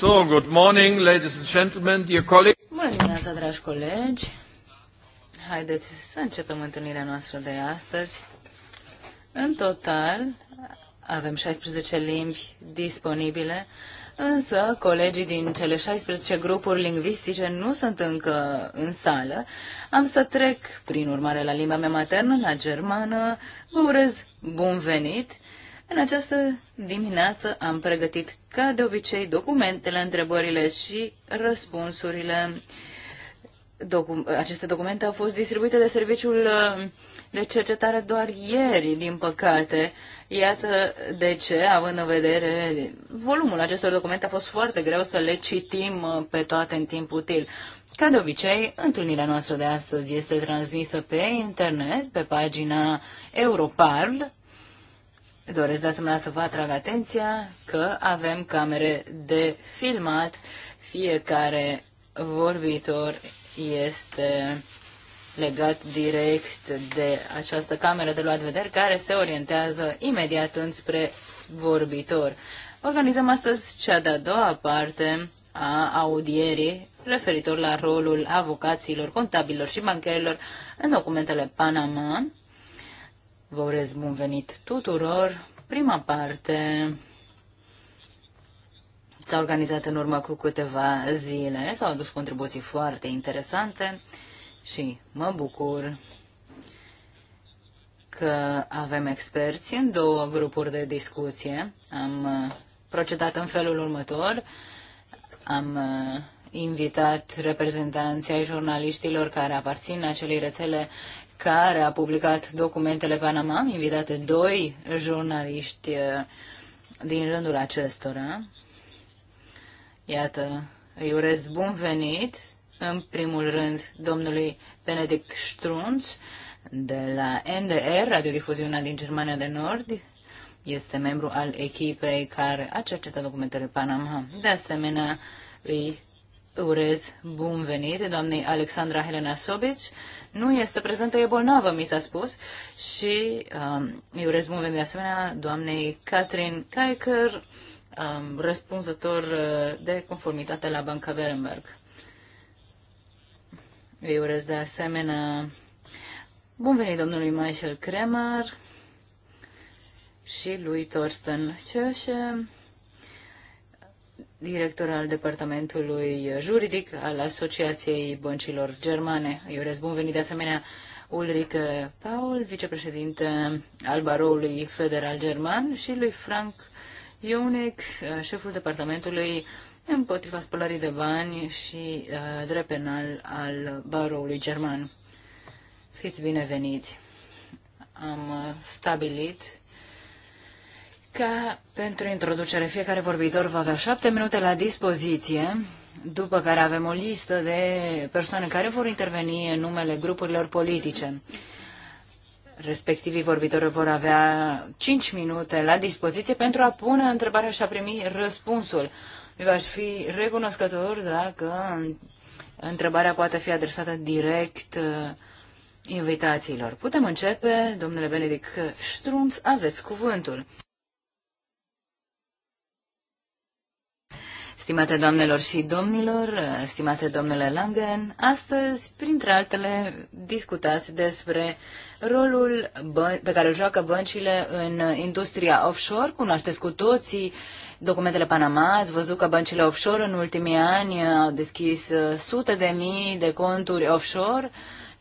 So, good morning, ladies and gentlemen, dear colleagues. Bună dimineața, dragi colegi. Haideți să începem întâlnirea noastră de astăzi. În total, avem 16 limbi disponibile, însă colegii din cele 16 grupuri lingvistice nu sunt încă în sală. Am să trec, prin urmare, la limba mea maternă, la germană. Vă urez bun venit! În această dimineață am pregătit, ca de obicei, documentele, întrebările și răspunsurile. Docu- aceste documente au fost distribuite de serviciul uh, de cercetare doar ieri, din păcate. Iată de ce, având în vedere volumul acestor documente, a fost foarte greu să le citim uh, pe toate în timp util. Ca de obicei, întâlnirea noastră de astăzi este transmisă pe internet, pe pagina Europarl, Doresc de asemenea să vă atrag atenția că avem camere de filmat. Fiecare vorbitor este legat direct de această cameră de luat vedere care se orientează imediat înspre vorbitor. Organizăm astăzi cea de-a doua parte a audierii referitor la rolul avocaților, contabilor și bancherilor în documentele Panama, Vă urez bun venit tuturor. Prima parte s-a organizat în urmă cu câteva zile, s-au adus contribuții foarte interesante și mă bucur că avem experți în două grupuri de discuție. Am uh, procedat în felul următor. Am uh, invitat reprezentanții ai jurnaliștilor care aparțin acelei rețele care a publicat documentele Panama. Am invitat doi jurnaliști eh, din rândul acestora. Iată, îi urez bun venit, în primul rând, domnului Benedict Strunz de la NDR, radiodifuziunea din Germania de Nord, este membru al echipei care a cercetat documentele Panama. De asemenea, îi urez bun venit doamnei Alexandra Helena Sobic. Nu este prezentă, e bolnavă, mi s-a spus. Și um, îi urez bun venit de asemenea doamnei Catherine Kaiker, um, răspunzător uh, de conformitate la Banca Berenberg. Îi urez de asemenea bun venit domnului Michael Kremer și lui Thorsten Kirche director al Departamentului Juridic al Asociației Băncilor Germane. Eu urez bun venit de asemenea Ulrich Paul, vicepreședinte al Baroului Federal German și lui Frank Ionic, șeful Departamentului împotriva spălării de bani și uh, drept penal al Baroului German. Fiți bineveniți! Am uh, stabilit ca pentru introducere, fiecare vorbitor va avea șapte minute la dispoziție, după care avem o listă de persoane care vor interveni în numele grupurilor politice. Respectivii vorbitori vor avea 5 minute la dispoziție pentru a pune întrebarea și a primi răspunsul. Eu aș fi recunoscător dacă întrebarea poate fi adresată direct uh, invitațiilor. Putem începe, domnule Benedict Strunz, aveți cuvântul. Stimate doamnelor și domnilor, stimate domnule Langen, astăzi, printre altele, discutați despre rolul pe care îl joacă băncile în industria offshore. Cunoașteți cu toții documentele Panama, ați văzut că băncile offshore în ultimii ani au deschis sute de mii de conturi offshore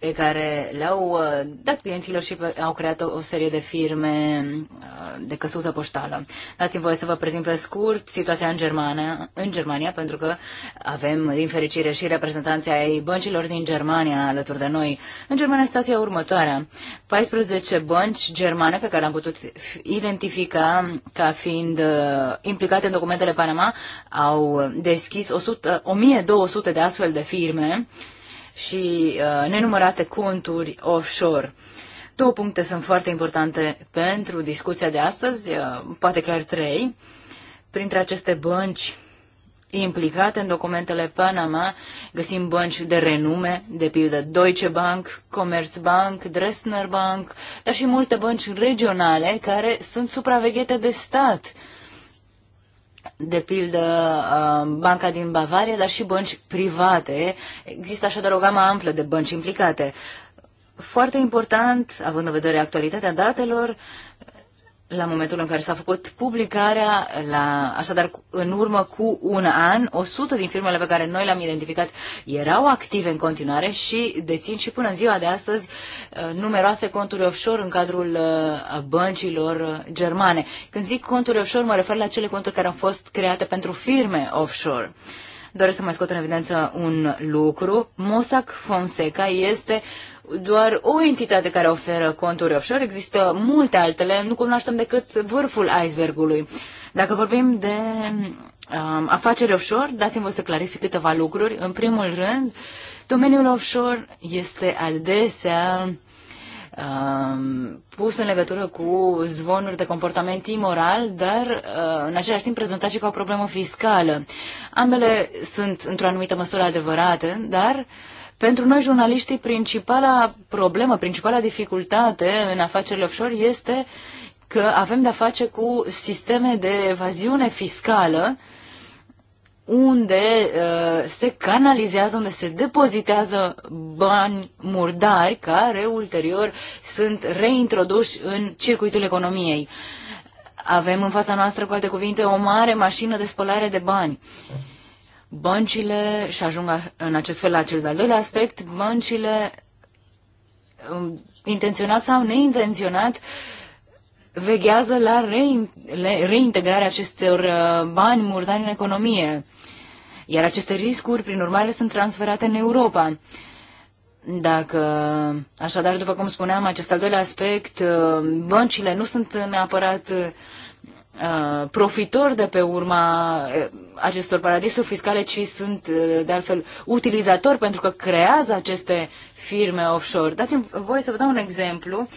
pe care le-au uh, dat clienților și au creat o, o serie de firme uh, de căsuță poștală. Dați-mi voie să vă prezint pe scurt situația în Germania, în Germania pentru că avem, din fericire, și reprezentanții ai băncilor din Germania alături de noi. În Germania situația următoarea. 14 bănci germane pe care le-am putut identifica ca fiind uh, implicate în documentele Panama au deschis 100, 1200 de astfel de firme și uh, nenumărate conturi offshore. Două puncte sunt foarte importante pentru discuția de astăzi, uh, poate chiar trei. Printre aceste bănci implicate în documentele Panama găsim bănci de renume, de pildă Deutsche Bank, Commerzbank, Dresdner Bank, dar și multe bănci regionale care sunt supraveghete de stat de pildă uh, Banca din Bavaria, dar și bănci private. Există așadar o gamă amplă de bănci implicate. Foarte important, având în vedere actualitatea datelor, la momentul în care s-a făcut publicarea, la, așadar în urmă cu un an, 100 din firmele pe care noi le-am identificat erau active în continuare și dețin și până în ziua de astăzi uh, numeroase conturi offshore în cadrul uh, băncilor uh, germane. Când zic conturi offshore, mă refer la cele conturi care au fost create pentru firme offshore. Doresc să mai scot în evidență un lucru. Mossack Fonseca este uh, doar o entitate care oferă conturi offshore, există multe altele, nu cunoaștem decât vârful icebergului. Dacă vorbim de um, afaceri offshore, dați-mi să clarific câteva lucruri. În primul rând, domeniul offshore este adesea um, pus în legătură cu zvonuri de comportament imoral, dar uh, în același timp prezentat și ca o problemă fiscală. Ambele sunt într-o anumită măsură adevărate, dar uh, pentru noi, jurnaliștii, principala problemă, principala dificultate în afacerile offshore este că avem de-a face cu sisteme de evaziune fiscală unde uh, se canalizează, unde se depozitează bani murdari care ulterior sunt reintroduși în circuitul economiei. Avem în fața noastră, cu alte cuvinte, o mare mașină de spălare de bani. Uh, băncile, și ajung în acest fel la cel de-al doilea aspect, băncile, um, intenționat sau neintenționat, veghează la reintegrarea acestor uh, bani murdari în economie. Iar aceste riscuri, prin urmare, sunt transferate în Europa. Dacă, așadar, după cum spuneam, acest al doilea aspect, uh, băncile nu sunt neapărat uh, Uh, profitori de pe urma uh, acestor paradisuri fiscale, ci sunt, uh, de altfel, utilizatori pentru că creează aceste firme offshore. Dați-mi voi să vă dau un exemplu,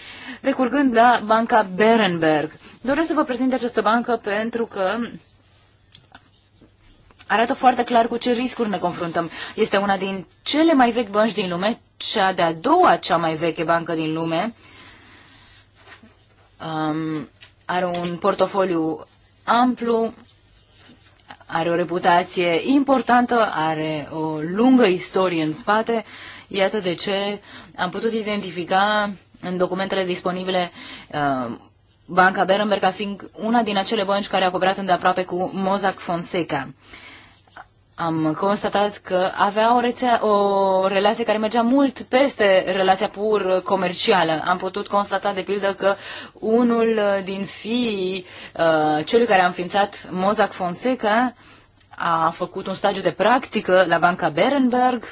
recurgând la banca Berenberg. Doresc să vă prezint această bancă pentru că arată foarte clar cu ce riscuri ne confruntăm. Este una din cele mai vechi bănci din lume, cea de-a doua cea mai veche bancă din lume. Um, are un portofoliu amplu, are o reputație importantă, are o lungă istorie în spate. Iată de ce am putut identifica în documentele disponibile uh, Banca Berenberg ca fiind una din acele bănci care a cooperat îndeaproape cu Mozak Fonseca am constatat că avea o, rețea, o relație care mergea mult peste relația pur comercială. Am putut constata, de pildă, că unul din fiii uh, celui care a înființat Mozart Fonseca a făcut un stagiu de practică la Banca Berenberg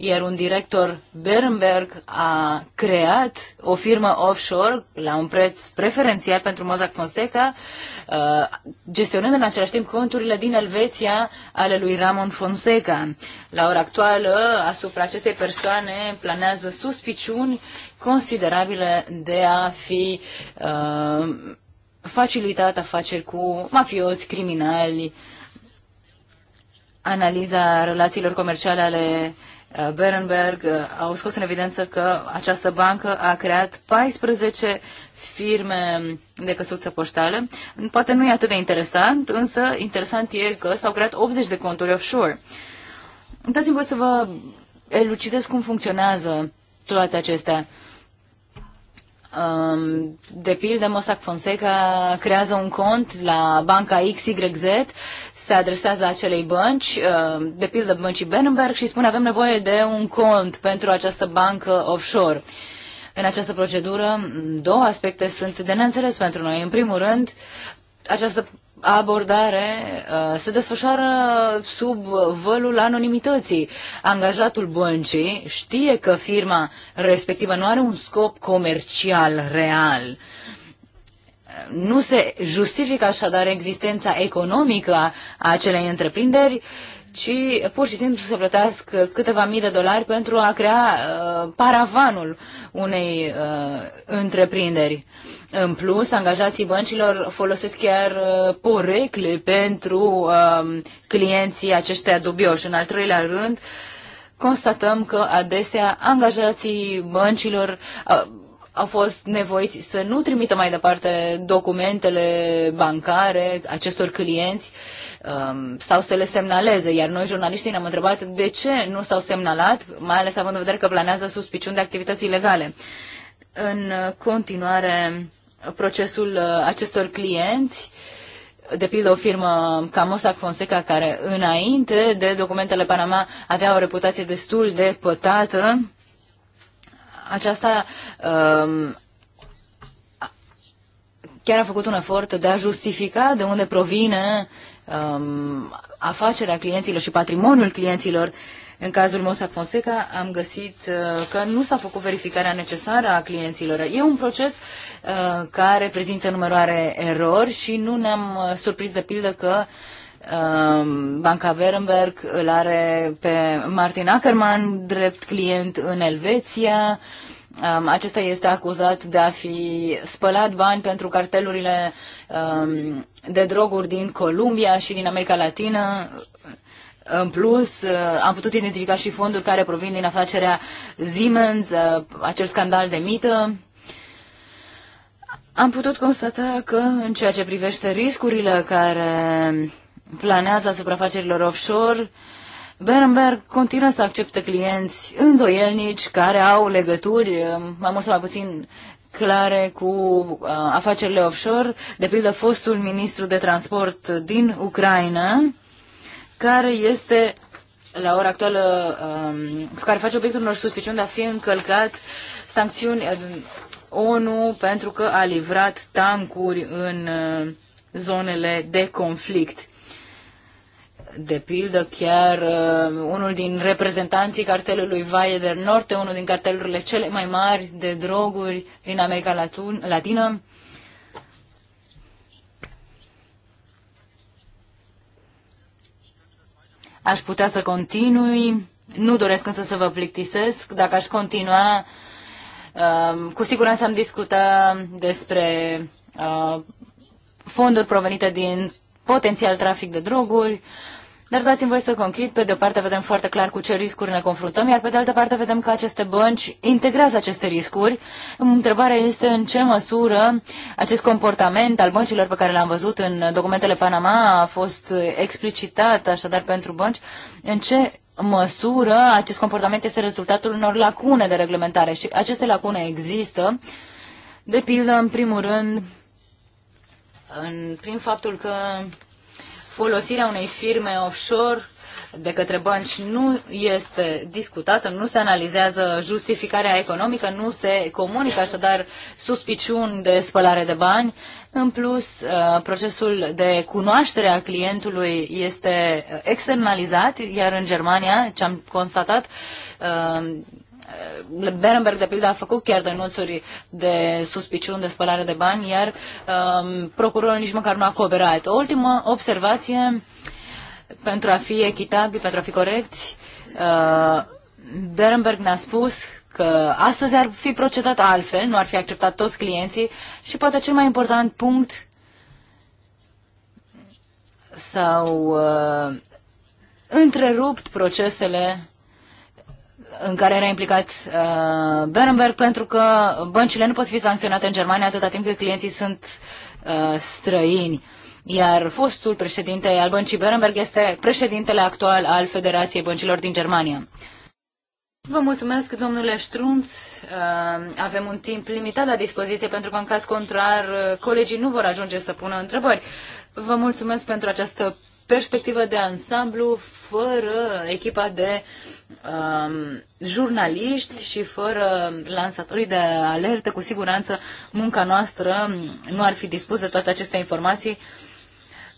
iar un director Berenberg a creat o firmă offshore la un preț preferențial pentru Mozak Fonseca, uh, gestionând în același timp conturile din Elveția ale lui Ramon Fonseca. La ora actuală, asupra acestei persoane planează suspiciuni considerabile de a fi uh, facilitat afaceri cu mafioți, criminali, analiza relațiilor comerciale ale Uh, Berenberg uh, au scos în evidență că această bancă a creat 14 firme de căsuță poștală. Poate nu e atât de interesant, însă interesant e că s-au creat 80 de conturi offshore. Dați-mi voi să vă elucidez cum funcționează toate acestea. Um, de pildă, Mossack Fonseca creează un cont la banca XYZ, se adresează acelei bănci, um, de pildă băncii Berenberg și spune avem nevoie de un cont pentru această bancă offshore. În această procedură, două aspecte sunt de neînțeles pentru noi. În primul rând, această abordare uh, se desfășoară sub vălul anonimității. Angajatul băncii știe că firma respectivă nu are un scop comercial real. Nu se justifică așadar existența economică a acelei întreprinderi ci pur și simplu să plătească câteva mii de dolari pentru a crea uh, paravanul unei uh, întreprinderi. În plus, angajații băncilor folosesc chiar uh, porecle pentru uh, clienții aceștia dubioși. În al treilea rând, constatăm că adesea angajații băncilor uh, au fost nevoiți să nu trimită mai departe documentele bancare acestor clienți uh, um, sau să le semnaleze. Iar noi, jurnaliștii, ne-am întrebat de ce nu s-au semnalat, mai ales având în vedere că planează suspiciuni de activități ilegale. În continuare, procesul uh, acestor clienți de pildă o firmă ca Mossack Fonseca, care înainte de documentele Panama avea o reputație destul de pătată, aceasta um, chiar a făcut un efort de a justifica de unde provine um, afacerea clienților și patrimoniul clienților. În cazul Mosa Fonseca am găsit uh, că nu s-a făcut verificarea necesară a clienților. E un proces uh, care prezintă numeroare erori și nu ne-am uh, surprins de pildă că um, Banca Berenberg îl are pe Martin Ackerman drept client în Elveția. Um, acesta este acuzat de a fi spălat bani pentru cartelurile um, de droguri din Columbia și din America Latină. În plus, uh, am putut identifica și fonduri care provin din afacerea Siemens, uh, acel scandal de mită. Am putut constata că, în ceea ce privește riscurile care planează asupra afacerilor offshore, Berenberg continuă să accepte clienți îndoielnici care au legături um, mai mult sau mai puțin clare cu uh, afacerile offshore, de pildă fostul ministru de transport din Ucraina, care este la ora actuală, um, care face obiectul unor suspiciuni de a fi încălcat sancțiuni uh, ONU pentru că a livrat tancuri în uh, zonele de conflict. De pildă, chiar uh, unul din reprezentanții cartelului Valle del Norte, unul din cartelurile cele mai mari de droguri din America Latină, Aș putea să continui, nu doresc însă să vă plictisesc. Dacă aș continua, uh, cu siguranță am discutat despre uh, fonduri provenite din potențial trafic de droguri, dar dați-mi voi să conchid. Pe de o parte vedem foarte clar cu ce riscuri ne confruntăm, iar pe de altă parte vedem că aceste bănci integrează aceste riscuri. Întrebarea este în ce măsură acest comportament al băncilor pe care l-am văzut în documentele Panama a fost explicitat așadar pentru bănci, în ce măsură acest comportament este rezultatul unor lacune de reglementare și aceste lacune există. De pildă, în primul rând, în, prin faptul că folosirea unei firme offshore de către bănci nu este discutată, nu se analizează justificarea economică, nu se comunică așadar suspiciuni de spălare de bani. În plus, uh, procesul de cunoaștere a clientului este externalizat, iar în Germania, ce am constatat, uh, Uh, Berenberg, de pildă, a făcut chiar denunțuri de suspiciuni de spălare de bani, iar um, procurorul nici măcar nu a cooperat. O ultimă observație, pentru a fi echitabil, pentru a fi corecți, uh, Berenberg ne-a spus că astăzi ar fi procedat altfel, nu ar fi acceptat toți clienții și poate cel mai important punct sau uh, întrerupt procesele în care era implicat uh, Berenberg, pentru că băncile nu pot fi sancționate în Germania atâta timp cât clienții sunt uh, străini. Iar fostul președinte al băncii Berenberg este președintele actual al Federației Băncilor din Germania. Vă mulțumesc, domnule Ștrunț. Uh, avem un timp limitat la dispoziție pentru că, în caz contrar, uh, colegii nu vor ajunge să pună întrebări. Vă mulțumesc pentru această perspectivă de ansamblu fără echipa de um, jurnaliști și fără lansatorii de alerte. Cu siguranță munca noastră nu ar fi dispus de toate aceste informații.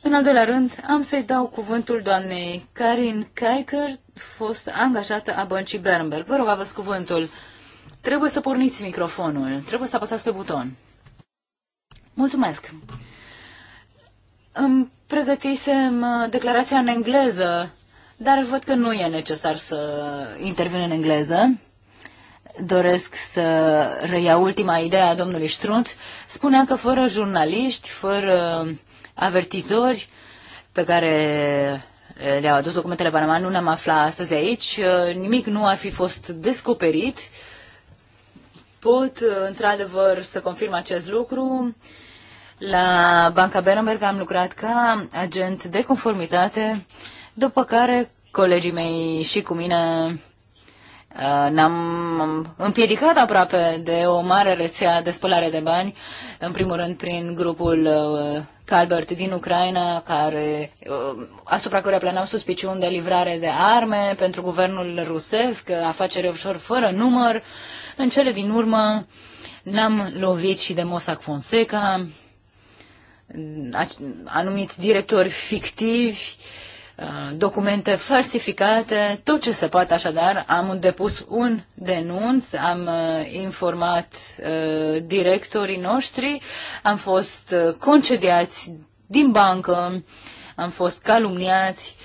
În al doilea rând, am să-i dau cuvântul doamnei Karin Kaiker, fost angajată a băncii Bernberg. Vă rog, aveți cuvântul. Trebuie să porniți microfonul, trebuie să apăsați pe buton. Mulțumesc! Îmi pregătisem uh, declarația în engleză, dar văd că nu e necesar să intervin în engleză. Doresc să reiau ultima idee a domnului Strunț. Spunea că fără jurnaliști, fără avertizori pe care le-au adus documentele Panama, nu ne-am aflat astăzi aici, uh, nimic nu ar fi fost descoperit. Pot, uh, într-adevăr, să confirm acest lucru. La Banca Berenberg am lucrat ca agent de conformitate, după care colegii mei și cu mine uh, ne-am împiedicat aproape de o mare rețea de spălare de bani, în primul rând prin grupul uh, Calbert din Ucraina, care, uh, asupra căruia planau suspiciuni de livrare de arme pentru guvernul rusesc, afaceri offshore fără număr. În cele din urmă ne-am lovit și de Mossack Fonseca, anumiți directori fictivi, uh, documente falsificate, tot ce se poate așadar. Am depus un denunț, am uh, informat uh, directorii noștri, am fost concediați din bancă, am fost calumniați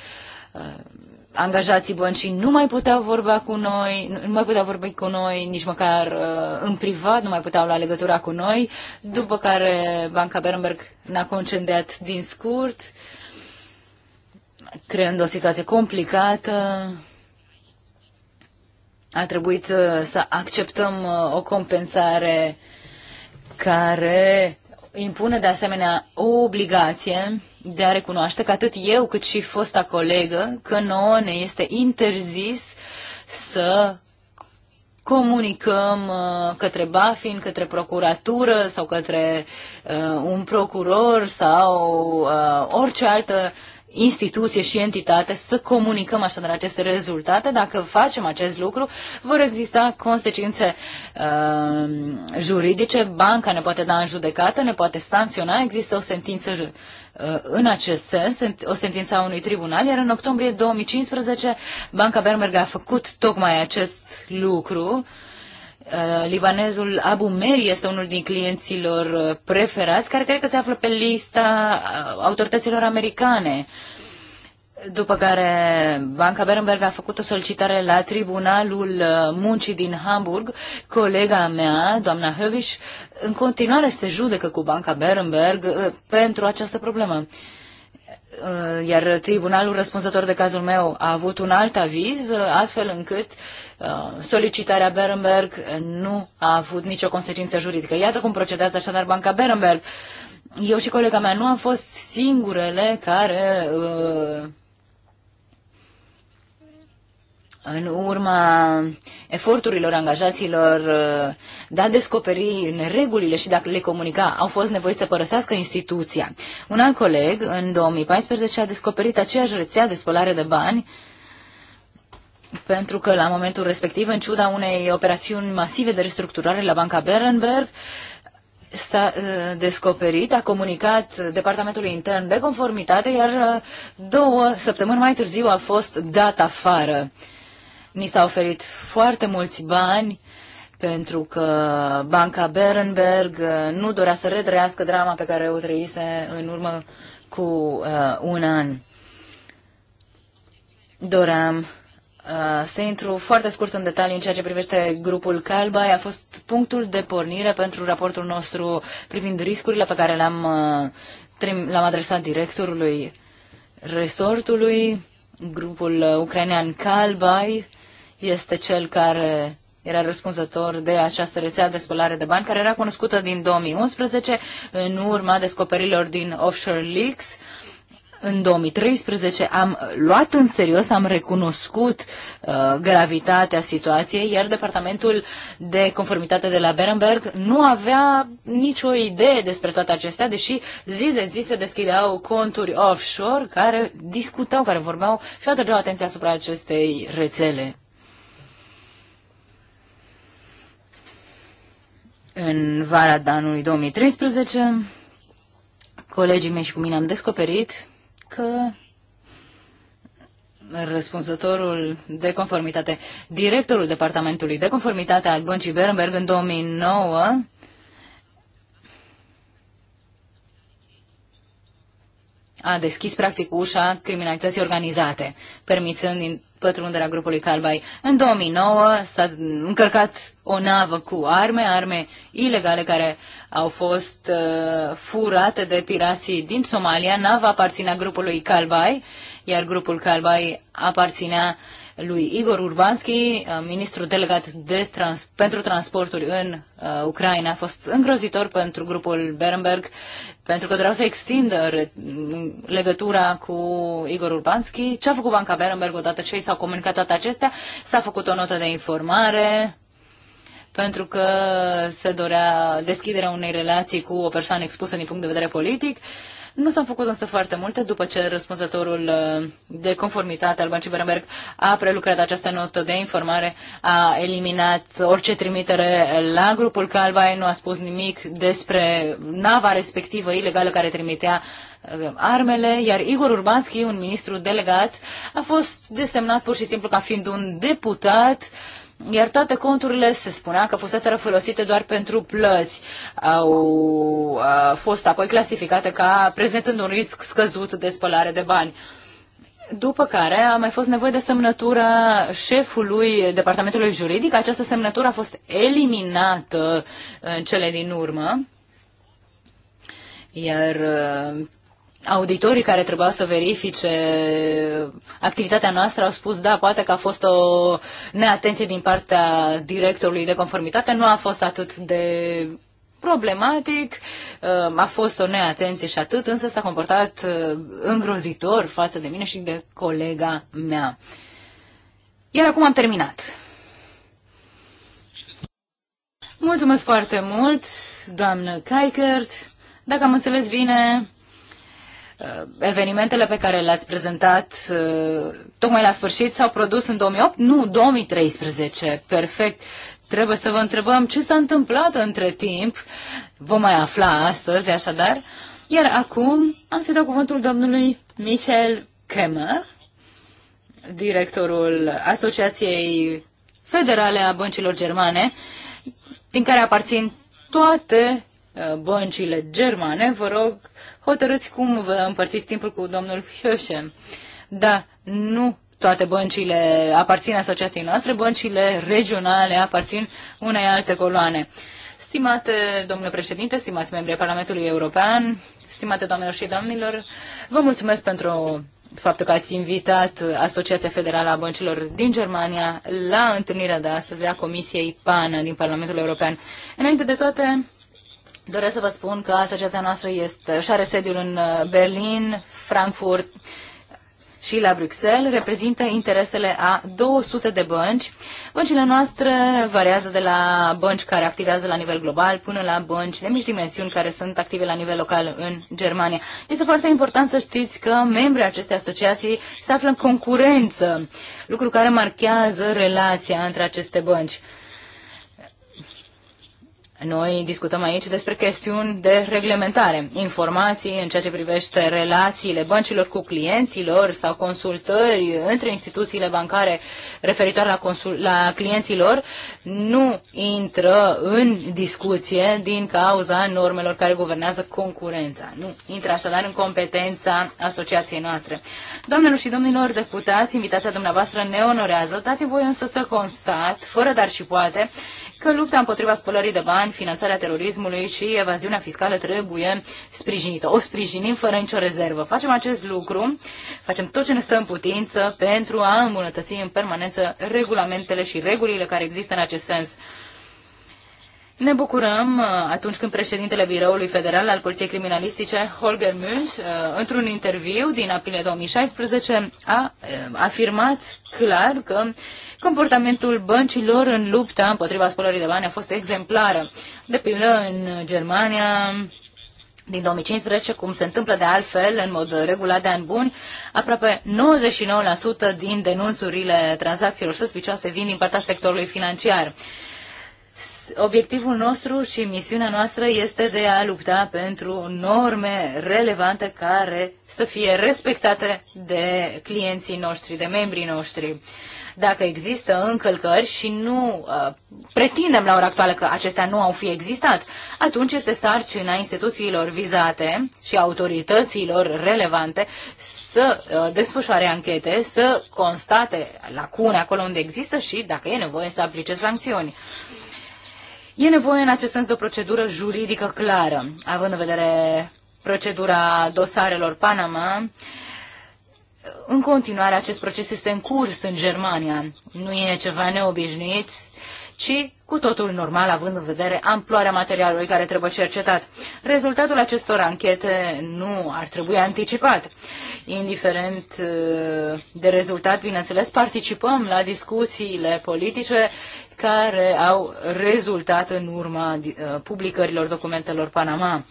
angajații băncii nu mai puteau vorba cu noi, nu mai puteau vorbi cu noi, nici măcar uh, în privat nu mai puteau lua legătura cu noi, după care Banca Berenberg ne-a concediat din scurt, creând o situație complicată. A trebuit uh, să acceptăm uh, o compensare care impune de asemenea o obligație de a recunoaște că atât eu cât și fosta colegă că nouă ne este interzis să comunicăm uh, către Bafin, către procuratură sau către uh, un procuror sau uh, orice altă instituție și entitate să comunicăm așadar aceste rezultate. Dacă facem acest lucru, vor exista consecințe uh, juridice, banca ne poate da în judecată, ne poate sancționa, există o sentință uh, în acest sens, o sentință a unui tribunal, iar în octombrie 2015 Banca Bermerga a făcut tocmai acest lucru uh, Uh, libanezul Abu Meri este unul din clienților uh, preferați, care cred că se află pe lista uh, autorităților americane. După care Banca Berenberg a făcut o solicitare la Tribunalul Muncii din Hamburg. Colega mea, doamna Höbisch, în continuare se judecă cu Banca Berenberg pentru această problemă. Uh, Uh, iar tribunalul răspunzător de cazul meu a avut un alt aviz, uh, astfel încât uh, solicitarea Berenberg nu a avut nicio consecință juridică. Iată cum procedează așadar Banca Berenberg. Eu și colega mea nu am fost singurele care în urma eforturilor angajaților de a descoperi neregulile și dacă le comunica, au fost nevoiți să părăsească instituția. Un alt coleg, în 2014, a descoperit aceeași rețea de spălare de bani pentru că la momentul respectiv, în ciuda unei operațiuni masive de restructurare la Banca Berenberg, s-a uh, descoperit, a comunicat departamentului intern de conformitate, iar uh, două săptămâni mai târziu a fost dat afară. Uh, Ni s-au oferit foarte mulți bani pentru că Banca Berenberg uh, nu dorea să retrăiască drama pe care o trăise în urmă cu uh, un an. Doream uh, să intru foarte scurt în detalii în ceea ce privește grupul Calbai. A fost punctul de pornire pentru raportul nostru privind riscurile pe care le-am uh, adresat directorului resortului, grupul uh, ucrainean Calbai este cel care era răspunzător de această rețea de spălare de bani, care era cunoscută din 2011 în urma descoperirilor din Offshore Leaks. În 2013 am luat în serios, am recunoscut uh, gravitatea situației, iar departamentul de conformitate de la Berenberg nu avea nicio idee despre toate acestea, deși zi de zi se deschideau conturi offshore care discutau, care vorbeau și atrăgeau atenția asupra acestei rețele. În vara de anului 2013, colegii mei și cu mine am descoperit că răspunzătorul de conformitate, directorul departamentului de conformitate al Băncii Berenberg în 2009 a deschis practic ușa criminalității organizate, permițând pătrunderea grupului Calbai. În 2009 s-a încărcat o navă cu arme, arme ilegale care au fost uh, furate de pirații din Somalia. Nava aparținea grupului Calbai, iar grupul Calbai aparținea lui Igor Urbanski, uh, ministru delegat de trans- pentru transporturi în uh, Ucraina. A fost îngrozitor pentru grupul Berenberg, pentru că doreau să extindă legătura cu Igor Urbanski. Ce a făcut Banca Berenberg odată ce i s-au comunicat toate acestea? S-a făcut o notă de informare, pentru că se dorea deschiderea unei relații cu o persoană expusă din punct de vedere politic. Uh, nu s-au făcut însă foarte multe după ce răspunzătorul uh, de conformitate al Băncii Berenberg a prelucrat această notă de informare, a eliminat orice trimitere la grupul Calvai, nu a spus nimic despre nava respectivă ilegală care trimitea uh, armele, iar Igor Urbanski, un ministru delegat, a fost desemnat pur și simplu ca fiind un deputat iar toate conturile se spunea că fuseseră folosite doar pentru plăți. Au fost apoi clasificate ca prezentând un risc scăzut de spălare de bani. După care a mai fost nevoie de semnătura șefului departamentului juridic. Această semnătură a fost eliminată în cele din urmă. Iar auditorii care trebuiau să verifice activitatea noastră au spus, da, poate că a fost o neatenție din partea directorului de conformitate, nu a fost atât de problematic, uh, a fost o neatenție și atât, însă s-a comportat uh, îngrozitor față de mine și de colega mea. Iar acum am terminat. Mulțumesc foarte mult, doamnă Kaikert. Dacă am înțeles bine, Uh, evenimentele pe care le-ați prezentat uh, tocmai la sfârșit s-au produs în 2008? Nu, 2013. Perfect. Trebuie să vă întrebăm ce s-a întâmplat între timp. Vom mai afla astăzi, așadar. Iar acum am să dau cuvântul domnului Michel Kemmer, directorul Asociației Federale a Băncilor Germane, din care aparțin toate uh, băncile germane. Vă rog hotărâți cum vă împărțiți timpul cu domnul Hioșem. Da, nu toate băncile aparțin asociației noastre, băncile regionale aparțin unei alte coloane. Stimate domnule președinte, stimați membrii Parlamentului European, stimate doamnelor și domnilor, vă mulțumesc pentru faptul că ați invitat Asociația Federală a Băncilor din Germania la întâlnirea de astăzi a Comisiei PAN din Parlamentul European. Înainte de toate, Doresc să vă spun că asociația noastră este, și are sediul în uh, Berlin, Frankfurt și la Bruxelles, reprezintă interesele a 200 de bănci. Băncile noastre variază de la bănci care activează la nivel global până la bănci de mici dimensiuni care sunt active la nivel local în Germania. Este foarte important să știți că membrii acestei asociații se află în concurență, lucru care marchează relația între aceste bănci. Noi discutăm aici despre chestiuni de reglementare, informații în ceea ce privește relațiile băncilor cu clienților sau consultări între instituțiile bancare referitoare la, consul- la clienților nu intră în discuție din cauza normelor care guvernează concurența. Nu intră așadar în competența asociației noastre. Doamnelor și domnilor deputați, invitația dumneavoastră ne onorează. Dați-mi voi însă să constat, fără dar și poate, că lupta împotriva spălării de bani, finanțarea terorismului și evaziunea fiscală trebuie sprijinită. O sprijinim fără nicio rezervă. Facem acest lucru, facem tot ce ne stă în putință pentru a îmbunătăți în permanență regulamentele și regulile care există în acest sens. Ne bucurăm uh, atunci când președintele Biroului Federal al Poliției Criminalistice, Holger Münch, uh, într-un interviu din aprilie 2016, a uh, afirmat clar că comportamentul băncilor în lupta împotriva spălării de bani a fost exemplară. De pildă, în Germania, din 2015, cum se întâmplă de altfel, în mod regulat de ani buni, aproape 99% din denunțurile tranzacțiilor suspicioase vin din partea sectorului financiar obiectivul nostru și misiunea noastră este de a lupta pentru norme relevante care să fie respectate de clienții noștri, de membrii noștri. Dacă există încălcări și nu uh, pretindem la ora actuală că acestea nu au fi existat, atunci este sarcina instituțiilor vizate și autorităților relevante să uh, desfășoare anchete, să constate lacune acolo unde există și, dacă e nevoie, să aplice sancțiuni. E nevoie în acest sens de o procedură juridică clară, având în vedere procedura dosarelor Panama. În continuare, acest proces este în curs în Germania. Nu e ceva neobișnuit ci cu totul normal, având în vedere amploarea materialului care trebuie cercetat. Rezultatul acestor anchete nu ar trebui anticipat. Indiferent uh, de rezultat, bineînțeles, participăm la discuțiile politice care au rezultat în urma uh, publicărilor documentelor Panama.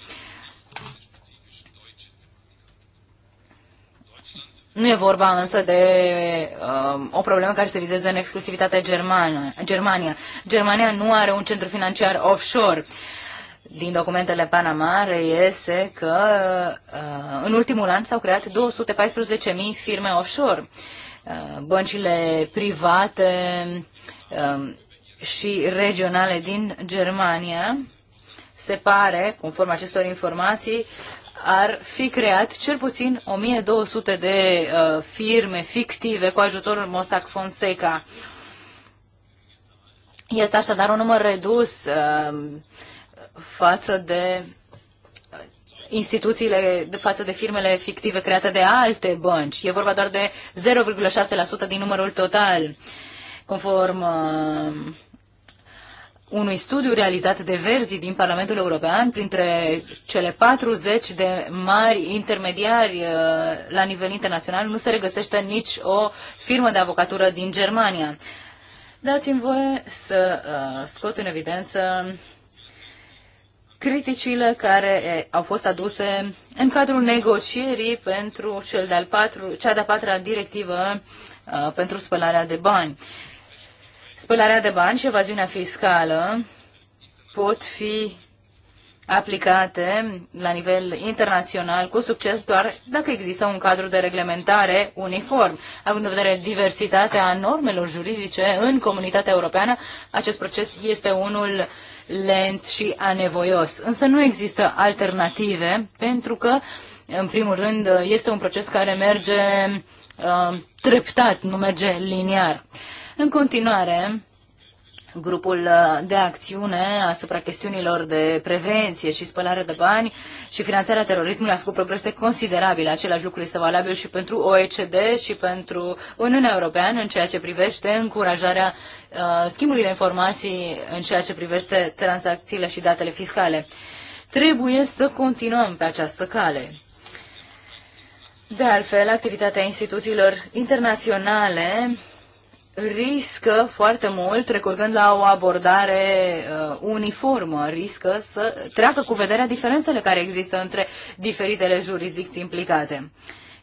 Nu e vorba însă de um, o problemă care se vizează în exclusivitate germană, Germania. Germania nu are un centru financiar offshore. Din documentele Panama reiese că uh, în ultimul an s-au creat 214.000 firme offshore. Uh, băncile private uh, și regionale din Germania se pare, conform acestor informații, ar fi creat cel puțin 1200 de uh, firme fictive cu ajutorul Mossack Fonseca. Este așadar un număr redus uh, față de instituțiile de față de firmele fictive create de alte bănci. E vorba doar de 0,6% din numărul total, conform uh, unui studiu realizat de Verzi din Parlamentul European printre cele 40 de mari intermediari uh, la nivel internațional nu se regăsește nici o firmă de avocatură din Germania. Dați-mi voie să uh, scot în evidență criticile care eh, au fost aduse în cadrul negocierii pentru cel de-al patru, cea de-a patra directivă uh, pentru spălarea de bani. Spălarea de bani și evaziunea fiscală pot fi aplicate la nivel internațional cu succes doar dacă există un cadru de reglementare uniform. Având în vedere diversitatea normelor juridice în comunitatea europeană, acest proces este unul lent și anevoios. Însă nu există alternative pentru că, în primul rând, este un proces care merge uh, treptat, nu merge liniar. Uh, în continuare, grupul uh, de acțiune asupra chestiunilor de prevenție și spălare de bani și finanțarea terorismului a făcut progrese considerabile. Același lucru este valabil și pentru OECD și pentru Uniunea Europeană în ceea ce privește încurajarea uh, schimbului de informații în ceea ce privește tranzacțiile și datele fiscale. Trebuie să continuăm pe această cale. De altfel, activitatea instituțiilor internaționale riscă foarte mult, recurgând la o abordare uh, uniformă, riscă să treacă cu vederea diferențele care există între diferitele jurisdicții implicate.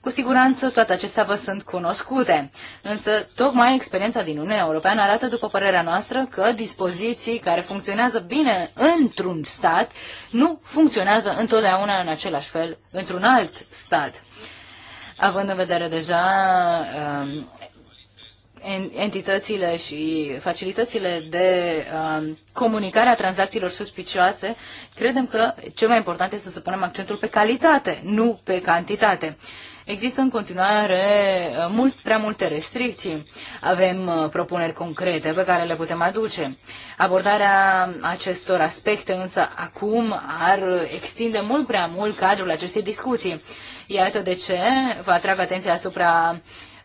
Cu siguranță toate acestea vă sunt cunoscute, însă tocmai experiența din Uniunea Europeană arată, după părerea noastră, că dispoziții care funcționează bine într-un stat nu funcționează întotdeauna în același fel într-un alt stat. Având în vedere deja um, entitățile și facilitățile de uh, comunicare a tranzacțiilor suspicioase, credem că cel mai important este să punem accentul pe calitate, nu pe cantitate. Există în continuare uh, mult prea multe restricții. Avem uh, propuneri concrete pe care le putem aduce. Abordarea acestor aspecte însă acum ar extinde mult prea mult cadrul acestei discuții. Iată de ce vă atrag atenția asupra uh,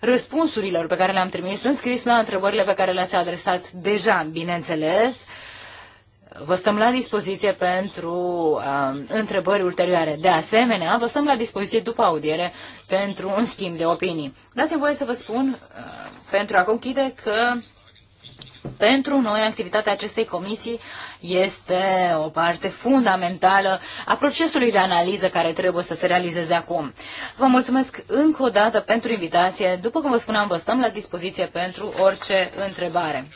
răspunsurilor pe care le-am trimis în scris la întrebările pe care le-ați adresat deja, bineînțeles. Vă stăm la dispoziție pentru um, întrebări ulterioare. De asemenea, vă stăm la dispoziție după audiere pentru un schimb de opinii. Dați-mi voie să vă spun uh, pentru a conchide că pentru noi, activitatea acestei comisii este o parte fundamentală a procesului de analiză care trebuie să se realizeze acum. Vă mulțumesc încă o dată pentru invitație. După cum vă spuneam, vă stăm la dispoziție pentru orice întrebare.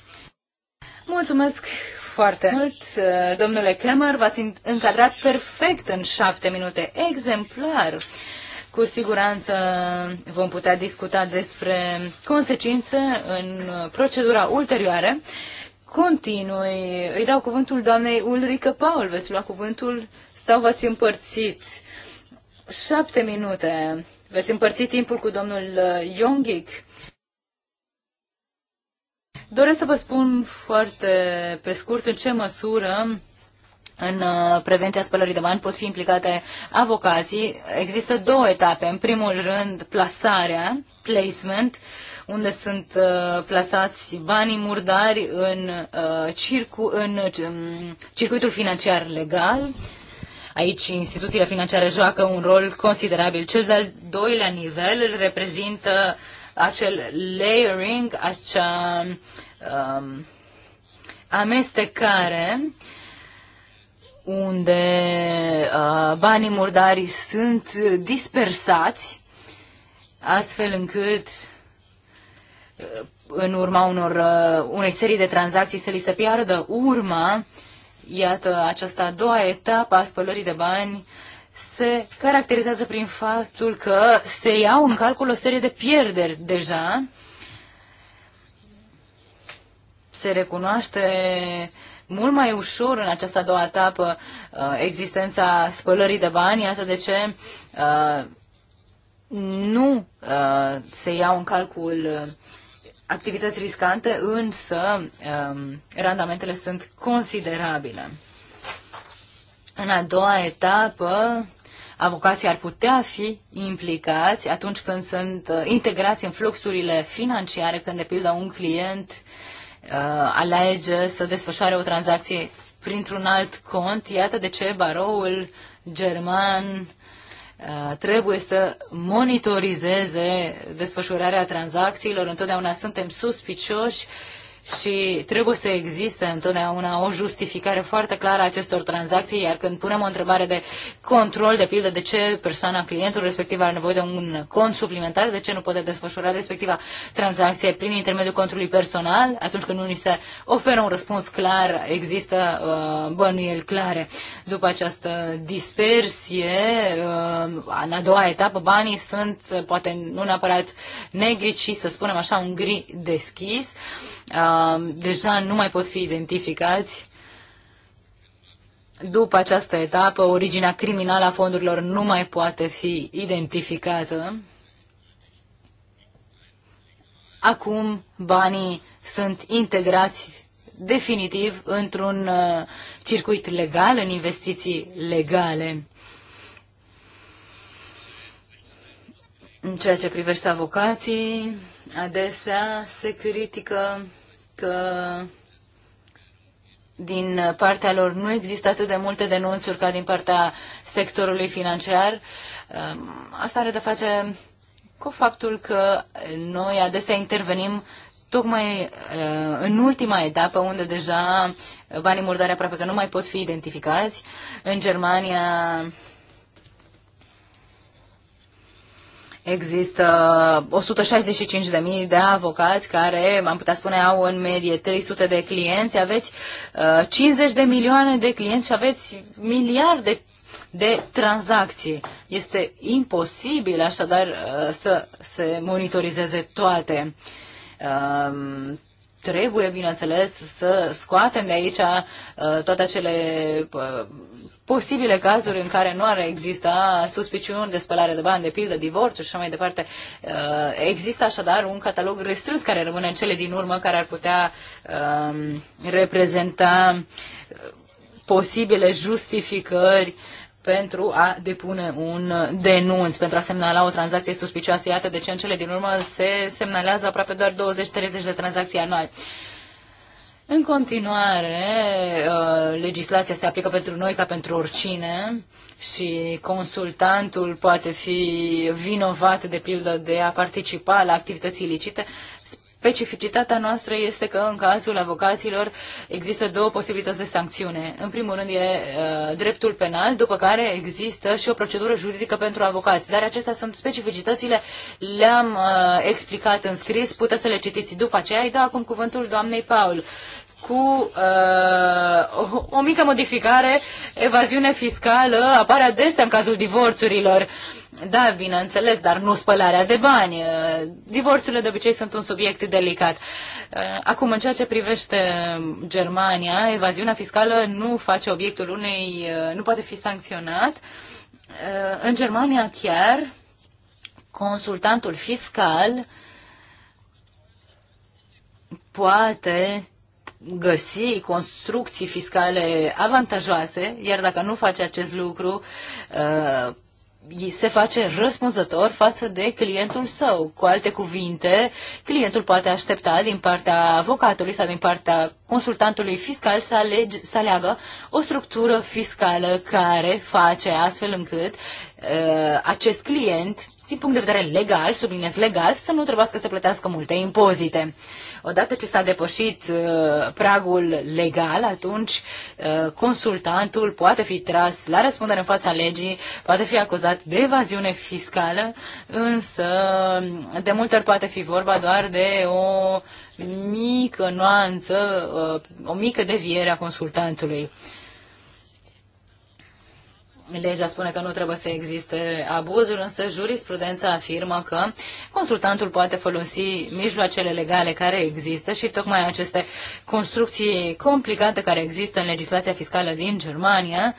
Mulțumesc foarte mult, domnule Kemmer, v-ați încadrat perfect în șapte minute, exemplar. Cu siguranță vom putea discuta despre consecințe în procedura ulterioară. Continui, îi dau cuvântul doamnei Ulrică Paul. Veți lua cuvântul sau v-ați împărțit? Șapte minute. Veți împărți timpul cu domnul uh, Ionghic. Doresc să vă spun foarte pe scurt în ce măsură în uh, prevenția spălării de bani pot fi implicate avocații. Există două etape. În primul rând, plasarea, placement, unde sunt uh, plasați banii murdari în, uh, circu, în um, circuitul financiar legal. Aici instituțiile financiare joacă un rol considerabil. Cel de-al doilea nivel îl reprezintă acel layering, acea um, amestecare unde uh, banii murdari sunt dispersați, astfel încât uh, în urma unor, uh, unei serii de tranzacții să li se piardă urma, iată, această a doua etapă a spălării de bani se caracterizează prin faptul că se iau în calcul o serie de pierderi deja, se recunoaște mult mai ușor în această a doua etapă uh, existența spălării de bani, iată de ce uh, nu uh, se iau în calcul activități riscante, însă um, randamentele sunt considerabile. În a doua etapă, avocații ar putea fi implicați atunci când sunt integrați în fluxurile financiare, când, de pildă, un client Uh, alege să desfășoare o tranzacție printr-un alt cont. Iată de ce baroul german uh, trebuie să monitorizeze desfășurarea tranzacțiilor. Întotdeauna suntem suspicioși și trebuie să existe întotdeauna o justificare foarte clară a acestor tranzacții, iar când punem o întrebare de control, de pildă, de ce persoana, clientul respectiv are nevoie de un cont suplimentar, de ce nu poate desfășura respectiva tranzacție prin intermediul contului personal, atunci când nu ni se oferă un răspuns clar, există uh, bănuieli clare. După această dispersie, uh, în a doua etapă, banii sunt poate nu neapărat negri, ci să spunem așa, un gri deschis. Uh, deja nu mai pot fi identificați. După această etapă, originea criminală a fondurilor nu mai poate fi identificată. Acum banii sunt integrați definitiv într-un uh, circuit legal, în investiții legale. În ceea ce privește avocații, adesea se critică că din partea lor nu există atât de multe denunțuri ca din partea sectorului financiar. Um, asta are de face cu faptul că noi adesea intervenim tocmai uh, în ultima etapă, unde deja banii murdare aproape că nu mai pot fi identificați. În Germania Există 165.000 de avocați care, am putea spune, au în medie 300 de clienți, aveți uh, 50 de milioane de clienți și aveți miliarde de tranzacții. Este imposibil așadar uh, să se monitorizeze toate. Uh, trebuie, bineînțeles, să scoatem de aici uh, toate acele uh, posibile cazuri în care nu ar exista suspiciuni de spălare de bani, de pildă, divorțuri și așa mai departe. Uh, există așadar un catalog restrâns care rămâne în cele din urmă, care ar putea um, reprezenta uh, posibile justificări pentru a depune un denunț, pentru a semnala o tranzacție suspicioasă. Iată de ce în cele din urmă se semnalează aproape doar 20-30 de tranzacții anuale. În continuare, uh, legislația se aplică pentru noi ca pentru oricine și consultantul poate fi vinovat, de pildă, de a participa la activități ilicite. Specificitatea noastră este că în cazul avocaților există două posibilități de sancțiune. În primul rând e uh, dreptul penal, după care există și o procedură juridică pentru avocați. Dar acestea sunt specificitățile, le-am uh, explicat în scris, puteți să le citiți după aceea. Îi dau acum cuvântul doamnei Paul cu uh, o, o mică modificare, evaziune fiscală apare adesea în cazul divorțurilor. Uh, da, bineînțeles, dar nu spălarea de bani. Uh, divorțurile de obicei sunt un subiect delicat. Uh, acum, în ceea ce privește Germania, evaziunea fiscală nu face obiectul unei, uh, nu poate fi sancționat. În Germania chiar, consultantul fiscal poate găsi construcții fiscale avantajoase, iar dacă nu face acest lucru, se face răspunzător față de clientul său. Cu alte cuvinte, clientul poate aștepta din partea avocatului sau din partea consultantului fiscal să, alege, să aleagă o structură fiscală care face astfel încât uh, acest client din punct de vedere legal, subliniez legal, să nu trebuiască să plătească multe impozite. Odată ce s-a depășit uh, pragul legal, atunci uh, consultantul poate fi tras la răspundere în fața legii, poate fi acuzat de evaziune fiscală, însă de multe ori poate fi vorba doar de o mică nuanță, uh, o mică deviere a consultantului. Legea spune că nu trebuie să existe abuzul, însă jurisprudența afirmă că consultantul poate folosi mijloacele legale care există și tocmai aceste construcții complicate care există în legislația fiscală din Germania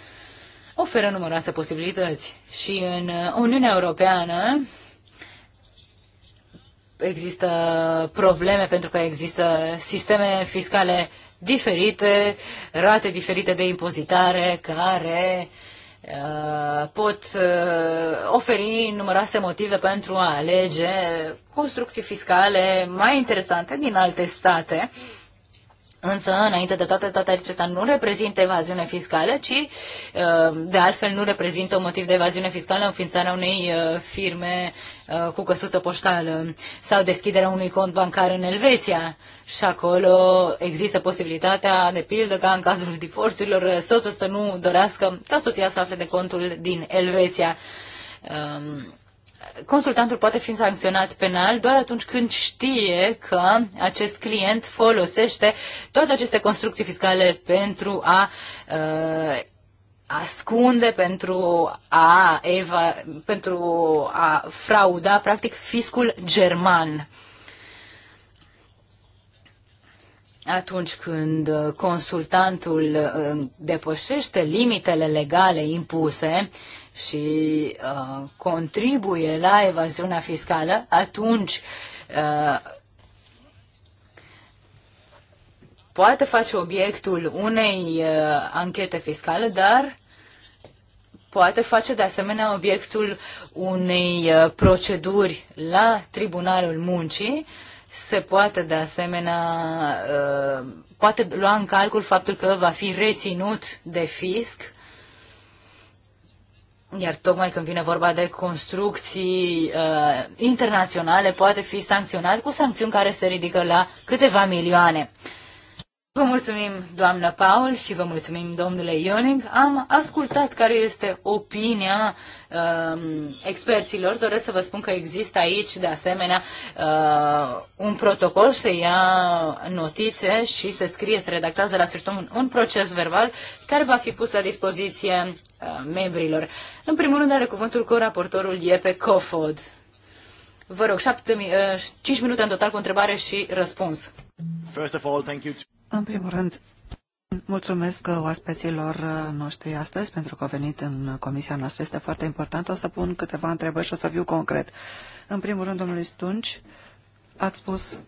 oferă numeroase posibilități. Și în Uniunea Europeană există probleme pentru că există sisteme fiscale diferite, rate diferite de impozitare care uh, Uh, pot uh, oferi numeroase motive pentru a alege construcții fiscale mai interesante din alte state. Însă, înainte de toate, toate acestea nu reprezintă evaziune fiscală, ci uh, de altfel nu reprezintă un motiv de evaziune fiscală înființarea unei firme Uh, cu căsuță poștală sau deschiderea unui cont bancar în Elveția. Și acolo există posibilitatea, de pildă, ca în cazul divorțurilor, uh, soțul să nu dorească ca soția să afle de contul din Elveția. Um, consultantul poate fi sancționat penal doar atunci când știe că acest client folosește toate aceste construcții fiscale pentru a uh, ascunde, pentru a, eva, pentru a frauda, practic, fiscul german. Atunci când consultantul uh, depășește limitele legale impuse și uh, contribuie la evaziunea fiscală, atunci uh, poate face obiectul unei uh, anchete fiscale, dar poate face de asemenea obiectul unei uh, proceduri la Tribunalul Muncii, se poate de asemenea, uh, poate lua în calcul faptul că va fi reținut de fisc, iar tocmai când vine vorba de construcții uh, internaționale, poate fi sancționat cu sancțiuni care se ridică la câteva milioane. Vă mulțumim, doamnă Paul, și vă mulțumim, domnule Ioning. Am ascultat care este opinia um, experților. Doresc să vă spun că există aici, de asemenea, uh, un protocol, se ia notițe și se scrie, se redactează la sfârșitul un, un proces verbal care va fi pus la dispoziție uh, membrilor. În primul rând are cuvântul cu raportorul Iepe Cofod. Vă rog, șapte, uh, 5 minute în total cu întrebare și răspuns. First of all, thank you. În primul rând, Mulțumesc oaspeților noștri astăzi pentru că au venit în comisia noastră. Este foarte important. O să pun câteva întrebări și o să fiu concret. În primul rând, domnului Stunci, ați spus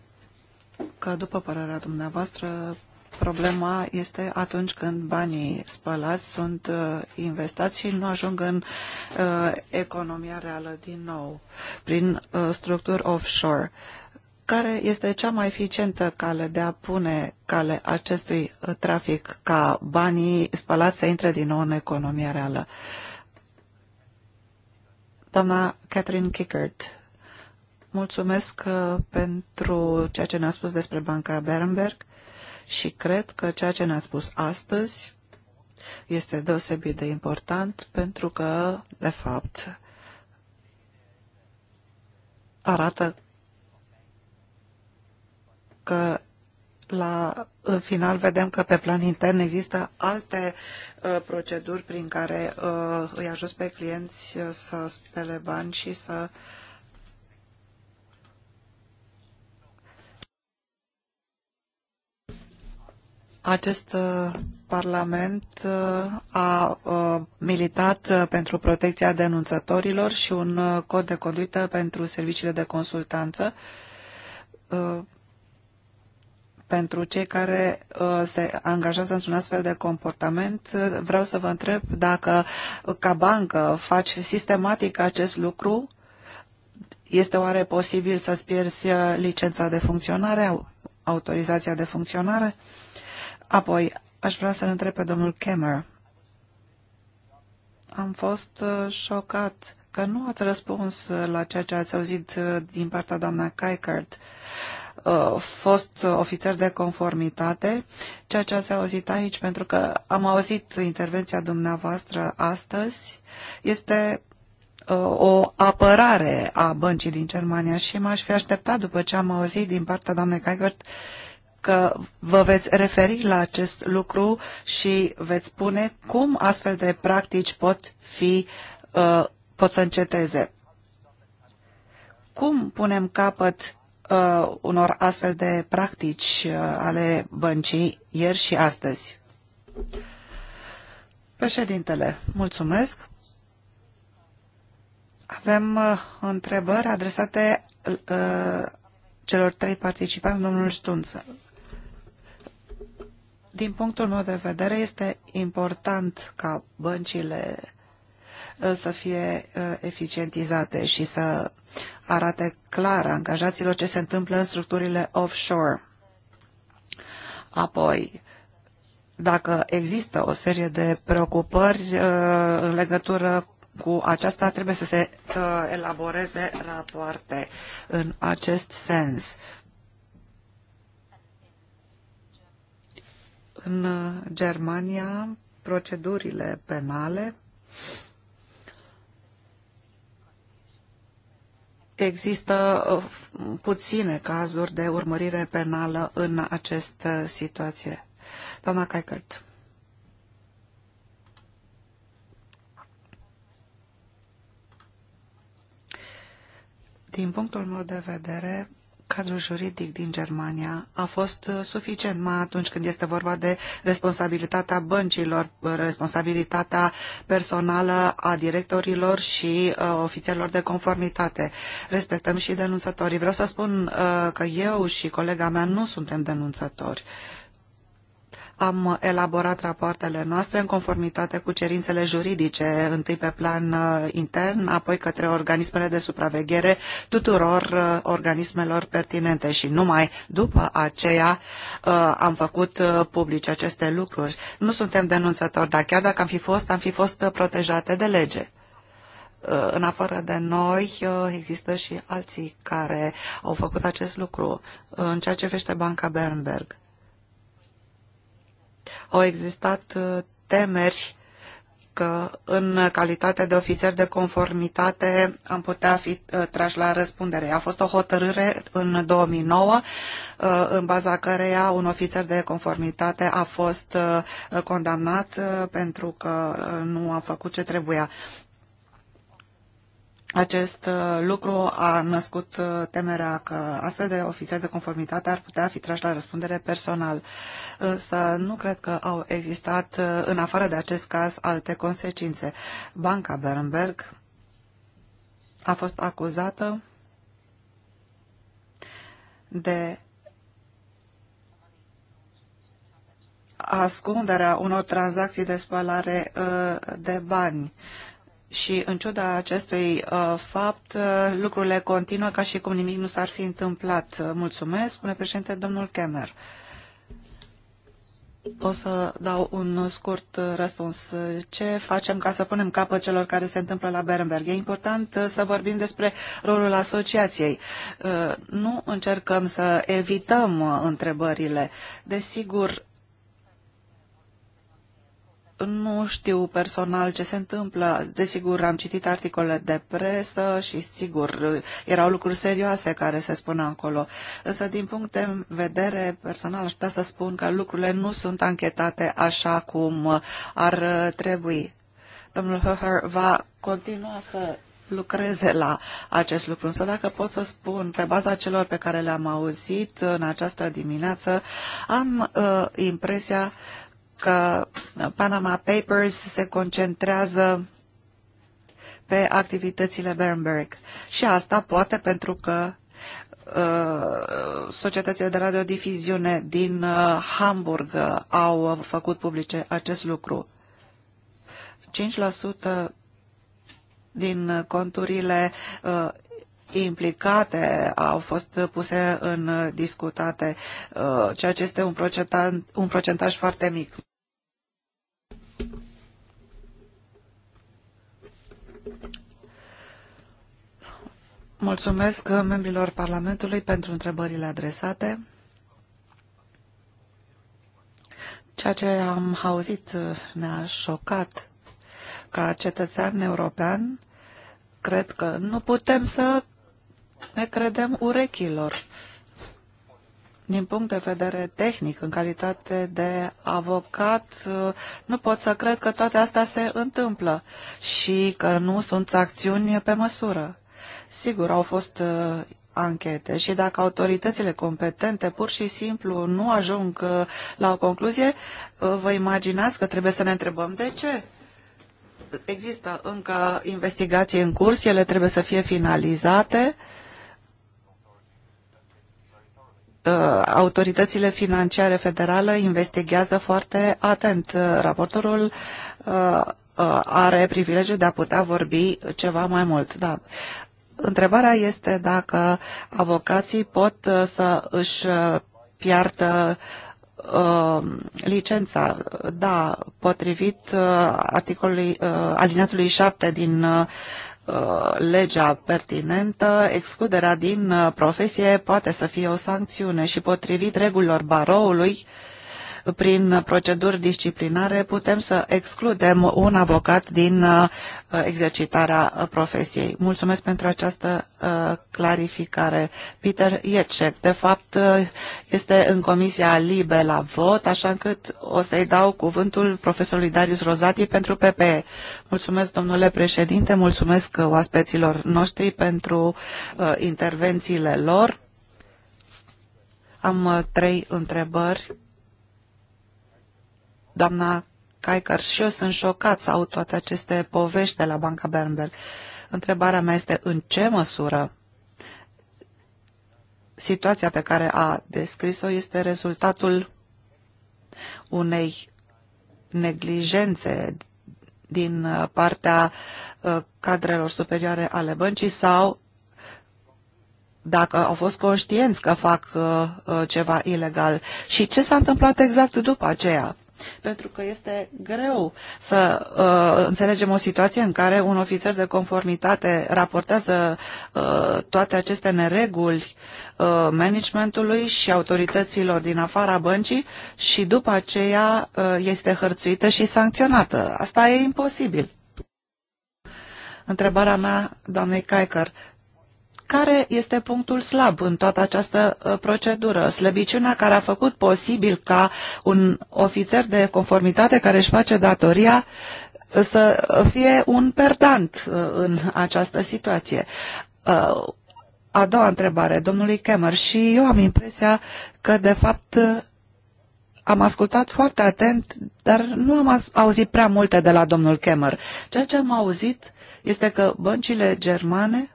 că, după părerea dumneavoastră, problema este atunci când banii spălați sunt uh, investați și nu ajung în uh, economia reală din nou, prin uh, structuri offshore care este cea mai eficientă cale de a pune cale acestui uh, trafic ca banii spălați să intre din nou în economia reală. Doamna Catherine Kickert, mulțumesc uh, pentru ceea ce ne-a spus despre Banca Berenberg și cred că ceea ce ne-a spus astăzi este deosebit de important pentru că, de fapt, arată că la în final vedem că pe plan intern există alte uh, proceduri prin care uh, îi ajut pe clienți uh, să spele bani și să Acest uh, Parlament uh, a uh, militat pentru protecția denunțătorilor și un cod de conduită pentru serviciile de consultanță pentru cei care uh, se angajează într-un astfel de comportament, uh, vreau să vă întreb dacă uh, ca bancă faci sistematic acest lucru, este oare posibil să-ți pierzi uh, licența de funcționare, autorizația de funcționare? Apoi, aș vrea să-l întreb pe domnul Kemmer. Am fost șocat că nu ați răspuns la ceea ce ați auzit din partea doamna Kaikert. Uh, Uh, fost ofițer de conformitate, ceea ce ați auzit aici, pentru că am auzit intervenția dumneavoastră astăzi, este uh, o apărare a băncii din Germania și m-aș fi așteptat după ce am auzit din partea doamnei Caigert că vă veți referi la acest lucru și veți spune cum astfel de practici pot fi uh, pot să înceteze. Cum punem capăt uh, unor astfel de practici uh, ale băncii ieri și astăzi. Președintele, mulțumesc. Avem uh, întrebări adresate uh, celor trei participanți, domnul Ștunță. Din punctul meu de vedere, este important ca băncile să fie uh, eficientizate și să arate clar angajaților ce se întâmplă în structurile offshore. Apoi, dacă există o serie de preocupări uh, în legătură cu aceasta, trebuie să se uh, elaboreze rapoarte în acest sens. În Germania, procedurile penale uh, există uh, puține cazuri de urmărire penală în această situație. Doamna Caicărt. Din punctul meu de vedere, cadrul juridic din Germania a fost uh, suficient, mai atunci când este vorba de responsabilitatea băncilor, uh, responsabilitatea personală a directorilor și uh, ofițerilor de conformitate. Respectăm și denunțătorii. Vreau să spun uh, că eu și colega mea nu suntem denunțători. Uh, am elaborat rapoartele noastre în conformitate cu cerințele juridice, întâi pe plan uh, intern, apoi către organismele de supraveghere tuturor uh, organismelor pertinente și numai după aceea uh, am făcut publice aceste lucruri. Nu suntem denunțători, dar chiar dacă am fi fost, am fi fost protejate de lege în afară de noi, există și alții care au făcut acest lucru. În ceea ce vește Banca Bernberg, au existat uh, temeri că în calitate de ofițer de conformitate am putea fi uh, trași la răspundere. A fost o hotărâre în 2009 uh, în baza căreia un ofițer de conformitate a fost condamnat pentru că nu a făcut ce trebuia. Acest uh, lucru a născut uh, temerea că astfel de ofițeri de conformitate ar putea fi trași la răspundere personal. Însă nu cred că au existat, uh, în afară de acest caz, alte consecințe. Banca Bernberg a fost acuzată de ascunderea unor tranzacții de spălare de bani și în ciuda acestui uh, fapt, uh, lucrurile continuă ca și cum nimic nu s-ar fi întâmplat. mulțumesc, spune președinte domnul Kemmer. O să dau un scurt uh, răspuns. Ce facem ca să punem capăt celor care se întâmplă la Berenberg? E important uh, să vorbim despre rolul asociației. Uh, nu încercăm să evităm întrebările. Desigur, nu știu personal ce se întâmplă. Desigur, am citit articole de presă și, sigur, erau lucruri serioase care se spun acolo. Însă, din punct de vedere personal, aș putea să spun că lucrurile nu sunt anchetate așa cum ar trebui. Domnul Höher va continua să lucreze la acest lucru. Însă dacă pot să spun, pe baza celor pe care le-am auzit în această dimineață, am uh, impresia că Panama Papers se concentrează pe activitățile Bernberg. Și asta poate pentru că uh, societățile de radiodifiziune din uh, Hamburg au făcut publice acest lucru. 5% din conturile uh, implicate au fost puse în discutate, ceea ce este un procentaj, un procentaj foarte mic. Mulțumesc membrilor Parlamentului pentru întrebările adresate. Ceea ce am auzit ne-a șocat ca cetățean european. Cred că nu putem să ne credem urechilor. Din punct de vedere tehnic, în calitate de avocat, nu pot să cred că toate astea se întâmplă și că nu sunt acțiuni pe măsură. Sigur, au fost uh, anchete și dacă autoritățile competente pur și simplu nu ajung uh, la o concluzie, uh, vă imaginați că trebuie să ne întrebăm de ce? Există încă investigații în curs, ele trebuie să fie finalizate. Uh, autoritățile financiare federale investigează foarte atent. Uh, raportorul uh, are privilegiul de a putea vorbi ceva mai mult. Da întrebarea este dacă avocații pot uh, să își uh, piartă uh, licența. Da, potrivit uh, articolului uh, 7 din uh, legea pertinentă, excluderea din profesie poate să fie o sancțiune și potrivit regulilor baroului, uh, prin proceduri disciplinare putem să excludem un avocat din uh, exercitarea profesiei. Mulțumesc pentru această uh, clarificare. Peter Iecek, de fapt, uh, este în Comisia Libe la vot, așa încât o să-i dau cuvântul profesorului Darius Rozati pentru PPE. Mulțumesc, domnule președinte, mulțumesc oaspeților noștri pentru intervențiile lor. Am trei întrebări doamna Caicar și eu sunt șocat să aud toate aceste povești de la Banca Bernberg. Întrebarea mea este în ce măsură situația pe care a descris-o este rezultatul unei neglijențe din partea uh, cadrelor superioare ale băncii sau dacă au fost conștienți că fac uh, uh, ceva ilegal și ce s-a întâmplat exact după aceea. Pentru că este greu să uh, înțelegem o situație în care un ofițer de conformitate raportează uh, toate aceste nereguli uh, managementului și autorităților din afara băncii și după aceea uh, este hărțuită și sancționată. Asta e imposibil. Întrebarea mea, doamnei Caicăr, care este punctul slab în toată această uh, procedură? Slăbiciunea care a făcut posibil ca un ofițer de conformitate care își face datoria uh, să fie un perdant uh, în această situație. A doua întrebare, domnului Kemmer, și eu am impresia că, de fapt, am ascultat foarte atent, dar nu am auzit prea multe de la domnul Kemmer. Ceea ce am auzit este că băncile germane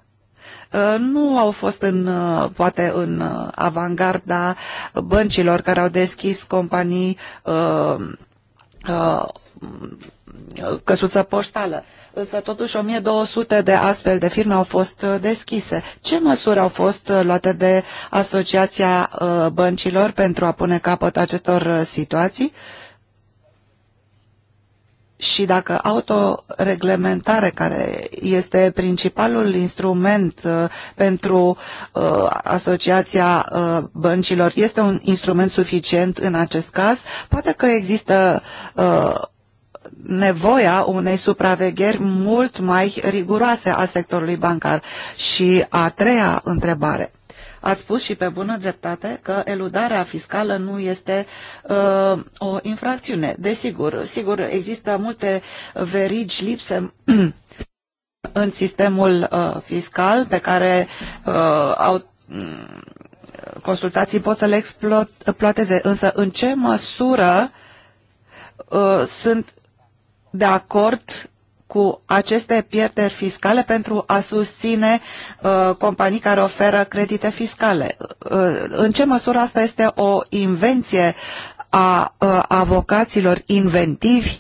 Uh, nu au fost în, uh, poate în uh, avangarda băncilor care au deschis companii căsuță poștală. Însă totuși 1200 de astfel de firme au fost deschise. Ce măsuri au fost luate de Asociația Băncilor pentru a pune capăt acestor situații? Uh, și dacă autoreglementare, care este principalul instrument uh, pentru uh, Asociația uh, Băncilor, este un instrument suficient în acest caz, poate că există nevoia unei supravegheri mult mai riguroase a sectorului bancar. Și a treia întrebare. Ați spus și pe bună dreptate că eludarea fiscală nu este uh, o infracțiune. Desigur, sigur, există multe verigi lipse în sistemul uh, fiscal pe care uh, au mm, consultații pot să le exploateze, însă în ce măsură uh, sunt de acord cu aceste pierderi fiscale pentru a susține uh, companii care oferă credite fiscale. Uh, în ce măsură asta este o invenție a uh, avocaților inventivi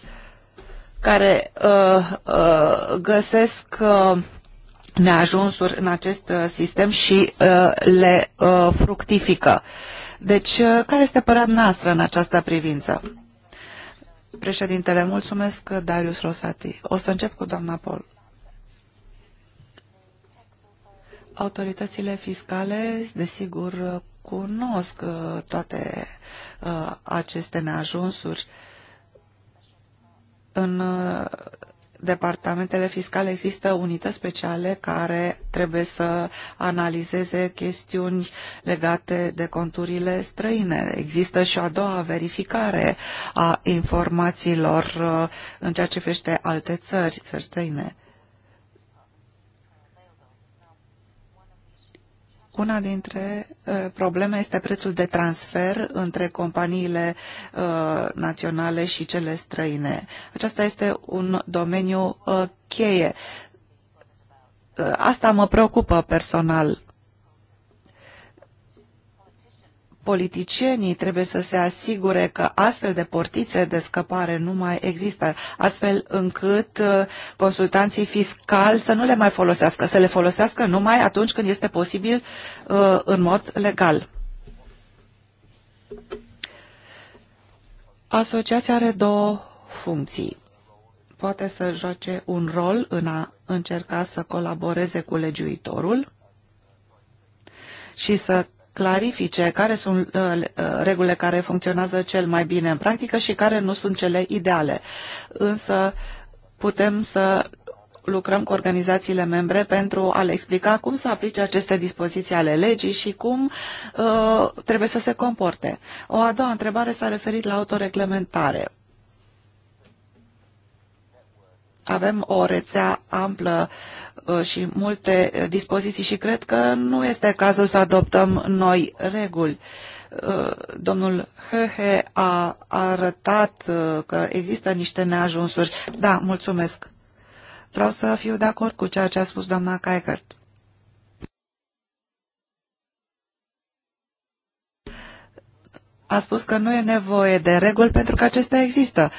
care uh, uh, găsesc uh, neajunsuri în acest uh, sistem și uh, le uh, fructifică. Deci, uh, care este părerea noastră în această privință? Președintele, mulțumesc, Darius Rosati. O să încep cu doamna Pol. Autoritățile fiscale, desigur, cunosc uh, toate uh, aceste neajunsuri. În uh, departamentele fiscale există unități speciale care trebuie să analizeze chestiuni legate de conturile străine. Există și a doua verificare a informațiilor uh, în ceea ce privește alte țări, țări străine. Una dintre uh, probleme este prețul de transfer între companiile uh, naționale și cele străine. Aceasta este un domeniu uh, cheie. Asta mă preocupă personal politicienii trebuie să se asigure că astfel de portițe de scăpare nu mai există, astfel încât uh, consultanții fiscali să nu le mai folosească, să le folosească numai atunci când este posibil uh, în mod legal. Asociația are două funcții. Poate să joace un rol în a încerca să colaboreze cu legiuitorul și să clarifice care sunt uh, uh, regulile care funcționează cel mai bine în practică și care nu sunt cele ideale. Însă putem să lucrăm cu organizațiile membre pentru a le explica cum să aplice aceste dispoziții ale legii și cum uh, trebuie să se comporte. O a doua întrebare s-a referit la autoreglementare. avem o rețea amplă uh, și multe uh, dispoziții și cred că nu este cazul să adoptăm noi reguli. Uh, domnul Höhe a arătat că există niște neajunsuri. Da, mulțumesc. Vreau să fiu de acord cu ceea ce a spus doamna Kaikert. A spus că nu e nevoie de reguli pentru că acestea există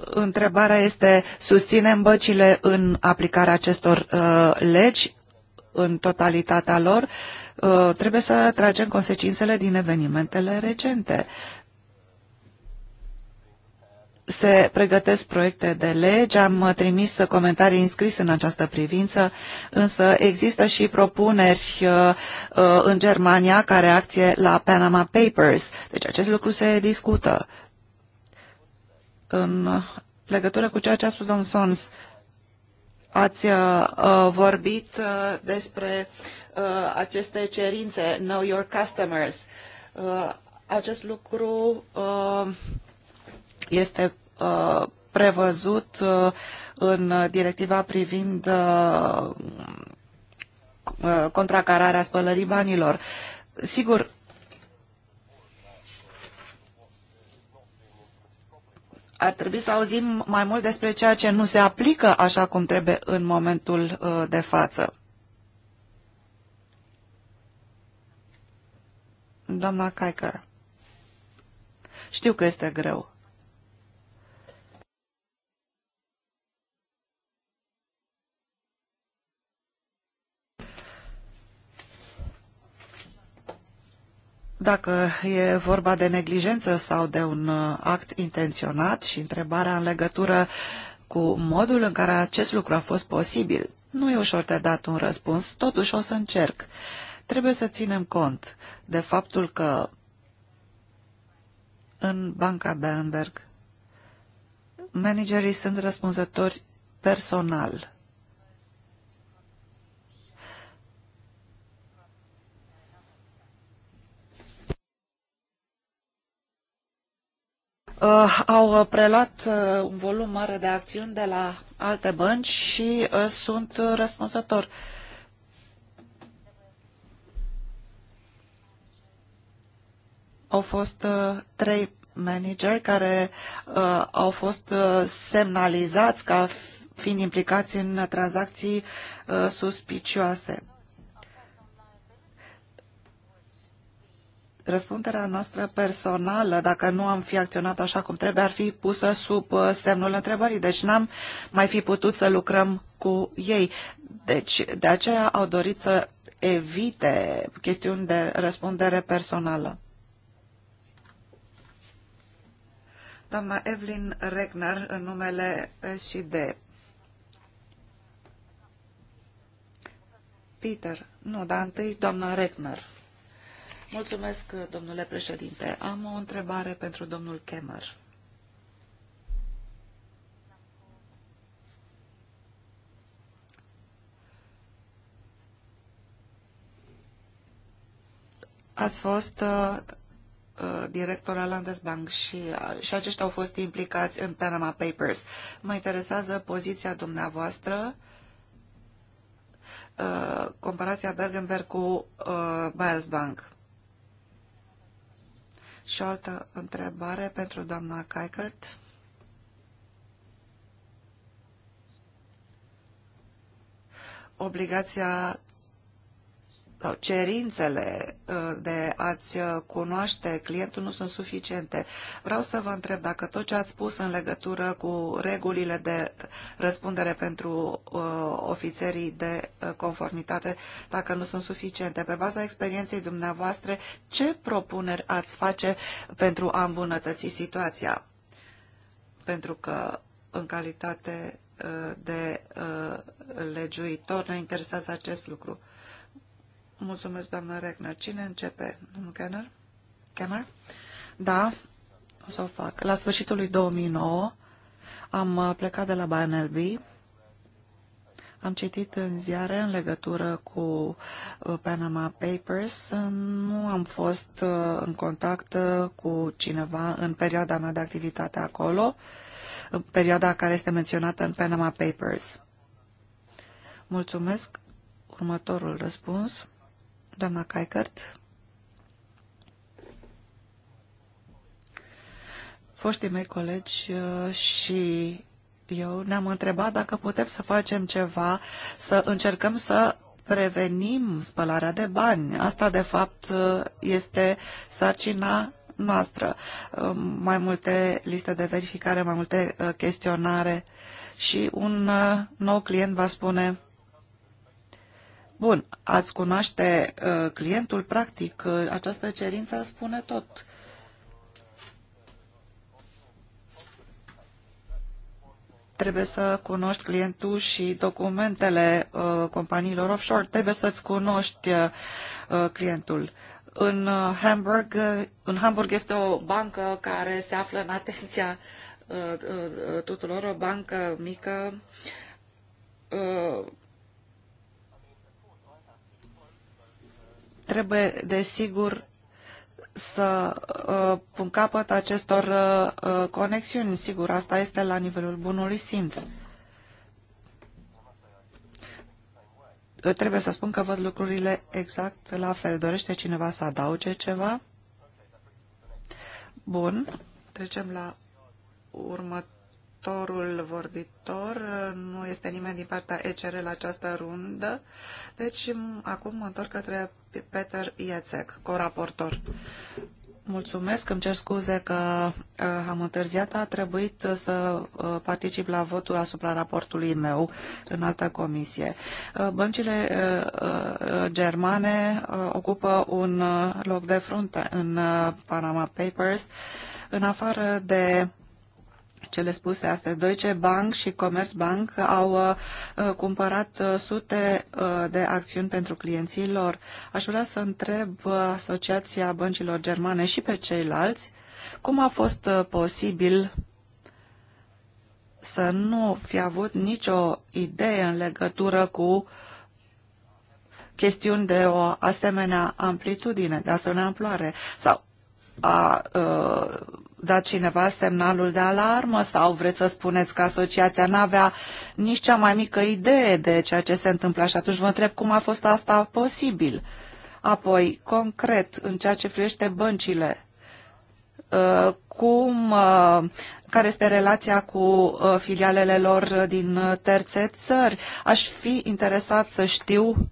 întrebarea este, susținem băcile în aplicarea acestor uh, legi în totalitatea lor? Uh, trebuie să tragem consecințele din evenimentele recente. Se pregătesc proiecte de legi, am trimis comentarii înscris în această privință, însă există și propuneri uh, uh, în Germania ca reacție la Panama Papers. Deci acest lucru se discută în legătură cu ceea ce a spus domnul Sons. Ați uh, uh, vorbit uh, despre uh, aceste cerințe, know your customers. Uh, acest lucru uh, este uh, prevăzut uh, în directiva privind uh, contracararea spălării banilor. Sigur, ar trebui să auzim mai mult despre ceea ce nu se aplică așa cum trebuie în momentul uh, de față. Doamna Kaiker. Știu că este greu. Dacă e vorba de neglijență sau de un uh, act intenționat și întrebarea în legătură cu modul în care acest lucru a fost posibil, nu e ușor de dat un răspuns, totuși o să încerc. Trebuie să ținem cont de faptul că în Banca Bernberg managerii sunt răspunzători personal uh, au uh, preluat uh, un volum mare de acțiuni de la alte bănci și uh, sunt uh, răspunsători. Au fost uh, trei manageri care uh, au fost uh, semnalizați ca fiind implicați în tranzacții uh, suspicioase. răspunderea noastră personală, dacă nu am fi acționat așa cum trebuie, ar fi pusă sub uh, semnul întrebării. Deci n-am mai fi putut să lucrăm cu ei. Deci de aceea au dorit să evite chestiuni de răspundere personală. Doamna Evelyn Regner, în numele SCD. Peter, nu, dar întâi doamna Regner. Mulțumesc, domnule președinte. Am o întrebare pentru domnul Kemmer. Ați fost uh, uh director al Landesbank și, uh, și aceștia au fost implicați în Panama Papers. Mă interesează poziția dumneavoastră, uh, comparația Bergenberg cu uh, Bayersbank. Și o altă întrebare pentru doamna Kaikert. Obligația cerințele uh, de a-ți uh, cunoaște clientul nu sunt suficiente. Vreau să vă întreb dacă tot ce ați spus în legătură cu regulile de răspundere pentru uh, ofițerii de uh, conformitate, dacă nu sunt suficiente, pe baza experienței dumneavoastră, ce propuneri ați face pentru a îmbunătăți situația? Pentru că în calitate de legiuitor ne interesează acest lucru Mulțumesc, doamna Regner. Cine începe? Domnul Kenner? Kenner? Da, o să o fac. La sfârșitul lui 2009 am uh, plecat de la BNLB. Am citit în ziare în legătură cu uh, Panama Papers. Nu am fost uh, în contact cu cineva în perioada mea de activitate acolo, în perioada care este menționată în Panama Papers. Mulțumesc. Următorul răspuns doamna Caicărt. Foștii mei colegi uh, și eu ne-am întrebat dacă putem să facem ceva, să încercăm să prevenim spălarea de bani. Asta, de fapt, uh, este sarcina noastră. Uh, mai multe liste de verificare, mai multe chestionare și un nou client va spune Bun, ați cunoaște uh, clientul, practic, uh, această cerință spune tot. Trebuie să cunoști clientul și documentele uh, companiilor offshore. Trebuie să-ți cunoști uh, uh clientul. În uh, Hamburg, uh, în Hamburg este o bancă care se află în atenția uh, uh, uh tuturor, o bancă mică Trebuie, desigur, să uh, pun capăt acestor uh, conexiuni. Sigur, asta este la nivelul bunului simț. Trebuie să spun că văd lucrurile exact la fel. Dorește cineva să adauge ceva? Bun. Trecem la următoarea următorul vorbitor. Nu este nimeni din partea ECR la această rundă. Deci, acum mă întorc către Peter Iețec, coraportor. Mulțumesc, îmi cer scuze că uh, am întârziat. A trebuit să uh, particip la votul asupra raportului meu în altă comisie. Uh, băncile uh, uh germane uh, ocupă un uh, loc de frunte în uh, Panama Papers. În afară de cele spuse astăzi. Deutsche Bank și Commerzbank au uh, uh, cumpărat uh, sute de acțiuni pentru clienții lor. Aș vrea să întreb Asociația Băncilor Germane și pe ceilalți cum a fost posibil să nu fi avut nicio idee în legătură cu chestiuni de o asemenea amplitudine, de asemenea amploare, sau a uh, dat cineva semnalul de alarmă sau vreți să spuneți că asociația n-avea nici cea mai mică idee de ceea ce se întâmplă și atunci vă întreb cum a fost asta posibil. Apoi, concret, în ceea ce privește băncile, cum, care este relația cu filialele lor din terțe țări. Aș fi interesat să știu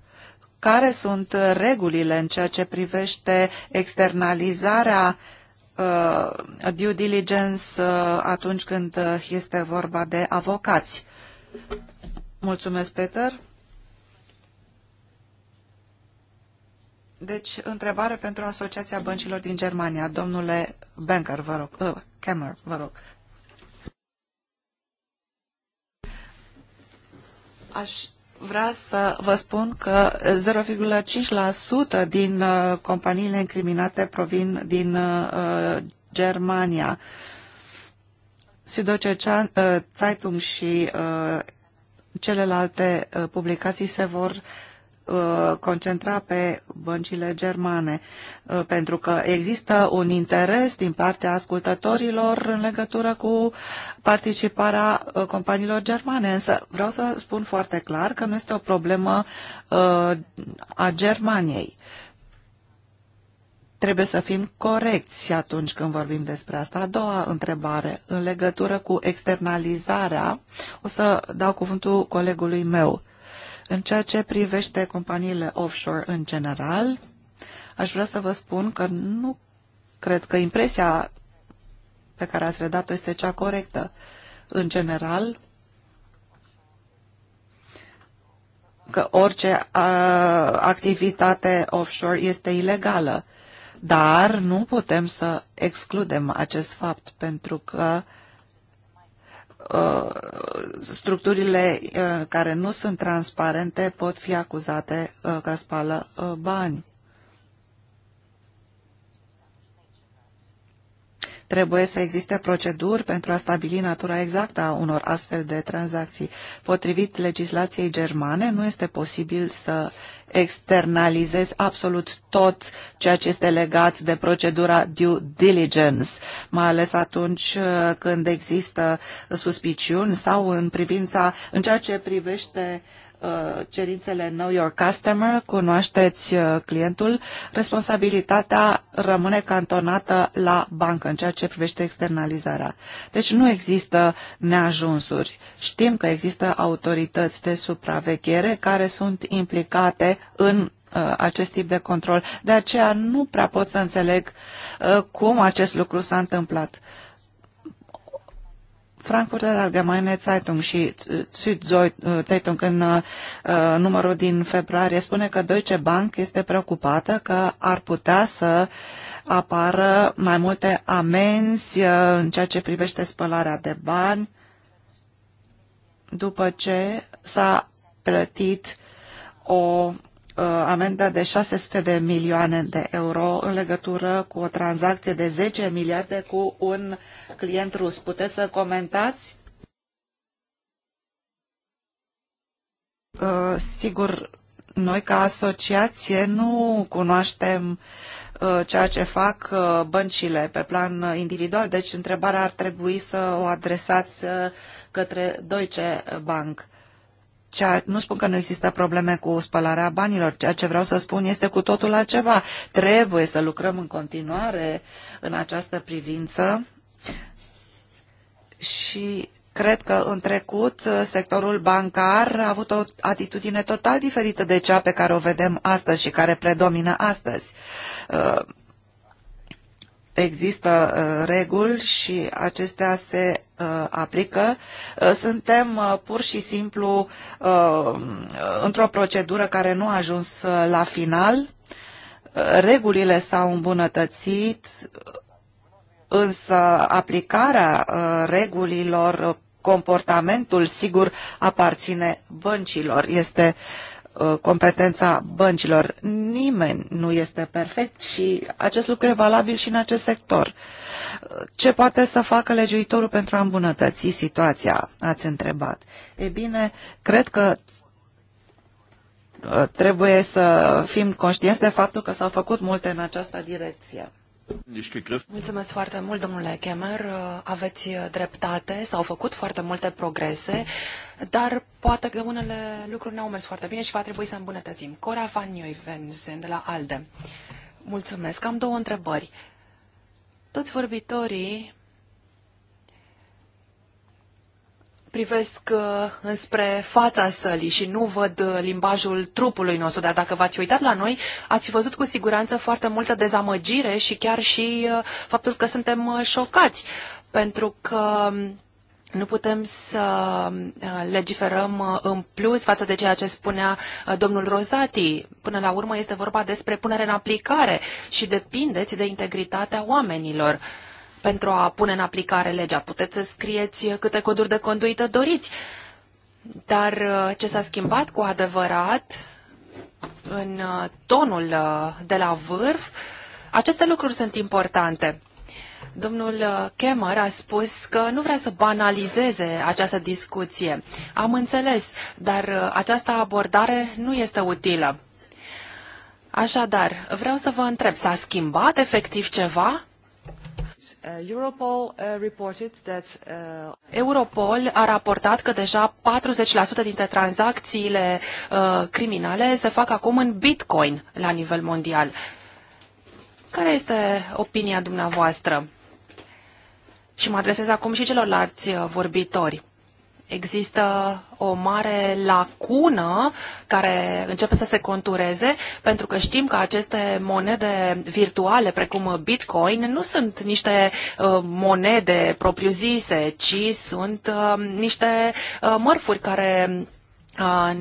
care sunt regulile în ceea ce privește externalizarea uh, due diligence uh, atunci când uh, este vorba de avocați. Mulțumesc, Peter. Deci, întrebare pentru Asociația Băncilor din Germania. Domnule Banker, vă rog, uh, Kemmer, vă rog. Aș vrea să vă spun că 0,5% din uh, companiile incriminate provin din uh, Germania. Süddeutsche Zeitung și uh, celelalte publicații se vor Uh, concentra pe băncile germane, uh, pentru că există un interes din partea ascultătorilor în legătură cu participarea uh, companiilor germane. Însă vreau să spun foarte clar că nu este o problemă a Germaniei. Trebuie să fim corecți atunci când vorbim despre asta. A doua întrebare, în legătură cu externalizarea, o să dau cuvântul colegului meu în ceea ce privește companiile offshore în general, aș vrea să vă spun că nu cred că impresia pe care ați redat-o este cea corectă. În general, că orice uh, activitate offshore este ilegală, dar nu putem să excludem acest fapt, pentru că uh, Uh, structurile uh, care nu sunt transparente pot fi acuzate uh, că spală bani. Trebuie să existe proceduri pentru a stabili natura exactă a unor astfel de tranzacții. Potrivit legislației germane, nu este posibil să externalizezi absolut tot ceea ce este legat de procedura due diligence, mai ales atunci uh, când există suspiciuni sau în privința, în ceea ce privește Uh, cerințele Know Your Customer, cunoașteți uh, clientul, responsabilitatea rămâne cantonată la bancă în ceea ce privește externalizarea. Deci nu există neajunsuri. Știm că există autorități de supraveghere care sunt implicate în uh, acest tip de control. De aceea nu prea pot să înțeleg cum acest lucru s-a întâmplat. Frankfurter Allgemeine Zeitung și uh, uh, Zeitung în uh, numărul din februarie spune că Deutsche Bank este preocupată că ar putea să apară mai multe amenzi în ceea ce privește spălarea de bani după ce s-a plătit o Uh, amendă de 600 de milioane de euro în legătură cu o tranzacție de 10 miliarde cu un client rus. Puteți să comentați? Uh, sigur, noi ca asociație nu cunoaștem uh, ceea ce fac băncile pe plan individual, deci întrebarea ar trebui să o adresați către Deutsche Bank. Ceea, nu spun că nu există probleme cu spălarea banilor, ceea ce vreau să spun este cu totul altceva. Trebuie să lucrăm în continuare în această privință și cred că în trecut sectorul bancar a avut o atitudine total diferită de cea pe care o vedem astăzi și care predomină astăzi există uh, reguli și acestea se uh, aplică. Uh, suntem pur și simplu într-o procedură care nu a ajuns la final. Regulile s-au îmbunătățit, însă aplicarea regulilor comportamentul, sigur, aparține băncilor. Este Uh, competența băncilor. Nimeni nu este perfect și acest lucru e valabil și în acest sector. Ce poate să facă legiuitorul pentru a îmbunătăți situația? Ați întrebat. E bine, cred că uh, trebuie să fim conștienți de faptul că s-au făcut multe în această direcție. Mulțumesc foarte mult, domnule Kemer. Uh, aveți uh, dreptate, s-au făcut foarte multe progrese, dar poate că unele lucruri nu au mers foarte bine și va trebui să îmbunătățim. Cora Van Nieuwensen de la ALDE. Mulțumesc. Am două întrebări. Toți vorbitorii privesc uh, înspre fața sălii și nu văd uh, limbajul trupului nostru, dar dacă v-ați uitat la noi, ați văzut cu siguranță foarte multă dezamăgire și chiar și uh, faptul că suntem șocați, pentru că um, nu putem să um, legiferăm în plus față de ceea ce spunea domnul Rozati. Până la urmă este vorba despre punere în aplicare și depindeți de integritatea oamenilor pentru a pune în aplicare legea. Puteți să scrieți câte coduri de conduită doriți, dar uh, ce s-a schimbat cu adevărat în uh, tonul uh, de la vârf, aceste lucruri sunt importante. Domnul Kemmer a spus că nu vrea să banalizeze această discuție. Am înțeles, dar această abordare nu este utilă. Așadar, vreau să vă întreb, s-a schimbat efectiv ceva? Uh, uh, uh, Europol, a raportat că deja 40% dintre tranzacțiile uh, criminale se fac acum în bitcoin la nivel mondial. Care este opinia dumneavoastră? Și mă adresez acum și celorlalți vorbitori există o mare lacună care începe să se contureze, pentru că știm că aceste monede virtuale, precum Bitcoin, nu sunt niște uh, monede propriu-zise, ci sunt uh, niște uh, mărfuri care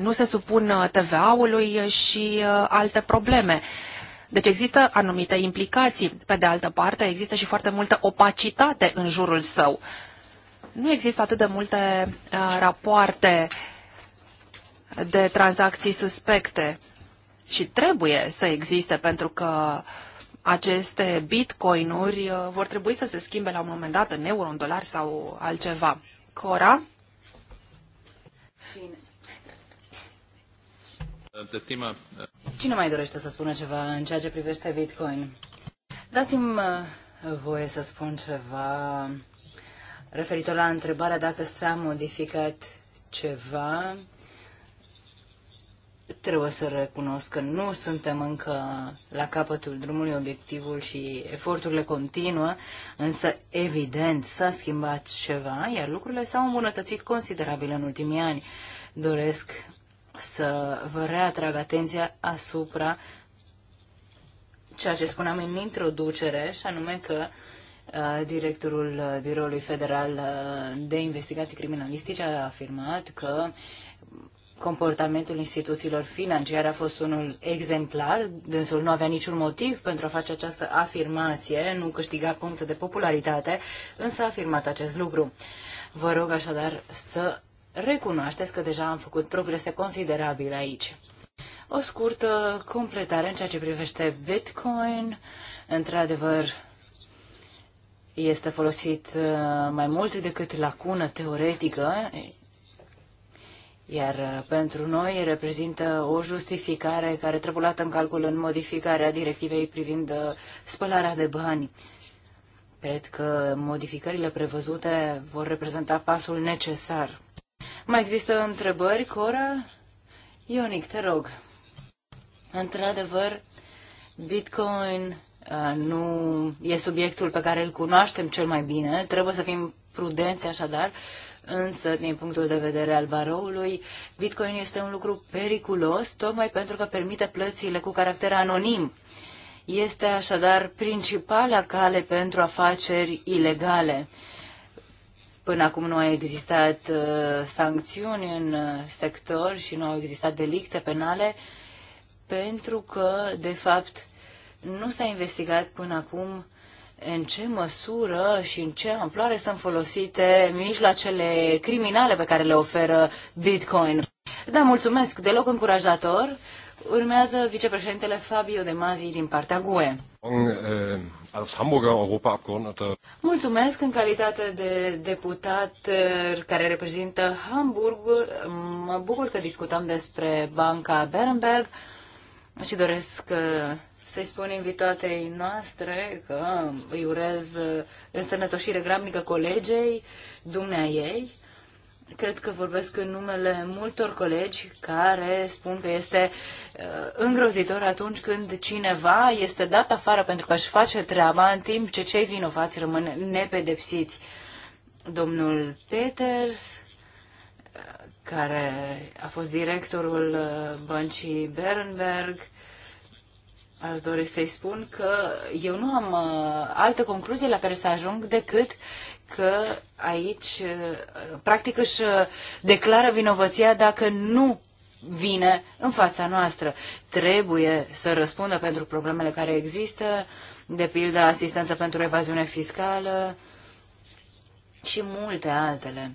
nu se supun TVA-ului și alte probleme. Deci există anumite implicații. Pe de altă parte, există și foarte multă opacitate în jurul său nu există atât de multe uh, rapoarte de tranzacții suspecte și trebuie să existe pentru că aceste bitcoinuri uh, vor trebui să se schimbe la un moment dat în euro, în dolar sau altceva. Cora? Cine? Uh, Cine mai dorește să spună ceva în ceea ce privește Bitcoin? Dați-mi voie să spun ceva referitor la întrebarea dacă s-a modificat ceva, trebuie să recunosc că nu suntem încă la capătul drumului, obiectivul și eforturile continuă, însă evident s-a schimbat ceva, iar lucrurile s-au îmbunătățit considerabil în ultimii ani. Doresc să vă reatrag atenția asupra ceea ce spuneam în introducere, și anume că uh, directorul Biroului Federal de Investigații Criminalistice a afirmat că comportamentul instituțiilor financiare a fost unul exemplar, dânsul nu avea niciun motiv pentru a face această afirmație, nu câștiga puncte de popularitate, însă a afirmat acest lucru. Vă rog așadar să recunoașteți că deja am făcut progrese considerabile aici. O scurtă completare în ceea ce privește Bitcoin. Într-adevăr, este folosit uh, mai mult decât lacună teoretică, iar uh, pentru noi reprezintă o justificare care trebuie luată în calcul în modificarea directivei privind uh, spălarea de bani. Cred că modificările prevăzute vor reprezenta pasul necesar. Mai există întrebări, Cora? Ionic, te rog. Într-adevăr, Bitcoin Uh, nu e subiectul pe care îl cunoaștem cel mai bine, trebuie să fim prudenți așadar, însă din punctul de vedere al baroului, Bitcoin este un lucru periculos tocmai pentru că permite plățile cu caracter anonim. Este așadar principala cale pentru afaceri ilegale. Până acum nu au existat uh, sancțiuni în uh, sector și nu au existat delicte penale pentru că, de fapt, nu s-a investigat până acum în ce măsură și în ce amploare sunt folosite mijloacele criminale pe care le oferă Bitcoin. Da, mulțumesc, deloc încurajator. Urmează vicepreședintele Fabio De Mazi din partea GUE. Eh, mulțumesc în calitate de deputat eh, care reprezintă Hamburg. Mă bucur că discutăm despre Banca Berenberg și doresc eh, să-i spun invitatei noastre că îi urez însănătoșire gramnică colegei, dumnea ei. Cred că vorbesc în numele multor colegi care spun că este uh, îngrozitor atunci când cineva este dat afară pentru că își face treaba în timp ce cei vinovați rămân nepedepsiți. Domnul Peters, uh, care a fost directorul uh, băncii Berenberg, Aș dori să-i spun că eu nu am uh, altă concluzie la care să ajung decât că aici, uh, practic, își uh, declară vinovăția dacă nu vine în fața noastră. Trebuie să răspundă pentru problemele care există, de pildă asistență pentru evaziune fiscală și multe altele.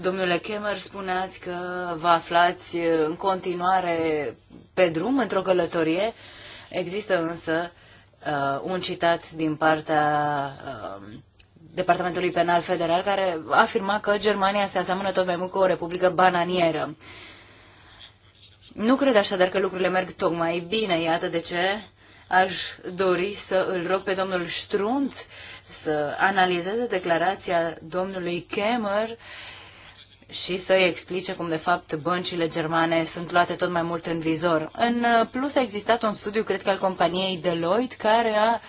Domnule Kemmer, spuneați că vă aflați în continuare pe drum, într-o călătorie. Există însă uh, un citat din partea uh, Departamentului Penal Federal care afirma că Germania se aseamănă tot mai mult cu o republică bananieră. Nu cred așadar că lucrurile merg tocmai bine, iată de ce aș dori să îl rog pe domnul Strunt să analizeze declarația domnului Kemmer și să explice cum de fapt băncile germane sunt luate tot mai mult în vizor. În uh, plus a existat un studiu, cred că al companiei Deloitte, care a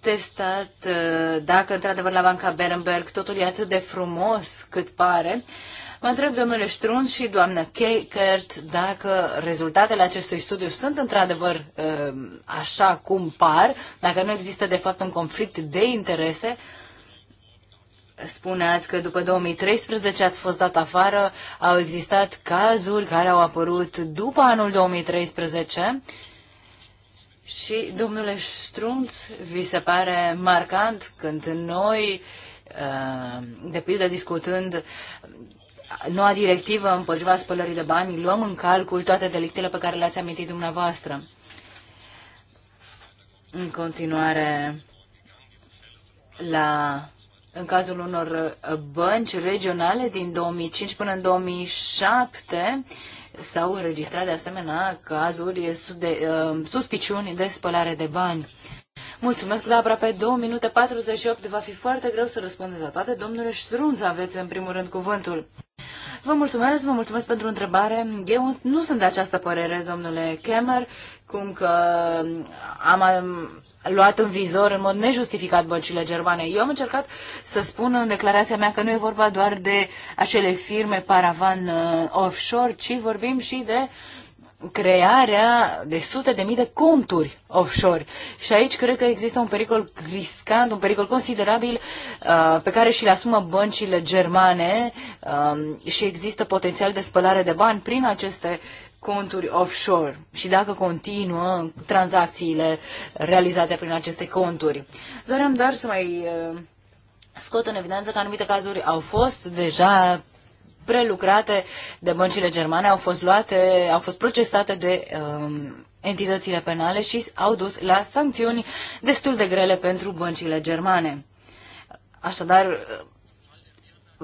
testat uh, dacă într-adevăr la banca Berenberg totul e atât de frumos cât pare. Mă întreb, domnule Strunz și doamnă Kert, dacă rezultatele acestui studiu sunt într-adevăr uh, așa cum par, dacă nu există de fapt un conflict de interese, spuneați că după 2013 ați fost dat afară, au existat cazuri care au apărut după anul 2013 și, domnule Strunț, vi se pare marcant când noi, uh, de pildă discutând noua directivă împotriva spălării de bani, luăm în calcul toate delictele pe care le-ați amintit dumneavoastră. În continuare, la în cazul unor uh, bănci regionale din 2005 până în 2007 s-au înregistrat de asemenea cazuri de uh, suspiciuni de spălare de bani. Mulțumesc, dar aproape 2 minute 48 va fi foarte greu să răspundeți la toate. Domnule Ștrunț, aveți în primul rând cuvântul. Vă mulțumesc, vă mulțumesc pentru întrebare. Eu nu sunt de această părere, domnule Kemmer, cum că am luat în vizor în mod nejustificat băncile germane. Eu am încercat să spun în declarația mea că nu e vorba doar de acele firme paravan uh, offshore, ci vorbim și de crearea de sute de mii de conturi offshore. Și aici cred că există un pericol riscant, un pericol considerabil uh, pe care și-l asumă băncile germane uh, și există potențial de spălare de bani prin aceste conturi offshore și dacă continuă tranzacțiile realizate prin aceste conturi. Doream doar să mai uh, scot în evidență că anumite cazuri au fost deja prelucrate de băncile germane, au fost luate, au fost procesate de um, entitățile penale și au dus la sancțiuni destul de grele pentru băncile germane. Așadar,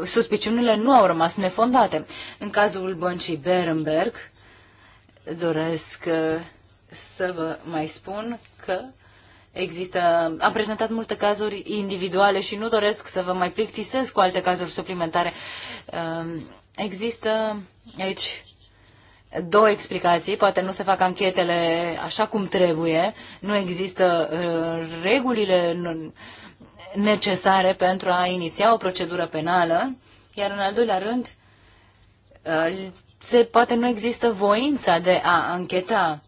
suspiciunile nu au rămas nefondate. În cazul băncii Berenberg, doresc uh, să vă mai spun că Există, am prezentat multe cazuri individuale și nu doresc să vă mai plictisesc cu alte cazuri suplimentare. Um, există aici două explicații, poate nu se fac anchetele așa cum trebuie, nu există uh, regulile necesare pentru a iniția o procedură penală, iar în al doilea rând, uh, se, poate nu există voința de a ancheta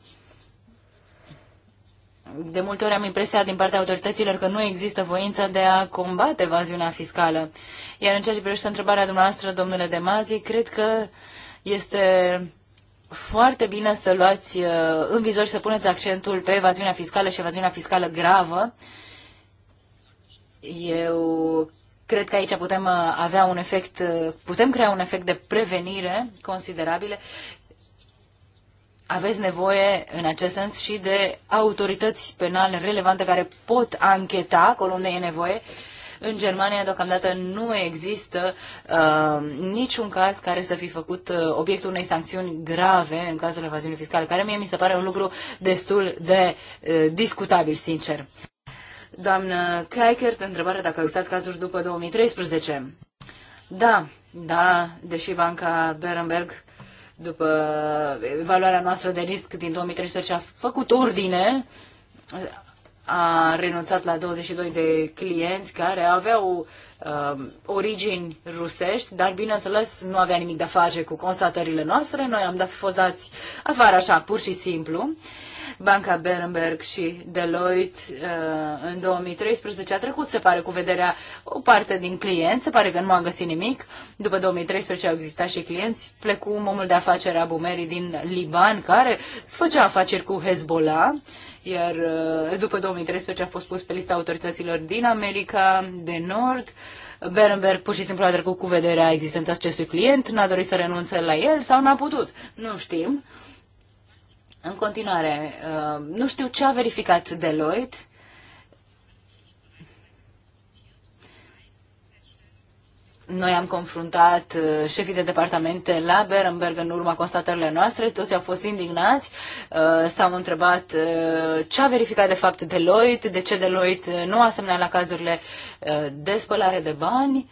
de multe ori am impresia din partea autorităților că nu există voință de a combate evaziunea fiscală. Iar în ceea ce privește întrebarea dumneavoastră, domnule Demazi, cred că este foarte bine să luați uh, în vizor și să puneți accentul pe evaziunea fiscală și evaziunea fiscală gravă. Eu cred că aici putem uh, avea un efect, uh, putem crea un efect de prevenire considerabile aveți nevoie în acest sens și de autorități penale relevante care pot ancheta acolo unde e nevoie. În Germania deocamdată nu există uh, niciun caz care să fi făcut uh, obiectul unei sancțiuni grave în cazul evaziunii fiscale, care mie mi se pare un lucru destul de uh, discutabil, sincer. Doamnă Kleikert, întrebare dacă au existat cazuri după 2013. Da, da, deși banca Berenberg după evaluarea noastră de risc din 2013, a făcut ordine, a renunțat la 22 de clienți care aveau uh, origini rusești, dar bineînțeles nu avea nimic de a face cu constatările noastre. Noi am dat, fost dați afară așa, pur și simplu. Uh, Banca Berenberg și Deloitte uh, în 2013 a trecut, se pare, cu vederea o parte din clienți, se pare că nu a găsit nimic. După 2013 au existat și clienți, plecu omul de afaceri a Bumerii din Liban, care făcea afaceri cu Hezbollah iar uh, după 2013 a fost pus pe lista autorităților din America de Nord. Berenberg pur și simplu a trecut cu vederea existența acestui client, n-a dorit să renunțe la el sau n-a putut. Nu știm. Uh, în continuare, uh, nu știu ce a verificat Deloitte. Noi am confruntat uh, șefii de departamente la Berenberg în urma constatările noastre, toți au fost indignați, uh, s-au întrebat ce a verificat de fapt Deloitte, de ce Deloitte nu a semnat la cazurile de spălare de bani.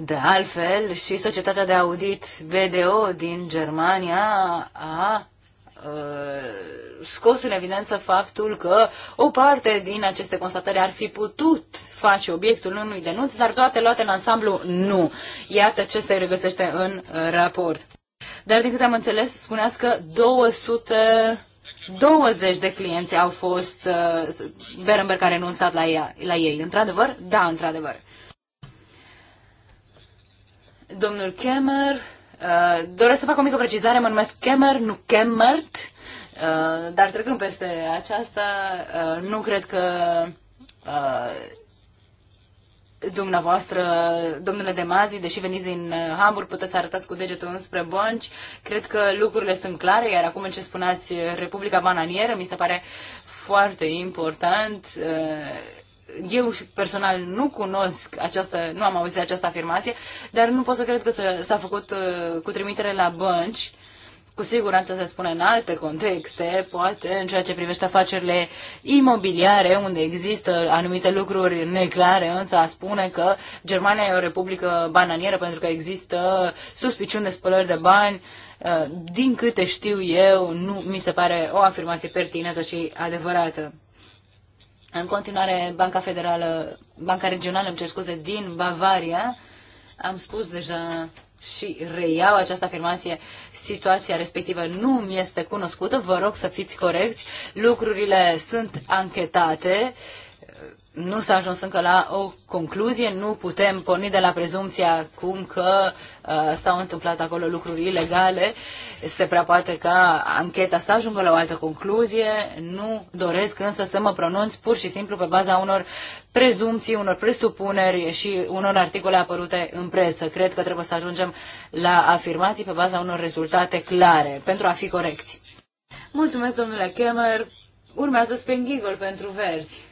De altfel, și societatea de audit BDO din Germania a scos în evidență faptul că o parte din aceste constatări ar fi putut face obiectul unui denunț, dar toate luate în ansamblu nu. Iată ce se regăsește în uh, raport. Dar din câte am înțeles, spuneați că 220 de clienți au fost uh, Berenberg a renunțat la, ea, la ei. Într-adevăr? Da, într-adevăr. Domnul Kemmer, uh, doresc să fac o mică precizare, mă numesc Kemmer, nu Kemmert, uh, dar trecând peste aceasta, uh, nu cred că dumneavoastră, domnule de Mazi, deși veniți din Hamburg, puteți arătați cu degetul înspre bănci. Cred că lucrurile sunt clare, iar acum în ce spuneați Republica Bananieră, mi se pare foarte important eu personal nu cunosc această, nu am auzit de această afirmație, dar nu pot să cred că s-a făcut uh, cu trimitere la bănci. Cu siguranță se spune în alte contexte, poate în ceea ce privește afacerile imobiliare, unde există anumite lucruri neclare, însă a spune că Germania e o republică bananieră pentru că există suspiciuni de spălări de bani, uh, din câte știu eu, nu mi se pare o afirmație pertinentă și adevărată. În continuare, Banca Federală, Banca Regională, îmi cer scuze, din Bavaria, am spus deja și reiau această afirmație, situația respectivă nu mi este cunoscută, vă rog să fiți corecți, lucrurile sunt anchetate, uh, nu s-a ajuns încă la o concluzie, nu putem porni de la prezumția cum că uh, s-au întâmplat acolo lucruri ilegale, se prea poate ca ancheta să ajungă la o altă concluzie, nu doresc însă să mă pronunț pur și simplu pe baza unor prezumții, unor presupuneri și unor articole apărute în presă. Cred că trebuie să ajungem la afirmații pe baza unor rezultate clare, pentru a fi corecți. Mulțumesc, domnule Kemmer. Urmează Spengigol pentru verzi.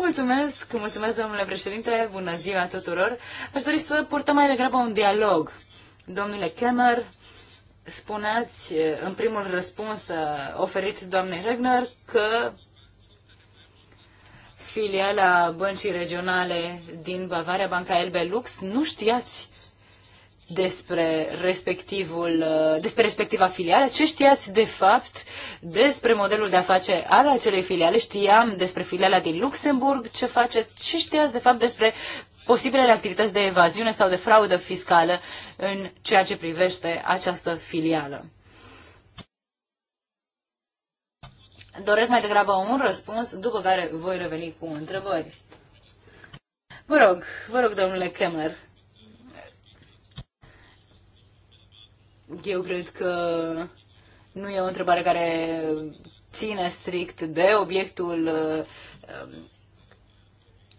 Mulțumesc, mulțumesc domnule președinte, bună ziua tuturor. Aș dori să purtăm mai degrabă un dialog. Domnule Kemmer, spuneați în primul răspuns uh, oferit doamnei Regner că filiala băncii regionale din Bavaria, Banca Elbe Lux, nu știați despre, respectivul, uh, despre respectiva filială, ce știați de fapt despre modelul de afaceri al acelei filiale, știam despre filiala din Luxemburg, ce face, ce știați de fapt despre posibilele activități de evaziune sau de fraudă fiscală în ceea ce privește această filială. Doresc mai degrabă un răspuns, după care voi reveni cu întrebări. Vă rog, vă rog, domnule Kemmer. Eu cred că nu e o întrebare care ține strict de obiectul um,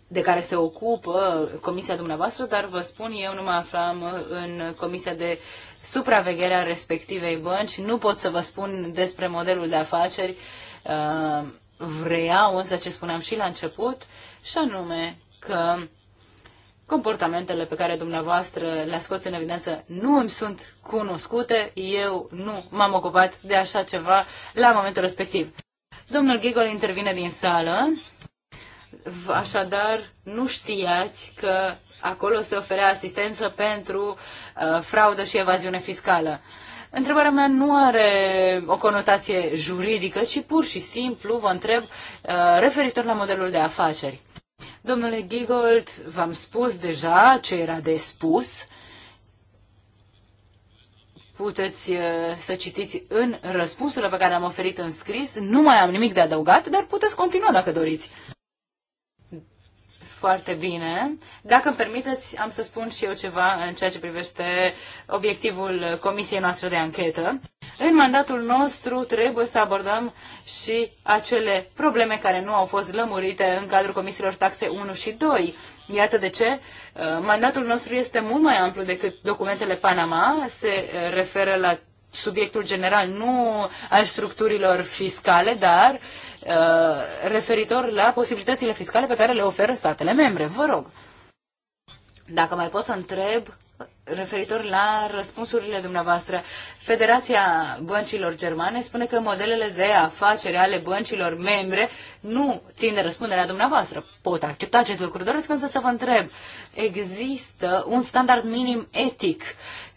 de care se ocupă comisia dumneavoastră, dar vă spun, eu nu mă aflam în comisia de supraveghere a respectivei bănci. Nu pot să vă spun despre modelul de afaceri. Um, vreau însă ce spuneam și la început, și anume că Comportamentele pe care dumneavoastră le-a scos în evidență nu îmi sunt cunoscute, eu nu m-am ocupat de așa ceva la momentul respectiv. Domnul Gigol intervine din sală, așadar nu știați că acolo se oferea asistență pentru uh, fraudă și evaziune fiscală. Întrebarea mea nu are o conotație juridică, ci pur și simplu vă întreb uh, referitor la modelul de afaceri. Domnule Gigold, v-am spus deja ce era de spus. Puteți uh, să citiți în răspunsurile pe care am oferit în scris. Nu mai am nimic de adăugat, dar puteți continua dacă doriți foarte bine. Dacă îmi permiteți, am să spun și eu ceva în ceea ce privește obiectivul comisiei noastre de anchetă. În mandatul nostru trebuie să abordăm și acele probleme care nu au fost lămurite în cadrul comisiilor taxe 1 și 2. Iată de ce uh, mandatul nostru este mult mai amplu decât documentele Panama, se uh, referă la subiectul general, nu al structurilor fiscale, dar uh, Uh, referitor la posibilitățile fiscale pe care le oferă statele membre. Vă rog, dacă mai pot să întreb referitor la răspunsurile dumneavoastră. Federația Băncilor Germane spune că modelele de afacere ale băncilor membre nu țin de răspunderea dumneavoastră. Pot accepta acest lucru, doresc însă să vă întreb. Există un standard minim etic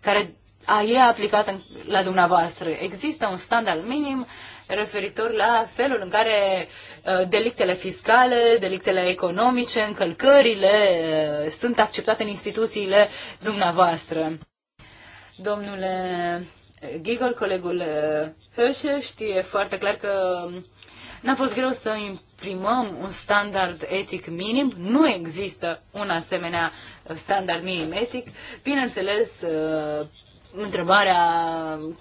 care a, e aplicat în, la dumneavoastră. Există un standard minim referitor la felul în care uh, delictele fiscale, delictele economice, încălcările uh, sunt acceptate în instituțiile dumneavoastră. Domnule Gigol, colegul Hösche, uh, știe foarte clar că N-a fost greu să imprimăm un standard etic minim, nu există un asemenea standard minim etic. Bineînțeles, întrebarea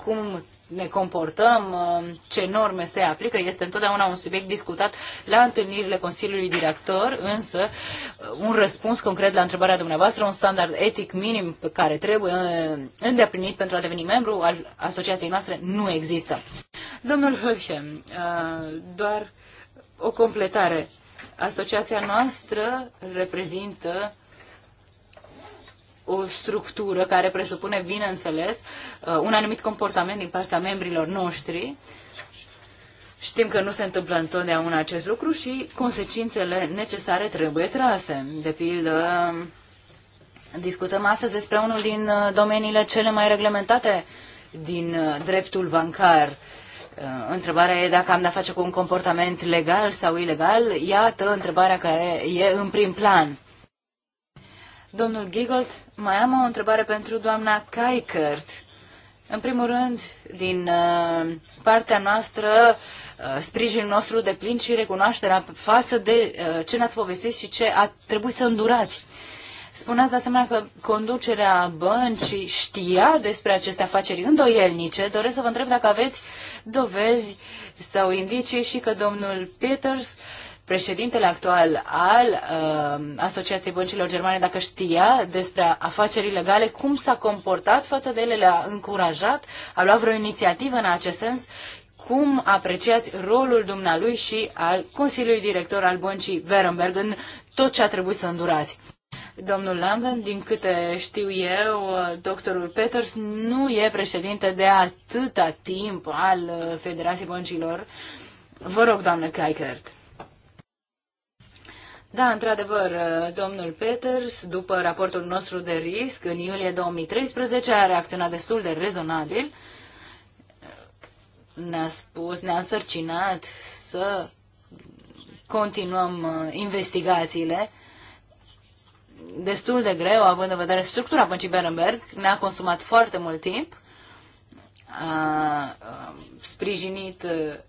cum ne comportăm, ce norme se aplică, este întotdeauna un subiect discutat la întâlnirile Consiliului Director, însă un răspuns concret la întrebarea dumneavoastră, un standard etic minim pe care trebuie îndeplinit pentru a deveni membru al asociației noastre, nu există. Domnul Höfchen, uh, doar o completare. Asociația noastră reprezintă o structură care presupune, bineînțeles, uh, un anumit comportament din partea membrilor noștri. Știm că nu se întâmplă întotdeauna acest lucru și consecințele necesare trebuie trase. De pildă, discutăm astăzi despre unul din uh, domeniile cele mai reglementate din uh, dreptul bancar. Întrebarea e dacă am de-a face cu un comportament legal sau ilegal. Iată întrebarea care e în prim plan. Domnul Giggold, mai am o întrebare pentru doamna Kaikert. În primul rând, din uh, partea noastră, uh, sprijinul nostru de plin și recunoașterea față de uh, ce ne-ați povestit și ce a trebuit să îndurați. Spuneați de asemenea că conducerea băncii știa despre aceste afaceri îndoielnice. Doresc să vă întreb dacă aveți dovezi sau indicii și că domnul Peters uh, președintele actual al uh, Asociației Băncilor Germane, dacă știa despre afaceri ilegale, cum s-a comportat față de ele, le-a încurajat, a luat vreo inițiativă în acest sens, cum apreciați rolul dumnealui și al Consiliului Director al Băncii Berenberg în tot ce a trebuit să îndurați. Domnul Langen, din câte știu eu, doctorul Peters nu e președinte de atâta timp al uh, Federației Băncilor. Vă rog, doamnă Kleikert. Da, într-adevăr, domnul Peters, după raportul nostru de risc, în iulie 2013, a reacționat destul de rezonabil. Ne-a spus, ne-a însărcinat să continuăm uh, investigațiile. Destul de greu, având în vedere structura băncii Berenberg, ne-a consumat foarte mult timp a sprijinit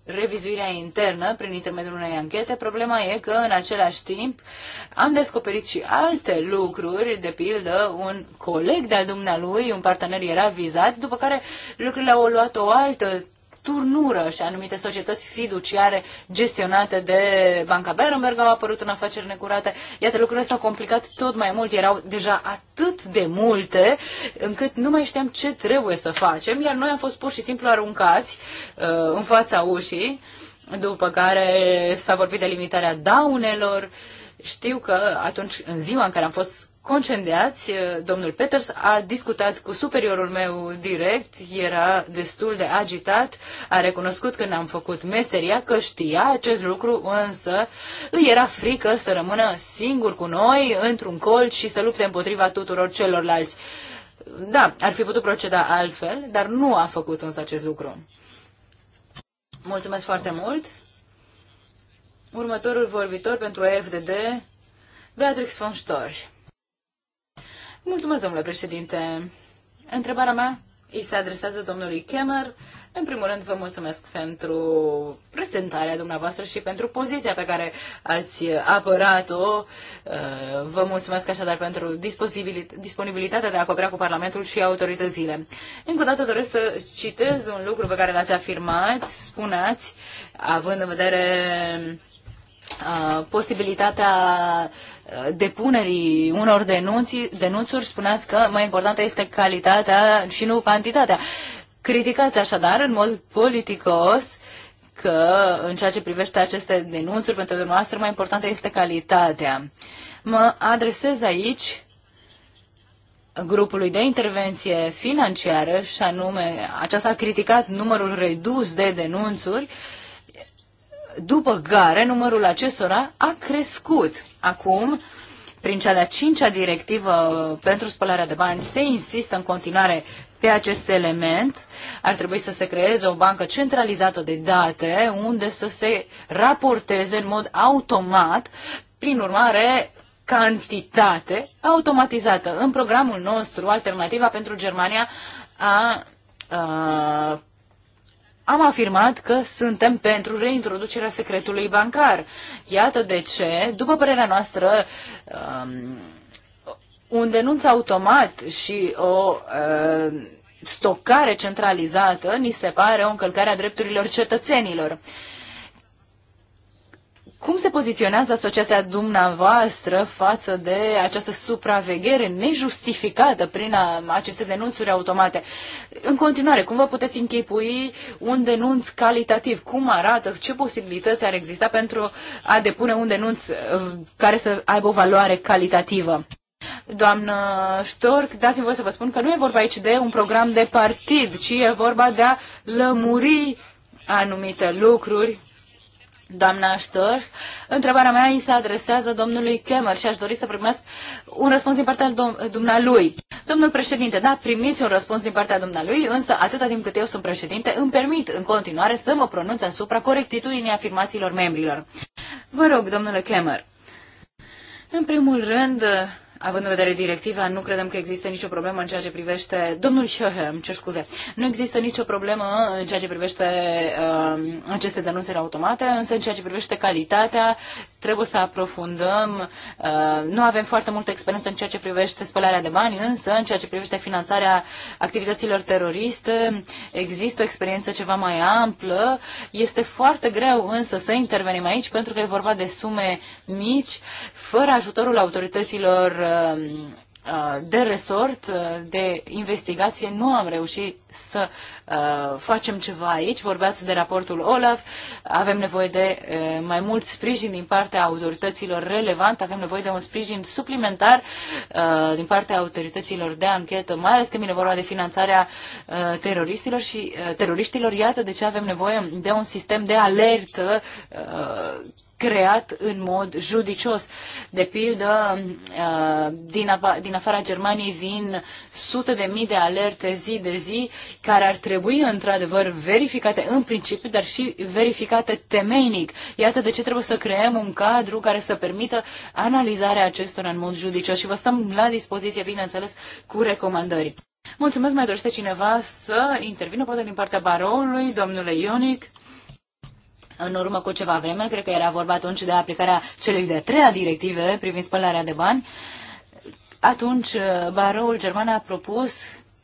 revizuirea internă prin intermediul unei anchete. Problema e că în același timp am descoperit și alte lucruri, de pildă un coleg de-al dumnealui, un partener era vizat, după care lucrurile au luat o altă turnură și anumite societăți fiduciare gestionate de Banca Berenberg au apărut în afaceri necurate. Iată, lucrurile s-au complicat tot mai mult, erau deja atât de multe încât nu mai știam ce trebuie să facem, iar noi am fost pur și simplu aruncați uh, în fața ușii, după care s-a vorbit de limitarea daunelor. Știu că atunci, în ziua în care am fost concendeați, eh, Domnul Peters a discutat cu superiorul meu direct, era destul de agitat, a recunoscut când am făcut meseria că știa acest lucru, însă îi era frică să rămână singur cu noi într-un colț și să lupte împotriva tuturor celorlalți. Da, ar fi putut proceda altfel, dar nu a făcut însă acest lucru. Mulțumesc foarte mult. Următorul vorbitor pentru FDD, Beatrix von Storch. Mulțumesc, domnule președinte. Întrebarea mea îi se adresează domnului Kemmer. În primul rând, vă mulțumesc pentru prezentarea dumneavoastră și pentru poziția pe care ați apărat-o. Uh, vă mulțumesc așadar pentru disponibilitatea de a coopera cu Parlamentul și autoritățile. Încă o dată doresc să citez un lucru pe care l-ați afirmat. Spuneați, având în vedere Uh, posibilitatea uh, depunerii unor denunții, denunțuri, spuneați că mai importantă este calitatea și nu cantitatea. Criticați așadar în mod politicos că în ceea ce privește aceste denunțuri pentru dumneavoastră mai importantă este calitatea. Mă adresez aici grupului de intervenție financiară și anume aceasta a criticat numărul redus de denunțuri uh, după care numărul acestora a crescut. Acum, prin cea de-a cincea directivă pentru spălarea de bani, se insistă în continuare pe acest element. Ar trebui să se creeze o bancă centralizată de date, unde să se raporteze în mod automat, prin urmare, cantitate automatizată. În programul nostru, Alternativa pentru Germania, a, a am afirmat că suntem pentru reintroducerea secretului bancar. Iată de ce, după părerea noastră, um, un denunț automat și o uh, stocare centralizată ni se pare o încălcare a drepturilor cetățenilor. Cum se poziționează asociația dumneavoastră față de această supraveghere nejustificată prin aceste denunțuri automate? În continuare, cum vă puteți închipui un denunț calitativ? Cum arată? Ce posibilități ar exista pentru a depune un denunț uh, care să aibă o valoare calitativă? Doamnă Ștorc, dați-mi voi să vă spun că nu e vorba aici de un program de partid, ci e vorba de a lămuri anumite lucruri doamna Ștor. Întrebarea mea îi se adresează domnului Kemmer și aș dori să primesc un răspuns din partea dumnealui. Domnul președinte, da, primiți un răspuns din partea dumnealui, însă atâta timp cât eu sunt președinte, îmi permit în continuare să mă pronunț asupra corectitudinii afirmațiilor membrilor. Vă rog, domnule Kemmer. În primul rând, având în vedere directiva, nu credem că există nicio problemă în ceea ce privește... Domnul Șohe, îmi cer scuze. Nu există nicio problemă în ceea ce privește uh, aceste denunțări automate, însă în ceea ce privește calitatea trebuie să aprofundăm. Uh, nu avem foarte multă experiență în ceea ce privește spălarea de bani, însă în ceea ce privește finanțarea activităților teroriste există o experiență ceva mai amplă. Este foarte greu însă să intervenim aici pentru că e vorba de sume mici fără ajutorul autorităților um, uh, de resort, uh, de investigație, nu am reușit să uh, facem ceva aici. Vorbeați de raportul OLAF, avem nevoie de mai mult sprijin din partea autorităților relevante, avem nevoie de un sprijin suplimentar din partea autorităților de anchetă, mai ales când vine vorba de finanțarea teroristilor și teroriștilor. Iată de ce avem nevoie de un sistem de alertă creat în mod judicios. De pildă, uh, din, af- din afara Germaniei vin sute de mii de alerte zi de zi, care ar trebui, într-adevăr, verificate în principiu, dar și verificate temeinic. Iată de ce trebuie să creăm un cadru care să permită analizarea acestora în mod judicios și vă stăm la dispoziție, bineînțeles, cu recomandări. Mulțumesc, mai dorește cineva să intervină, poate din partea baronului, domnule Ionic în urmă cu ceva vreme, cred că era vorba atunci de aplicarea celei de-a treia directive privind spălarea de bani, atunci uh, baroul german a propus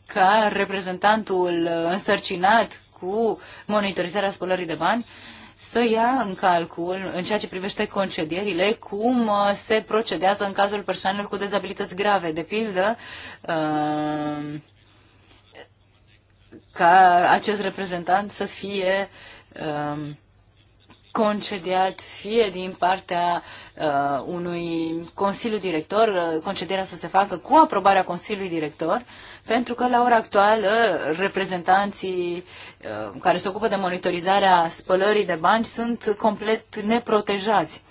ca reprezentantul uh, însărcinat cu monitorizarea spălării de bani să ia în calcul, în ceea ce privește concedierile, cum uh, se procedează în cazul persoanelor cu dezabilități grave. De pildă, ca acest reprezentant să fie concediat fie din partea uh, unui Consiliu Director, uh, concedierea să se facă cu aprobarea Consiliului Director, pentru că la ora actuală reprezentanții uh, care se ocupă de monitorizarea spălării de bani sunt complet neprotejați.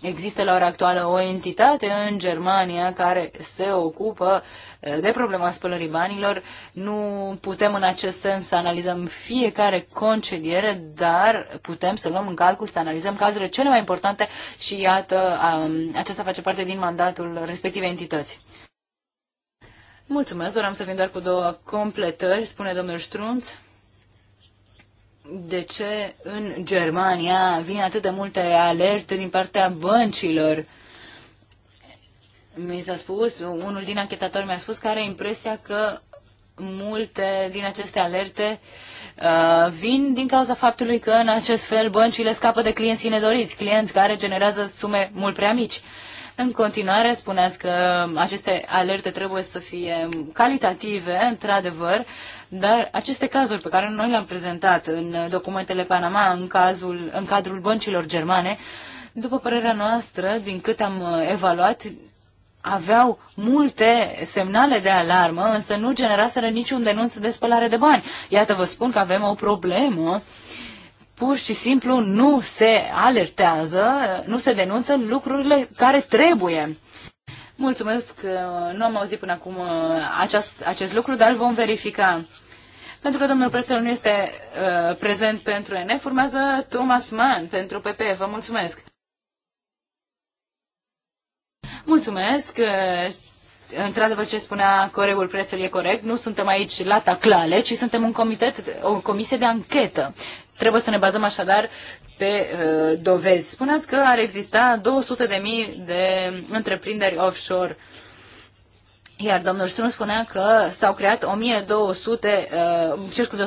Există la ora actuală o entitate în Germania care se ocupă uh, de problema spălării banilor. Nu putem în acest sens să analizăm fiecare concediere, dar putem să luăm în calcul, să analizăm cazurile cele mai importante și iată, acesta face parte din mandatul respectivei entități. Mulțumesc, doream să vin doar cu două completări, spune domnul Strunț de ce în Germania vin atât de multe alerte din partea băncilor mi s-a spus, unul din anchetatori mi-a spus că are impresia că multe din aceste alerte uh, vin din cauza faptului că în acest fel băncile scapă de clienții nedoriți, clienți care generează sume mult prea mici. În continuare, spuneați că aceste alerte trebuie să fie calitative, într-adevăr, dar aceste cazuri pe care noi le-am prezentat în documentele Panama, în, cazul, în cadrul băncilor germane, după părerea noastră, din cât am evaluat, aveau multe semnale de alarmă, însă nu generaseră niciun denunț de spălare de bani. Iată, vă spun că avem o problemă. Pur și simplu nu se alertează, nu se denunță lucrurile care trebuie. Mulțumesc, uh, nu am auzit până acum uh, aceast, acest lucru, dar îl vom verifica. Pentru că domnul președinte nu este uh, prezent pentru ENF, urmează Thomas Mann pentru PP. Vă mulțumesc. Mulțumesc! Într-adevăr, ce spunea coregul prețul e corect. Nu suntem aici la taclale, ci suntem un comitet, o comisie de anchetă. Trebuie să ne bazăm așadar pe uh, dovezi. Spuneați că ar exista 200.000 de întreprinderi offshore. Iar domnul Strun spunea că s-au creat 1200, uh, ce scuze,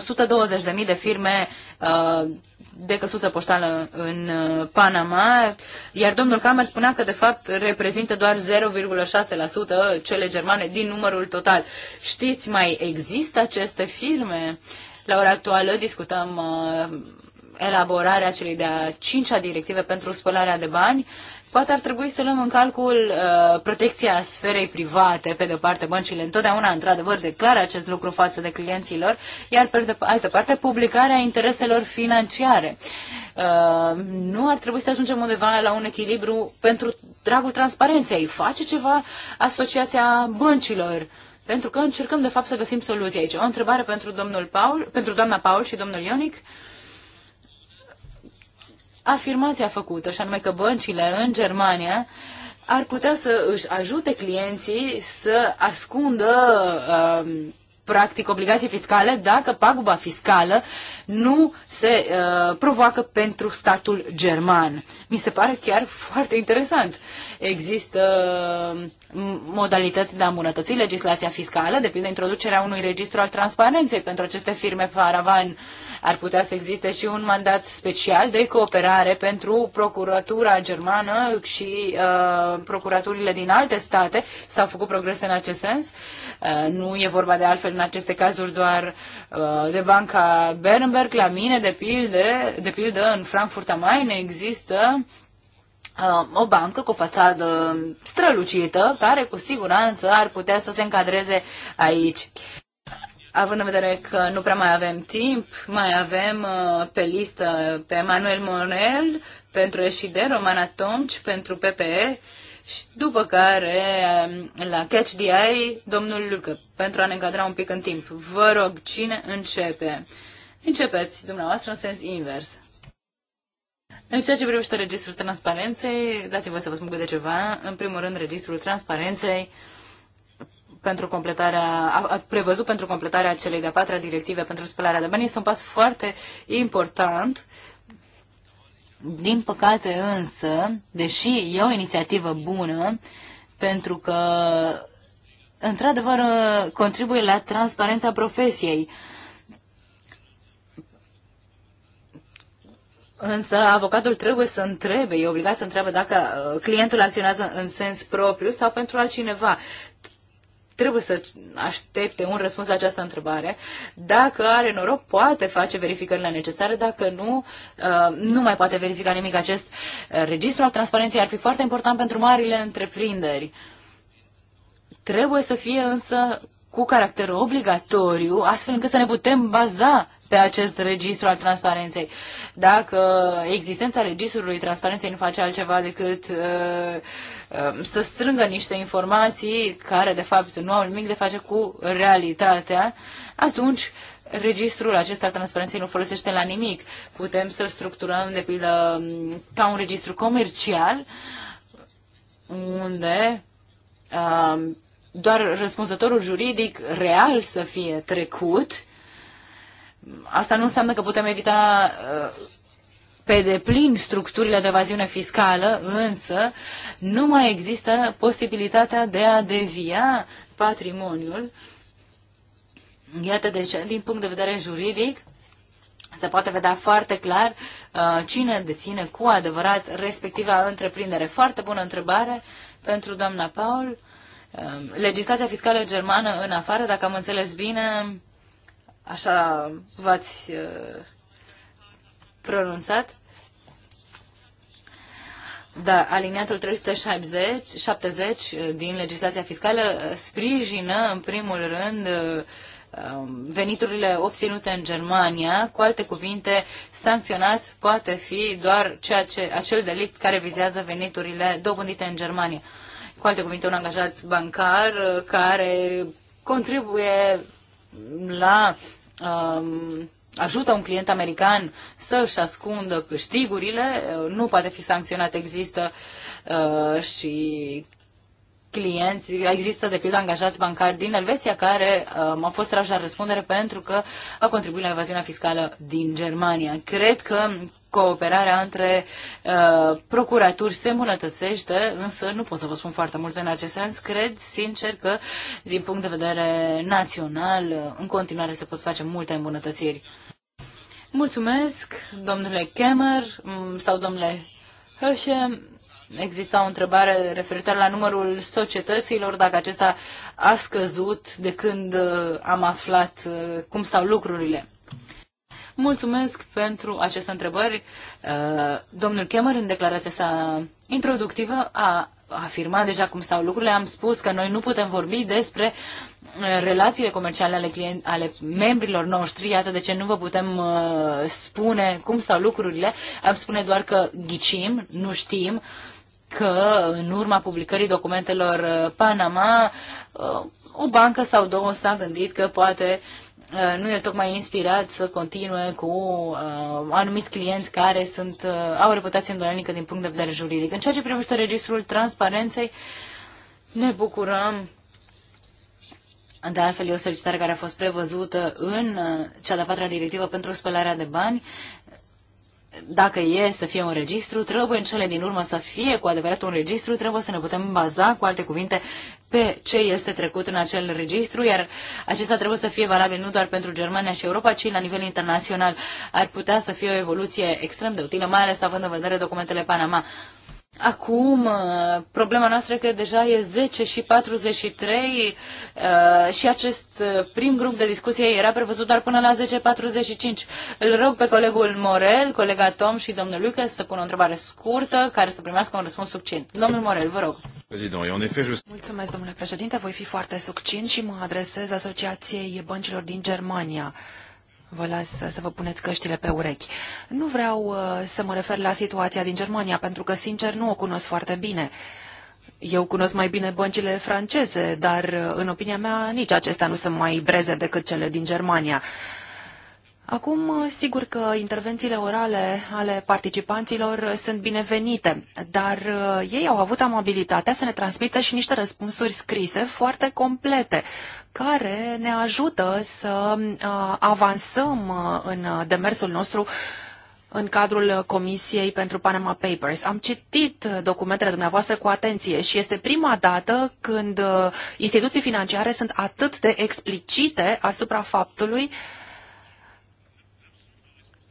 120.000 de firme uh, de căsuță poștală în uh, Panama, iar domnul Kammer spunea că de fapt reprezintă doar 0,6% cele germane din numărul total. Știți, mai există aceste filme? La ora actuală discutăm uh, elaborarea celei de-a cincea directive pentru spălarea de bani. Poate ar trebui să luăm în calcul uh, protecția sferei private, pe de-o parte băncile întotdeauna, într-adevăr, declară acest lucru față de clienților, iar pe de altă parte publicarea intereselor financiare. Uh, nu ar trebui să ajungem undeva la un echilibru pentru dragul transparenței. Face ceva Asociația Băncilor. Pentru că încercăm, de fapt, să găsim soluții aici. O întrebare pentru, domnul Paul, pentru doamna Paul și domnul Ionic. Uh, afirmația făcută, și anume că băncile în Germania ar putea să își ajute clienții să ascundă uh, practic obligații fiscale dacă paguba fiscală nu se uh, provoacă pentru statul german. Mi se pare chiar foarte interesant. Există uh, modalități de a îmbunătăți legislația fiscală, depinde introducerea unui registru al transparenței pentru aceste firme paravan. Ar putea să existe și un mandat special de cooperare pentru procuratura germană și uh, procuraturile din alte state. S-au făcut progrese în acest sens. Uh, nu e vorba de altfel în aceste cazuri doar uh, de banca Berenberg. La mine, de pildă, de pildă în Frankfurt am Main există uh, o bancă cu o fațadă strălucită, care cu siguranță ar putea să se încadreze aici. Având în vedere că nu prea mai avem timp, mai avem uh, pe listă pe Manuel Monel, pentru SID, Romana Tomci, pentru PPE și după care um, la Catch DI, domnul Lucă pentru a ne încadra un pic în timp. Vă rog, cine începe? Începeți dumneavoastră în sens invers. În ceea ce privește registrul transparenței, dați-vă să vă spun de ceva. În primul rând, registrul transparenței pentru completarea, a, a prevăzut pentru completarea celei de-a patra directive pentru spălarea de bani este un pas foarte important. Din păcate însă, deși e o inițiativă bună, pentru că într-adevăr, uh, contribuie la transparența profesiei. Însă avocatul trebuie să întrebe, e obligat să întrebe dacă uh, clientul acționează în sens propriu sau pentru altcineva. Trebuie să aștepte un răspuns la această întrebare. Dacă are noroc, poate face verificările necesare. Dacă nu, uh, nu mai poate verifica nimic. Acest registru al transparenței ar fi foarte important pentru marile întreprinderi trebuie să fie însă cu caracter obligatoriu, astfel încât să ne putem baza pe acest registru al transparenței. Dacă existența registrului transparenței nu face altceva decât uh, um, să strângă niște informații care de fapt nu au nimic de face cu realitatea, atunci registrul acesta al transparenței nu folosește la nimic. Putem să-l structurăm de pildă um, ca un registru comercial unde uh, doar răspunzătorul juridic real să fie trecut. Asta nu înseamnă că putem evita uh, pe deplin structurile de evaziune fiscală, însă nu mai există posibilitatea de a devia patrimoniul. Iată de ce, din punct de vedere juridic, se poate vedea foarte clar uh, cine deține cu adevărat respectiva întreprindere. Foarte bună întrebare pentru doamna Paul. Uh, Um, legislația fiscală germană în afară, dacă am înțeles bine, așa v-ați uh, pronunțat. Da, aliniatul 370 70 uh, din legislația fiscală uh, sprijină, în primul rând, um, veniturile obținute în Germania. Cu alte cuvinte, sancționat poate fi doar ceea ce, acel delict care vizează veniturile dobândite în Germania. Cu alte cuvinte, un angajat bancar uh, care contribuie la um, ajută un client american să și ascundă câștigurile, uh, nu poate fi sancționat, există uh, și clienți, există de pildă angajați bancari din Elveția care um, au fost trași la răspundere pentru că au contribuit la evaziunea fiscală din Germania. Cred că cooperarea între uh, procuraturi se îmbunătățește, însă nu pot să vă spun foarte multe în acest sens. Cred, sincer, că din punct de vedere național, în continuare se pot face multe îmbunătățiri. Mulțumesc, domnule Kemmer mm, sau domnule Hășe. Exista o întrebare referitoare la numărul societăților, dacă acesta a scăzut de când uh, am aflat uh, cum stau lucrurile. Mulțumesc pentru aceste întrebări. Uh, domnul Chemer, în declarația sa introductivă, a afirmat deja cum stau lucrurile. Am spus că noi nu putem vorbi despre uh, relațiile comerciale ale, client, ale membrilor noștri, iată de ce nu vă putem uh, spune cum stau lucrurile, am spune doar că ghicim, nu știm, că în urma publicării documentelor uh, Panama, o bancă sau două s-a gândit că poate Uh, nu e tocmai inspirat să continue cu uh, anumiți clienți care sunt, uh, au o reputație îndoielnică din punct de vedere juridic. În ceea ce privește registrul transparenței, ne bucurăm. De altfel, e o solicitare care a fost prevăzută în uh, cea de-a patra directivă pentru spălarea de bani dacă e să fie un registru, trebuie în cele din urmă să fie cu adevărat un registru, trebuie să ne putem baza, cu alte cuvinte, pe ce este trecut în acel registru, iar acesta trebuie să fie valabil nu doar pentru Germania și Europa, ci la nivel internațional. Ar putea să fie o evoluție extrem de utilă, mai ales având în vedere documentele Panama. Acum, uh, problema noastră că deja e 10 și 43 uh, și acest uh, prim grup de discuție era prevăzut doar până la 10.45. Îl rog pe colegul Morel, colega Tom și domnul Lucas să pună o întrebare scurtă care să primească un răspuns succint. Domnul Morel, vă rog. Mulțumesc, domnule președinte. Voi fi foarte succint și mă adresez Asociației Băncilor din Germania. Vă las să vă puneți căștile pe urechi. Nu vreau uh, să mă refer la situația din Germania, pentru că, sincer, nu o cunosc foarte bine. Eu cunosc mai bine băncile franceze, dar, uh, în opinia mea, nici acestea nu sunt mai breze decât cele din Germania. Acum, sigur că intervențiile orale ale participanților sunt binevenite, dar uh, ei au avut amabilitatea să ne transmită și niște răspunsuri scrise foarte complete, care ne ajută să uh, avansăm uh, în demersul nostru în cadrul Comisiei pentru Panama Papers. Am citit documentele dumneavoastră cu atenție și este prima dată când instituții financiare sunt atât de explicite asupra faptului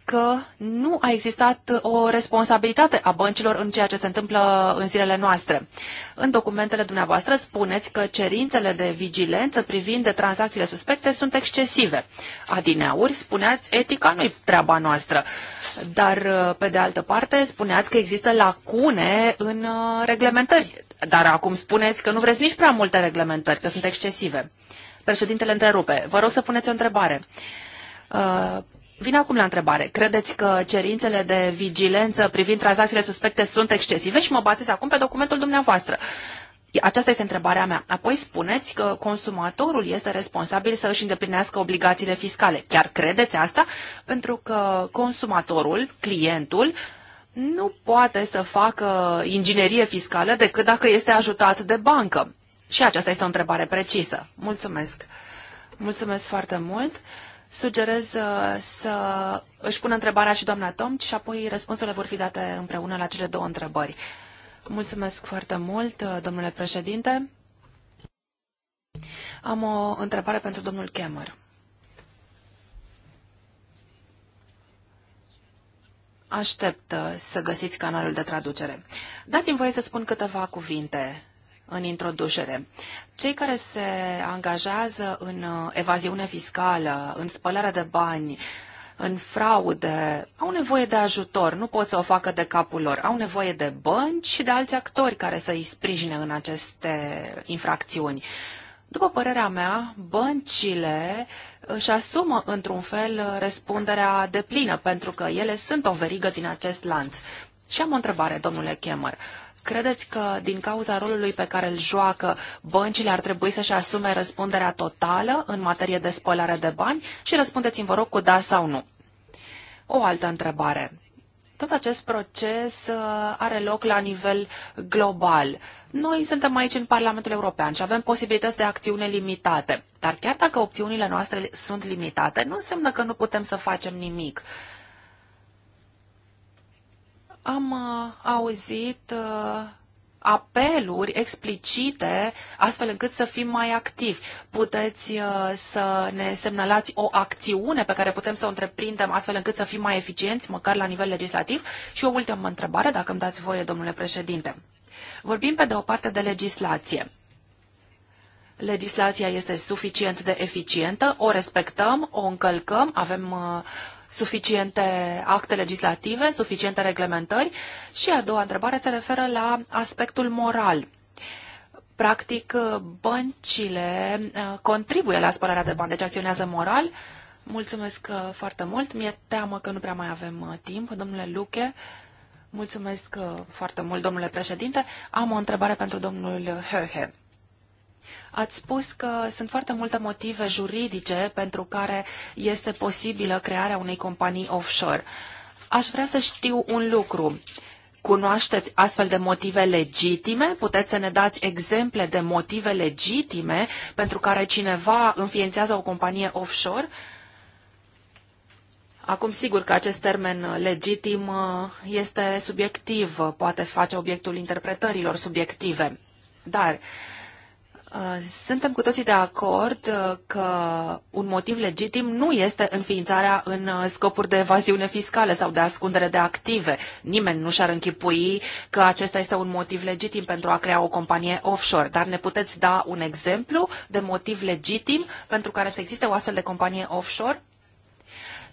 că nu a existat o responsabilitate a băncilor în ceea ce se întâmplă în zilele noastre. În documentele dumneavoastră spuneți că cerințele de vigilență privind de tranzacțiile suspecte sunt excesive. Adineauri spuneați etica nu-i treaba noastră, dar pe de altă parte spuneați că există lacune în uh, reglementări. Dar acum spuneți că nu vreți nici prea multe reglementări, că sunt excesive. Președintele întrerupe. Vă rog să puneți o întrebare uh, Vin acum la întrebare. Credeți că cerințele de vigilență privind tranzacțiile suspecte sunt excesive? Și mă bazez acum pe documentul dumneavoastră. Aceasta este întrebarea mea. Apoi spuneți că consumatorul este responsabil să își îndeplinească obligațiile fiscale. Chiar credeți asta? Pentru că consumatorul, clientul, nu poate să facă inginerie fiscală decât dacă este ajutat de bancă. Și aceasta este o întrebare precisă. Mulțumesc. Mulțumesc foarte mult. Sugerez uh, să își pună întrebarea și doamna Tomci și apoi răspunsurile vor fi date împreună la cele două întrebări. Mulțumesc foarte mult, uh, domnule președinte. Am o întrebare pentru domnul Kemmer. Aștept uh, să găsiți canalul de traducere. Dați-mi voie să spun câteva cuvinte în introducere. Cei care se angajează în uh, evaziune fiscală, în spălarea de bani, în fraude, au nevoie de ajutor, nu pot să o facă de capul lor. Au nevoie de bănci și de alți actori care să îi sprijine în aceste infracțiuni. După părerea mea, băncile își asumă într-un fel răspunderea deplină, pentru că ele sunt o verigă din acest lanț. Și am o întrebare, domnule Kemmer. Credeți că din cauza rolului pe care îl joacă, băncile ar trebui să-și asume răspunderea totală în materie de spălare de bani? Și răspundeți-mi, vă rog, cu da sau nu. O altă întrebare. Tot acest proces uh, are loc la nivel global. Noi suntem aici în Parlamentul European și avem posibilități de acțiune limitate. Dar chiar dacă opțiunile noastre sunt limitate, nu înseamnă că nu putem să facem nimic am uh, auzit uh, apeluri explicite astfel încât să fim mai activi. Puteți uh, să ne semnalați o acțiune pe care putem să o întreprindem astfel încât să fim mai eficienți, măcar la nivel legislativ? Și o ultimă întrebare, dacă îmi dați voie, domnule președinte. Vorbim pe de o parte de legislație. Legislația este suficient de eficientă, o respectăm, o încălcăm, avem uh, suficiente acte legislative, suficiente reglementări? Și a doua întrebare se referă la aspectul moral. Practic, băncile uh, contribuie la spălarea de bani, deci acționează moral. Mulțumesc uh, foarte mult. Mi-e teamă că nu prea mai avem uh, timp. Domnule Luche, mulțumesc foarte mult, domnule președinte. Am o întrebare pentru domnul Höhe. Ați spus că sunt foarte multe motive juridice pentru care este posibilă crearea unei companii offshore. Aș vrea să știu un lucru. Cunoașteți astfel de motive legitime? Puteți să ne dați exemple de motive legitime pentru care cineva înființează o companie offshore? Acum, sigur că acest termen legitim uh, este subiectiv, uh, poate face obiectul interpretărilor subiective. Dar Uh, suntem cu toții de acord uh, că un motiv legitim nu este înființarea în uh, scopuri de evaziune fiscală sau de ascundere de active. Nimeni nu și-ar închipui că acesta este un motiv legitim pentru a crea o companie offshore, dar ne puteți da un exemplu de motiv legitim pentru care să existe o astfel de companie offshore?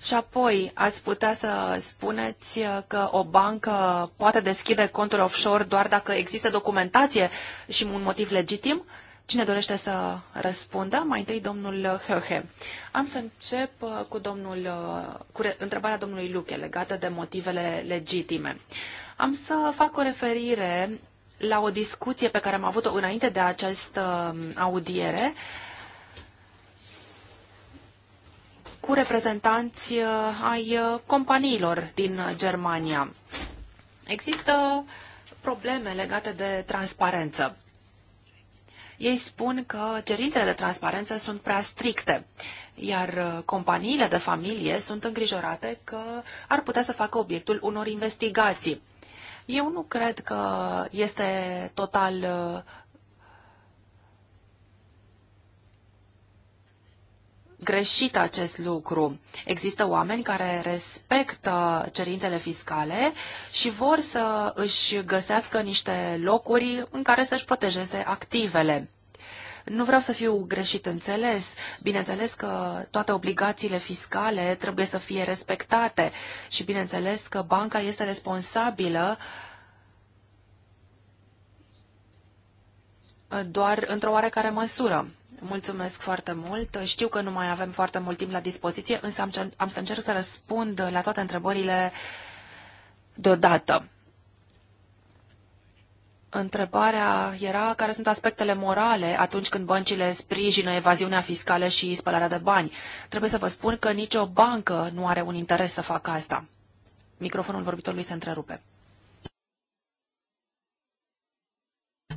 Și apoi ați putea să spuneți că o bancă poate deschide conturi offshore doar dacă există documentație și un motiv legitim? Cine dorește să răspundă? Mai întâi domnul Hehe. Am să încep uh, cu, domnul, uh, cu întrebarea domnului Luche legată de motivele legitime. Am să fac o referire la o discuție pe care am avut-o înainte de această um, audiere cu reprezentanți uh, ai companiilor din Germania. Există probleme legate de transparență. Ei spun că cerințele de transparență sunt prea stricte, iar uh, companiile de familie sunt îngrijorate că ar putea să facă obiectul unor investigații. Eu nu cred că este total uh, greșit acest lucru. Există oameni care respectă cerințele fiscale și vor să își găsească niște locuri în care să-și protejeze activele. Nu vreau să fiu greșit înțeles. Bineînțeles că toate obligațiile fiscale trebuie să fie respectate și bineînțeles că banca este responsabilă doar într-o oarecare măsură. Mulțumesc foarte mult. Știu că nu mai avem foarte mult timp la dispoziție, însă am, am să încerc să răspund la toate întrebările deodată. Întrebarea era care sunt aspectele morale atunci când băncile sprijină evaziunea fiscală și spălarea de bani. Trebuie să vă spun că nicio bancă nu are un interes să facă asta. Microfonul vorbitorului se întrerupe.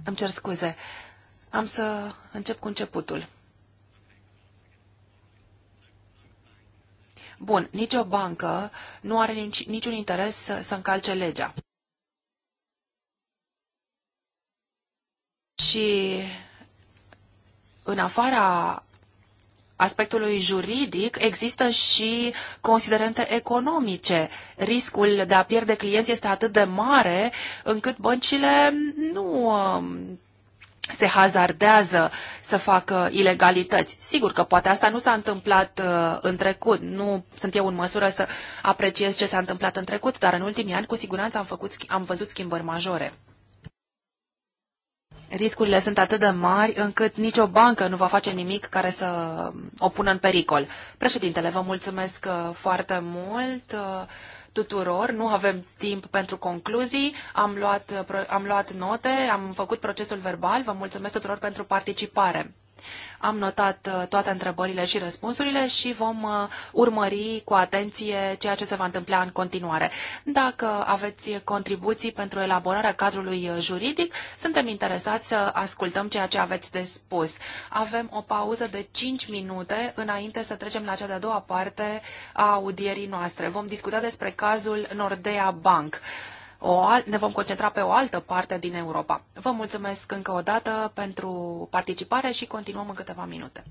Îmi cer scuze. Am să încep cu începutul. Bun, nicio bancă nu are nici, niciun interes să, să încalce legea. Și în afara aspectului juridic, există și considerente economice. Riscul de a pierde clienți este atât de mare încât băncile nu se hazardează să facă ilegalități. Sigur că poate asta nu s-a întâmplat uh, în trecut, nu sunt eu în măsură să apreciez ce s-a întâmplat în trecut, dar în ultimii ani cu siguranță am, făcut, am văzut schimbări majore. Riscurile sunt atât de mari încât nicio bancă nu va face nimic care să o pună în pericol. Președintele, vă mulțumesc uh, foarte mult. Uh, tuturor, nu avem timp pentru concluzii, am luat, am luat note, am făcut procesul verbal, vă mulțumesc tuturor pentru participare. Am notat uh, toate întrebările și răspunsurile și vom uh, urmări cu atenție ceea ce se va întâmpla în continuare. Dacă aveți contribuții pentru elaborarea cadrului juridic, suntem interesați să ascultăm ceea ce aveți de spus. Avem o pauză de 5 minute înainte să trecem la cea de-a doua parte a audierii noastre. Vom discuta despre cazul Nordea Bank o al- ne vom concentra pe o altă parte din Europa. Vă mulțumesc încă o dată pentru participare și continuăm în câteva minute.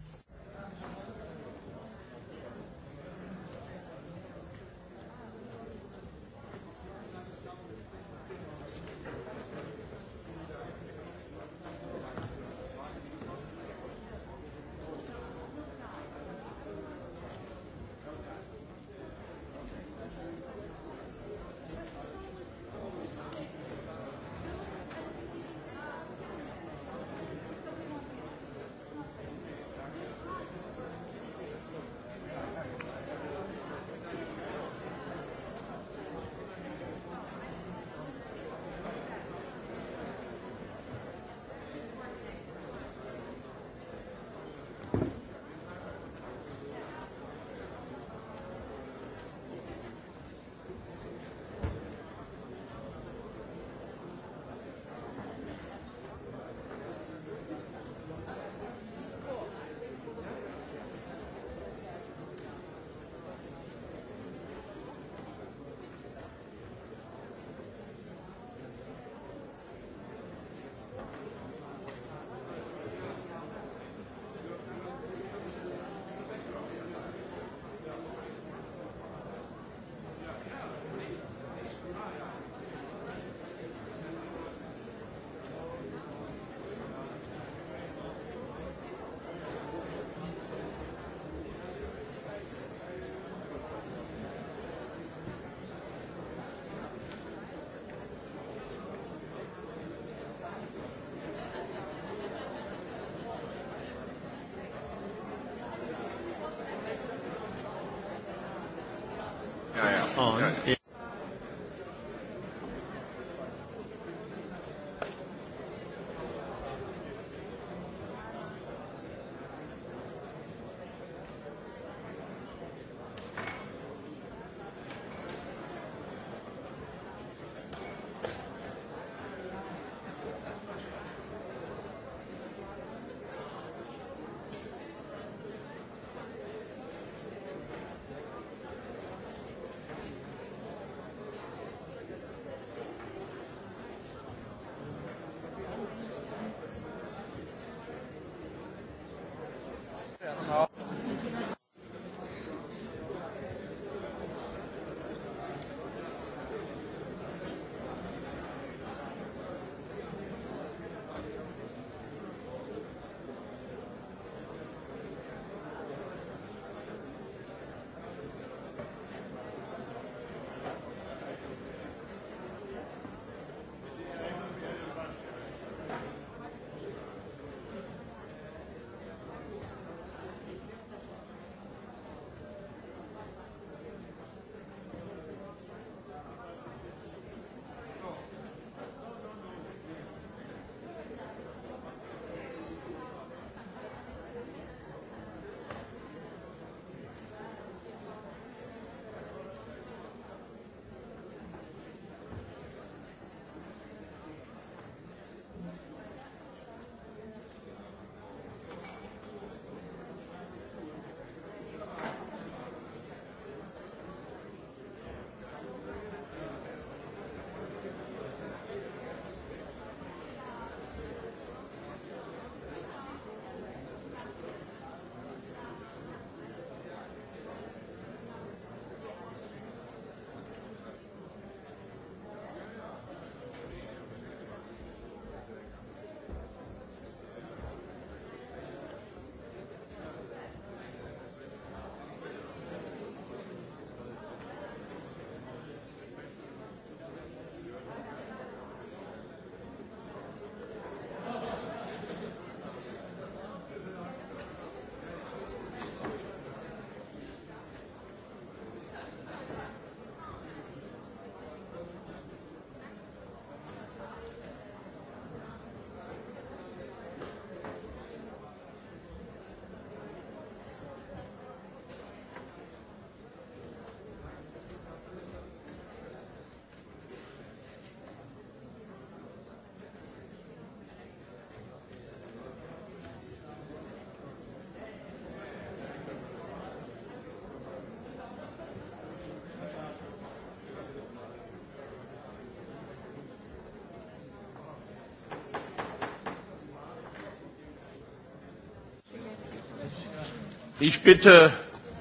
Ich bitte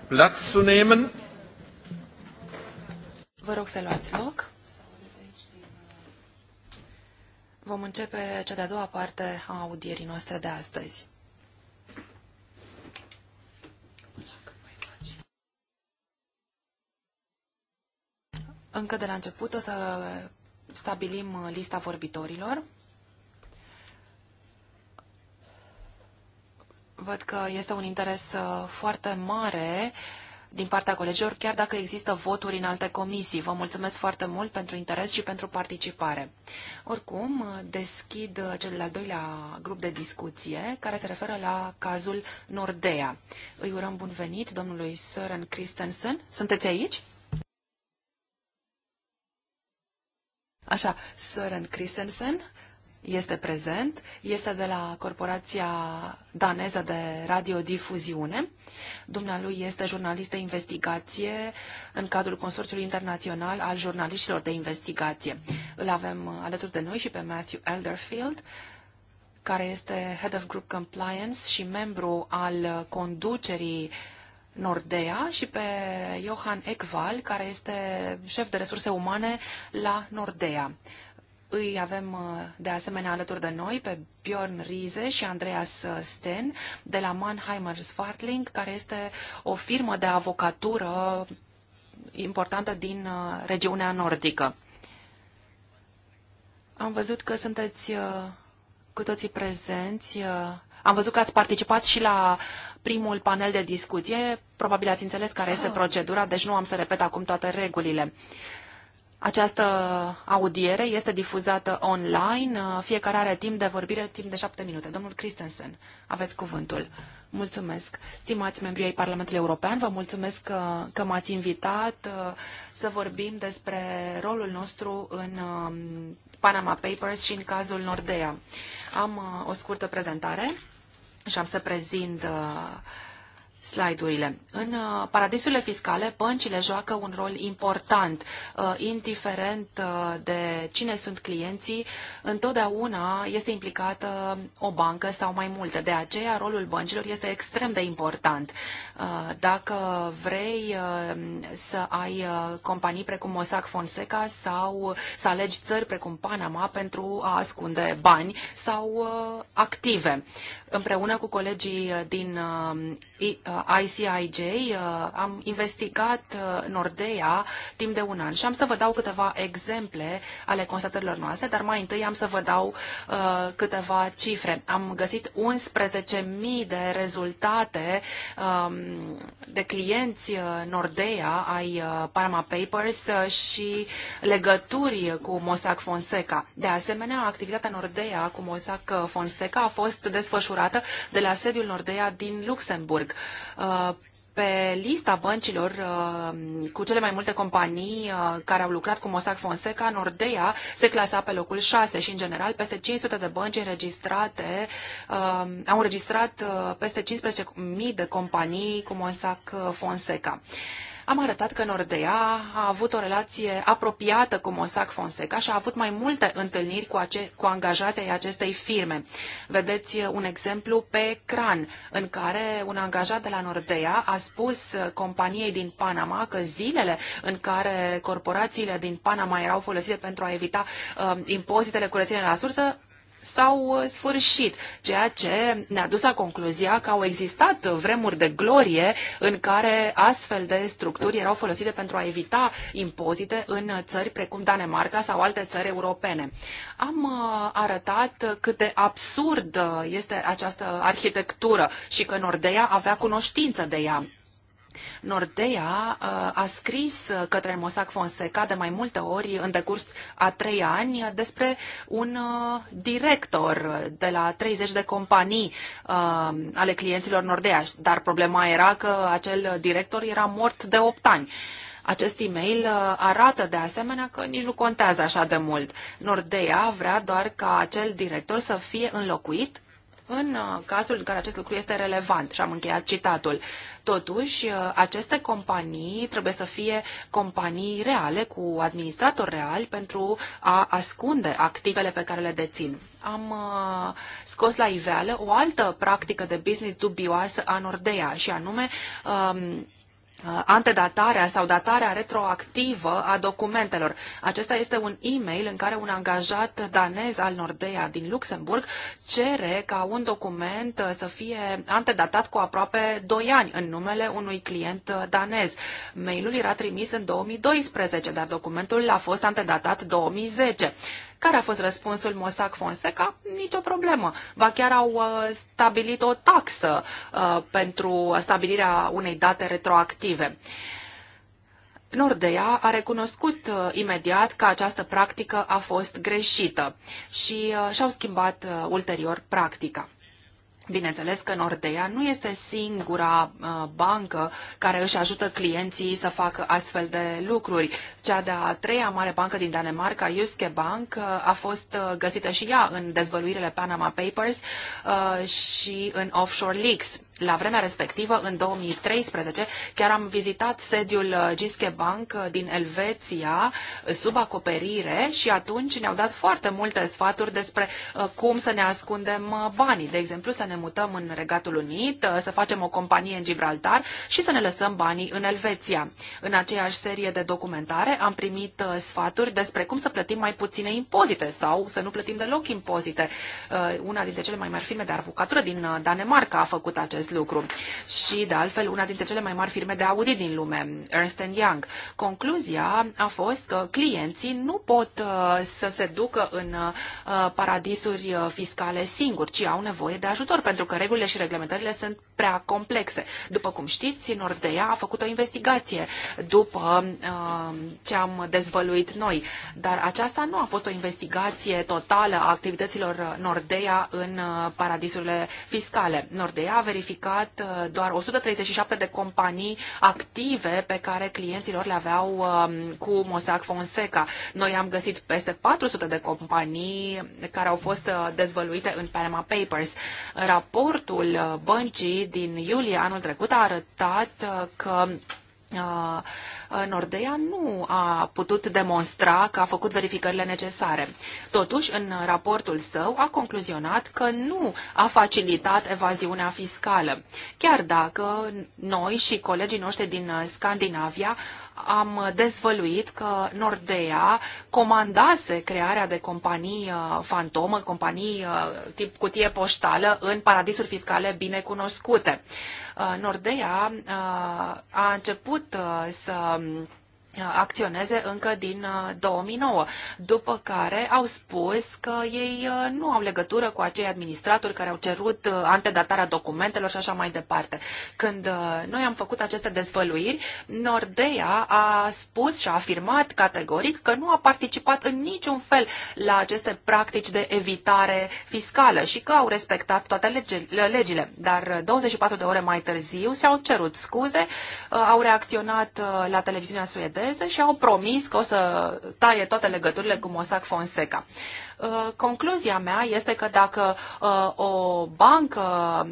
Platz zu nehmen. Vă rog să luați loc. Vom începe cea de-a doua parte a audierii noastre de astăzi. Încă de la început o să stabilim lista vorbitorilor. Văd că este un interes uh, foarte mare din partea colegilor, chiar dacă există voturi în alte comisii. Vă mulțumesc foarte mult pentru interes și pentru participare. Oricum, uh, deschid uh, cel de-al doilea grup de discuție, care se referă la cazul Nordea. Îi urăm bun venit domnului Søren Christensen. Sunteți aici? Așa, Søren Christensen este prezent, este de la Corporația Daneză de Radiodifuziune. Dumnealui este jurnalist de investigație în cadrul Consorțiului Internațional al Jurnaliștilor de Investigație. Îl avem alături de noi și pe Matthew Elderfield, care este Head of Group Compliance și membru al conducerii Nordea și pe Johan Ekval, care este șef de resurse umane la Nordea. Îi avem uh, de asemenea alături de noi pe Bjorn Rize și Andreas uh, Sten de la Mannheimer Swartling, care este o firmă de avocatură importantă din uh, regiunea nordică. Am văzut că sunteți cu toții prezenți. Am văzut că ați participat și la primul panel de discuție. Probabil ați înțeles care este ah. procedura, deci nu am să repet acum toate regulile. Această audiere este difuzată online. Uh, fiecare are timp de vorbire, timp de șapte minute. Domnul Christensen, aveți cuvântul. Mulțumesc. Stimați membrii ai Parlamentului European, vă mulțumesc că, uh, că m-ați invitat uh, să vorbim despre rolul nostru în um, Panama Papers și în cazul Nordea. Am o scurtă prezentare și am să prezint uh, slide-urile. În uh, paradisurile fiscale, băncile joacă un rol important, uh, indiferent uh, de cine sunt clienții, întotdeauna este implicată o bancă sau mai multe. De aceea, rolul băncilor este extrem de important. Dacă vrei să ai companii precum Mossack Fonseca sau să alegi țări precum Panama pentru a ascunde bani sau active. Împreună cu colegii din Uh, ICIJ, uh, am investigat uh, Nordea timp de un an și am să vă dau câteva exemple ale constatărilor noastre, dar mai întâi am să vă dau câteva cifre. Am găsit 11.000 de rezultate um, de clienți Nordea ai Panama Papers și legături cu Mossack Fonseca. De asemenea, activitatea Nordea cu Mossack Fonseca a fost desfășurată de la sediul Nordea din Luxemburg. Uh, pe lista băncilor uh, cu cele mai multe companii uh, care au lucrat cu Mossack Fonseca, Nordea se clasa pe locul 6 și, în general, peste 500 de bănci înregistrate au înregistrat peste 15.000 de companii cu Mossack Fonseca am arătat că Nordea a avut o relație apropiată cu Mossack Fonseca și a avut mai multe întâlniri cu, ace- cu angajații acestei firme. Vedeți un exemplu pe ecran, în care un angajat de la Nordea a spus companiei din Panama că zilele în care corporațiile din Panama erau folosite pentru a evita uh, impozitele cu la sursă s-au uh, sfârșit, ceea ce ne-a dus la concluzia că au existat uh, vremuri de glorie în care astfel de structuri erau folosite pentru a evita impozite în uh, țări precum Danemarca sau alte țări europene. Am arătat cât de absurd este această arhitectură și că Nordea avea cunoștință de ea. Nordea uh, a scris către Mossack Fonseca de mai multe ori în decurs a trei ani despre un uh, director de la 30 de companii uh, ale clienților Nordea, dar problema era că acel director era mort de 8 ani. Acest e-mail arată de asemenea că nici nu contează așa de mult. Nordea vrea doar ca acel director să fie înlocuit în uh, cazul în care acest lucru este relevant, și am încheiat citatul. Totuși, uh, aceste companii trebuie să fie companii reale, cu administratori reali, pentru a ascunde activele pe care le dețin. Am uh, scos la iveală o altă practică de business dubioasă a Nordea, și anume um, Uh, antedatarea sau datarea retroactivă a documentelor. Acesta este un e-mail în care un angajat danez al Nordea din Luxemburg cere ca un document uh, să fie antedatat cu aproape 2 ani în numele unui client uh, danez. Mailul era trimis în 2012, dar documentul a fost antedatat 2010. Care a fost răspunsul Mossack Fonseca? Nicio problemă. Ba chiar au uh, stabilit o taxă uh, pentru stabilirea unei date retroactive. Nordea a recunoscut uh, imediat că această practică a fost greșită și și-au schimbat ulterior practica. Bineînțeles că Nordea nu este singura bancă care își ajută clienții să facă astfel de lucruri. Cea de-a treia mare bancă din Danemarca, Jyske Bank, uh, a fost uh, găsită și ea în dezvăluirile Panama Papers uh, și în Offshore Leaks. La vremea respectivă, în 2013, chiar am vizitat sediul Giske Bank din Elveția sub acoperire și atunci ne-au dat foarte multe sfaturi despre cum să ne ascundem banii. De exemplu, să ne mutăm în Regatul Unit, să facem o companie în Gibraltar și să ne lăsăm banii în Elveția. În aceeași serie de documentare care am primit uh, sfaturi despre cum să plătim mai puține impozite sau să nu plătim deloc impozite. Uh, una dintre cele mai mari firme de avocatură din uh, Danemarca a făcut acest lucru și, de altfel, una dintre cele mai mari firme de audit din lume, Ernst Young. Concluzia a fost că clienții nu pot să se ducă în paradisuri fiscale singuri, ci au nevoie de ajutor, pentru că regulile și reglementările sunt prea complexe. După cum știți, Nordea a făcut o investigație după uh, ce am dezvăluit noi. Dar aceasta nu a fost o investigație totală a activităților Nordea în uh, paradisurile fiscale. Nordea a verificat uh, doar 137 de companii active pe care clienților le aveau um, cu Mossack Fonseca. Noi am găsit peste 400 de companii care au fost uh, dezvăluite în Panama Papers. Raportul băncii din iulie anul trecut a arătat că Nordea nu a putut demonstra că a făcut verificările necesare. Totuși, în raportul său a concluzionat că nu a facilitat evaziunea fiscală, chiar dacă noi și colegii noștri din Scandinavia am dezvăluit că Nordea comandase crearea de companii fantomă, companii tip cutie poștală în paradisuri fiscale binecunoscute. cunoscute. Nordea uh, a început uh, să acționeze încă din 2009, uh, după care au spus că ei uh, nu au legătură cu acei administratori care au cerut uh, antedatarea documentelor și așa mai departe. Când noi am făcut aceste dezvăluiri, Nordea a spus și a afirmat categoric că nu a participat în niciun fel la aceste practici de evitare fiscală și că au respectat toate legile. Dar 24 de ore mai târziu s-au cerut scuze, au reacționat la televiziunea suedeză irlandeză și au promis că o să taie toate legăturile cu Mossack Fonseca. Uh, concluzia mea este că dacă uh, o bancă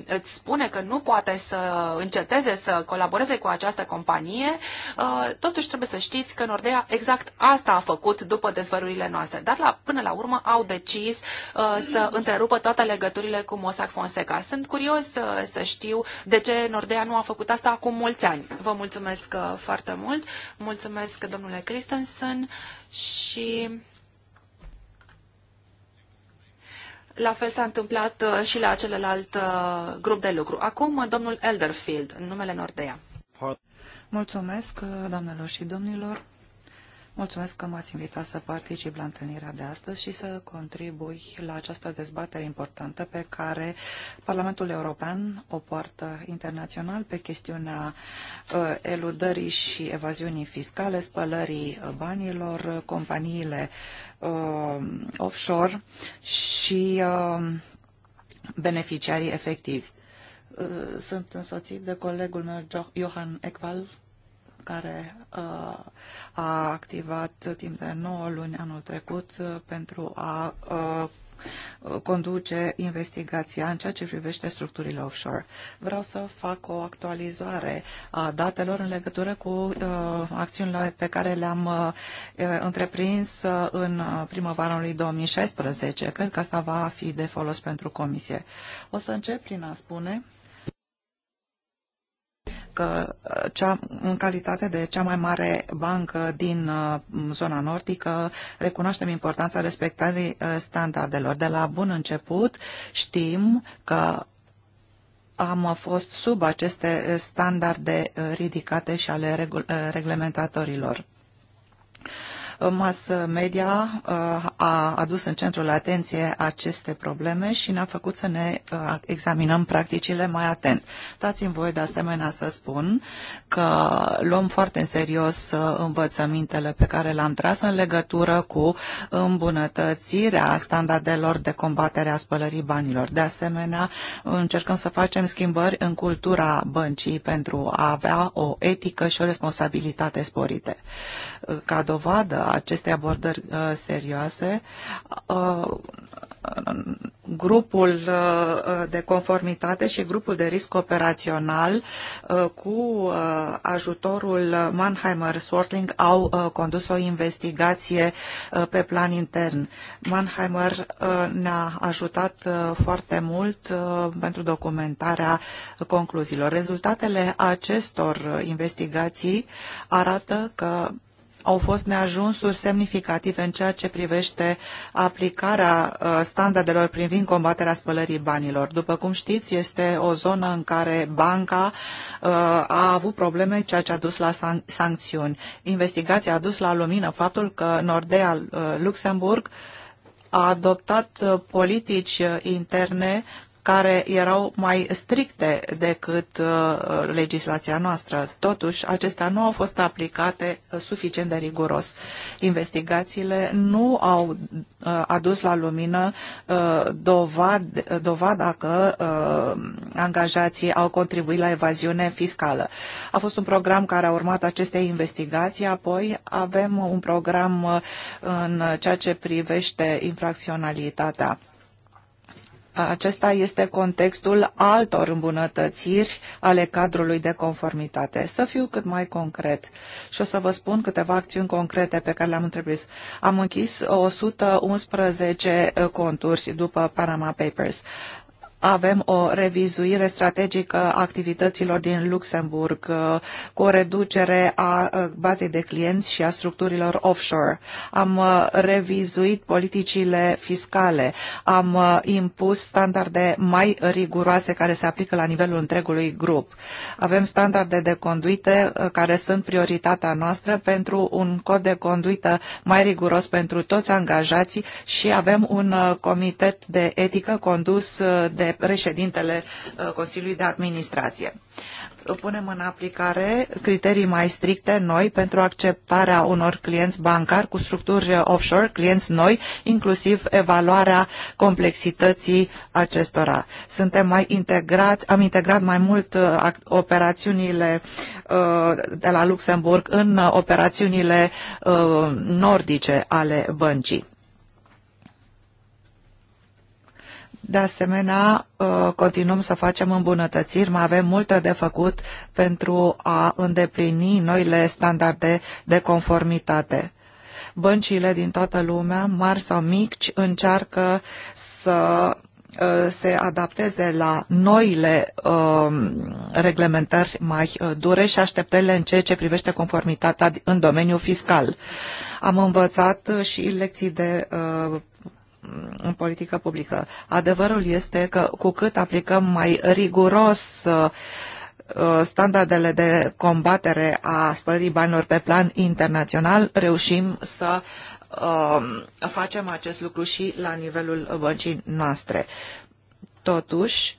îți spune că nu poate să înceteze să colaboreze cu această companie, uh, totuși trebuie să știți că Nordea exact asta a făcut după dezvăluirile noastre. Dar la, până la urmă au decis să întrerupă toate legăturile cu Mossack Fonseca. Sunt curios să știu de ce Nordea nu a făcut asta acum mulți ani. Vă mulțumesc foarte mult. Mulțumesc, domnule Christensen și La fel s-a întâmplat uh, și la celălalt uh, grup de lucru. Acum, uh, domnul Elderfield, în numele Nordea. Mulțumesc, doamnelor și domnilor. Mulțumesc că m-ați invitat să particip la întâlnirea de astăzi și să contribui la această dezbatere importantă pe care Parlamentul European o poartă internațional pe chestiunea uh, eludării și evaziunii fiscale, spălării uh, banilor, companiile uh, offshore și beneficiarii efectivi. Sunt însoțit de colegul meu, Johan Ekval, care uh, a activat timp de 9 luni anul trecut uh, pentru a uh, conduce investigația în ceea ce privește structurile offshore. Vreau să fac o actualizare a datelor în legătură cu uh, acțiunile pe care le-am uh, întreprins uh, în primăvara anului 2016. Cred că asta va fi de folos pentru comisie. O să încep prin a spune că uh, cea, în calitate de cea mai mare bancă din uh, zona nordică recunoaștem importanța respectării uh, standardelor. De la bun început știm că am fost sub aceste standarde ridicate și ale reglementatorilor. Mass media uh, a adus în centrul atenției aceste probleme și ne-a făcut să ne uh, examinăm practicile mai atent. Dați-mi voie de asemenea să spun că luăm foarte în serios uh, învățămintele pe care le-am tras în legătură cu îmbunătățirea standardelor de combatere a spălării banilor. De asemenea, încercăm să facem schimbări în cultura băncii pentru a avea o etică și o responsabilitate sporite. Uh, ca dovadă acestei abordări uh, serioase, uh, grupul de conformitate și grupul de risc operațional cu ajutorul Mannheimer Swartling au condus o investigație pe plan intern. Mannheimer ne-a ajutat foarte mult pentru documentarea concluziilor. Rezultatele acestor investigații arată că au fost neajunsuri semnificative în ceea ce privește aplicarea uh, standardelor privind combaterea spălării banilor. După cum știți, este o zonă în care banca uh, a avut probleme, ceea ce a dus la san sancțiuni. Investigația a dus la lumină faptul că Nordea uh, Luxemburg a adoptat politici interne care erau mai stricte decât uh, legislația noastră. Totuși, acestea nu au fost aplicate uh, suficient de riguros. Investigațiile nu au uh, adus la lumină dovad, dovada că angajații au contribuit la evaziune fiscală. A fost un program care a urmat aceste investigații, apoi avem un program în ceea ce privește infracționalitatea acesta este contextul altor îmbunătățiri ale cadrului de conformitate. Să fiu cât mai concret și o să vă spun câteva acțiuni concrete pe care le-am întreprins. Am închis 111 conturi după Panama Papers avem o revizuire strategică a activităților din Luxemburg uh, cu o reducere a uh, bazei de clienți și a structurilor offshore. Am uh, revizuit politicile fiscale, am impus standarde mai riguroase care se aplică la nivelul întregului grup. Avem standarde de conduite care sunt prioritatea noastră pentru un cod de conduită mai riguros pentru toți angajații și avem un comitet de etică condus de președintele uh, Consiliului de Administrație. Punem în aplicare criterii mai stricte noi pentru acceptarea unor clienți bancari cu structuri offshore, clienți noi, inclusiv evaluarea complexității acestora. Suntem mai integrați, am integrat mai mult uh, operațiunile uh, de la Luxemburg în operațiunile nordice ale băncii. De asemenea, uh, continuăm să facem îmbunătățiri, mai avem multe de făcut pentru a îndeplini noile standarde de conformitate. Băncile din toată lumea, mari sau mici, încearcă să uh, se adapteze la noile um, reglementări mai uh, dure și așteptările în ceea ce privește conformitatea în domeniul fiscal. Am învățat și lecții de în politică publică. Adevărul este că cu cât aplicăm mai riguros uh, uh, standardele de combatere a spălării banilor pe plan internațional, reușim să uh, facem acest lucru și la nivelul băncii noastre. Totuși,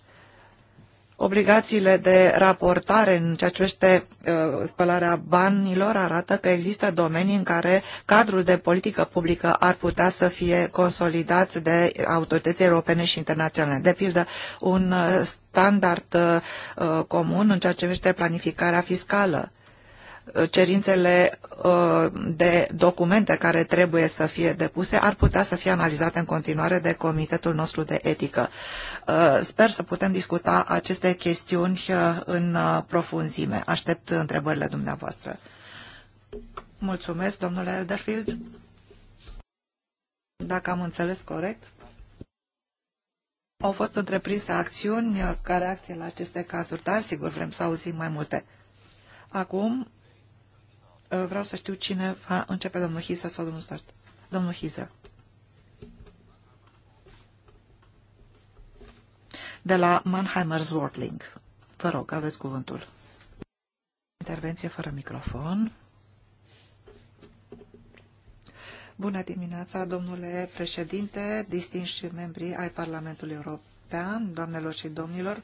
Obligațiile de raportare în ceea ce privește uh, spălarea banilor arată că există domenii în care cadrul de politică publică ar putea să fie consolidat de autorități europene și internaționale. De pildă, un uh, standard uh, comun în ceea ce privește planificarea fiscală Uh, cerințele uh, de documente care trebuie să fie depuse ar putea să fie analizate în continuare de comitetul nostru de etică. Uh, sper să putem discuta aceste chestiuni în profunzime. Aștept întrebările dumneavoastră. Mulțumesc, domnule Elderfield. Dacă am înțeles corect, au fost întreprinse acțiuni care acție la aceste cazuri, dar sigur vrem să auzim mai multe. Acum Eh, vreau să știu cine va începe, domnul Hiza sau domnul Start. Domnul Hiza. De la Mannheimer's Wortling. Vă rog, aveți cuvântul. Intervenție fără microfon. Bună dimineața, domnule președinte, distinși membri ai Parlamentului European, doamnelor și domnilor.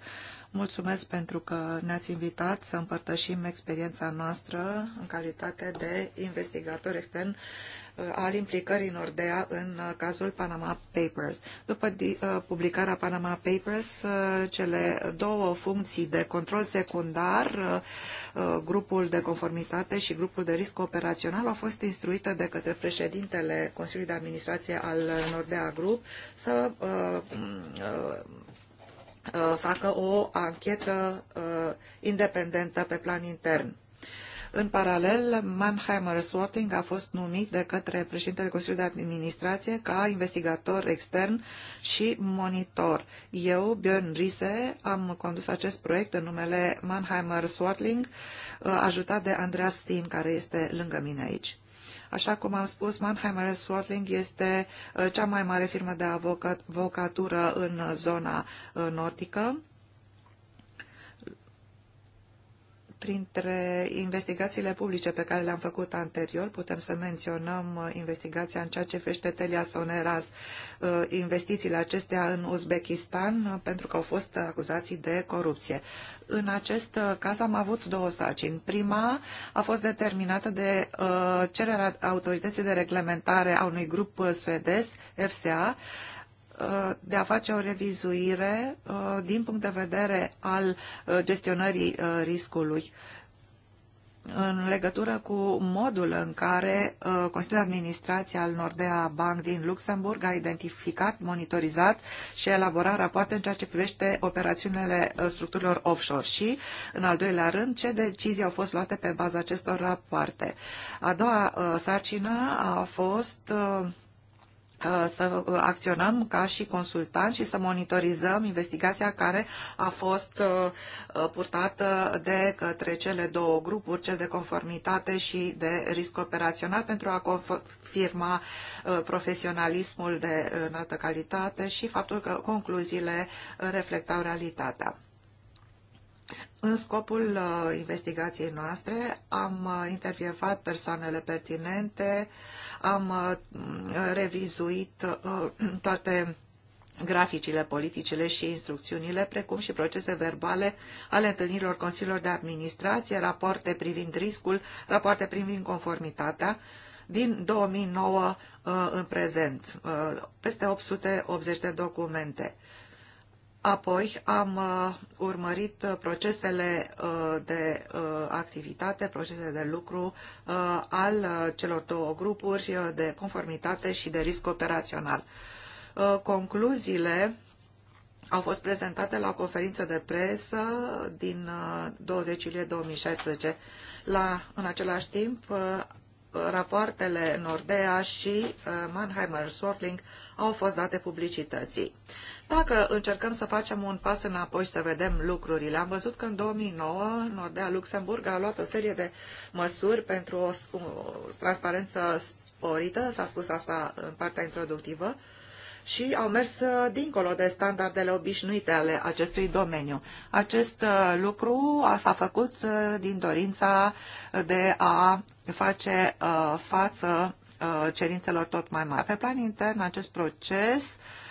Mulțumesc pentru că ne-ați invitat să împărtășim experiența noastră în calitate de investigator extern uh, al implicării Nordea în uh, cazul Panama Papers. După uh, publicarea Panama Papers, cele două funcții de control secundar, grupul de conformitate și grupul de risc operațional, au fost instruite de către președintele Consiliului de Administrație al Nordea Group să Uh, facă o anchetă uh, independentă pe plan intern. În paralel, Mannheimer Swarting a fost numit de către președintele Consiliului de Administrație ca investigator extern și monitor. Eu, Björn Riese, am condus acest proiect în numele Mannheimer Swarting, uh, ajutat de Andreas Steen, care este lângă mine aici. Așa cum am spus, Mannheimer Swartling este uh, cea mai mare firmă de avocatură în uh, zona uh, nordică Printre investigațiile publice pe care le-am făcut anterior, putem să menționăm uh, investigația în ceea ce privește Telia Soneras, uh, investițiile acestea în Uzbekistan, uh, pentru că au fost acuzații de corupție. În acest caz am avut două sarcini. Prima a fost determinată de cererea autorității de reglementare a unui grup suedez, FCA, Uh, de a face o revizuire uh, din punct de vedere al uh, gestionării riscului în legătură cu modul în care Consiliul de Administrație al Nordea Bank din Luxemburg a identificat, monitorizat și elaborat rapoarte în ceea ce privește operațiunile structurilor offshore și, în al doilea rând, ce decizii au fost luate pe baza acestor rapoarte. A doua sarcină a fost uh, Uh, să uh, acționăm ca și consultanți și să monitorizăm investigația care a fost uh, purtată de către cele două grupuri, cel de conformitate și de risc operațional, pentru a confirma profesionalismul de înaltă calitate și faptul că concluziile reflectau realitatea. În scopul investigației noastre am intervievat persoanele pertinente, am uh, revizuit uh, toate graficile, politicile și instrucțiunile, precum și procese verbale ale întâlnirilor Consiliilor de Administrație, rapoarte privind riscul, rapoarte privind conformitatea, din 2009 uh, în prezent, peste 880 de documente. Apoi am uh, urmărit uh, procesele uh, de activitate, procesele de lucru al celor două grupuri de conformitate și de risc operațional. Concluziile au fost prezentate la o conferință de presă din 20 iulie 2016. La, în același timp, rapoartele Nordea și Mannheimer Swartling au fost date publicității. Dacă încercăm să facem un pas înapoi și să vedem lucrurile, am văzut că în 2009 Nordea Luxemburg a luat o serie de măsuri pentru o, o transparență sporită, s-a spus asta în partea introductivă, și au mers dincolo de standardele obișnuite ale acestui domeniu. Acest uh, lucru s-a făcut uh, din dorința de a face uh, față cerințelor tot mai mari. Pe plan intern, acest proces uh,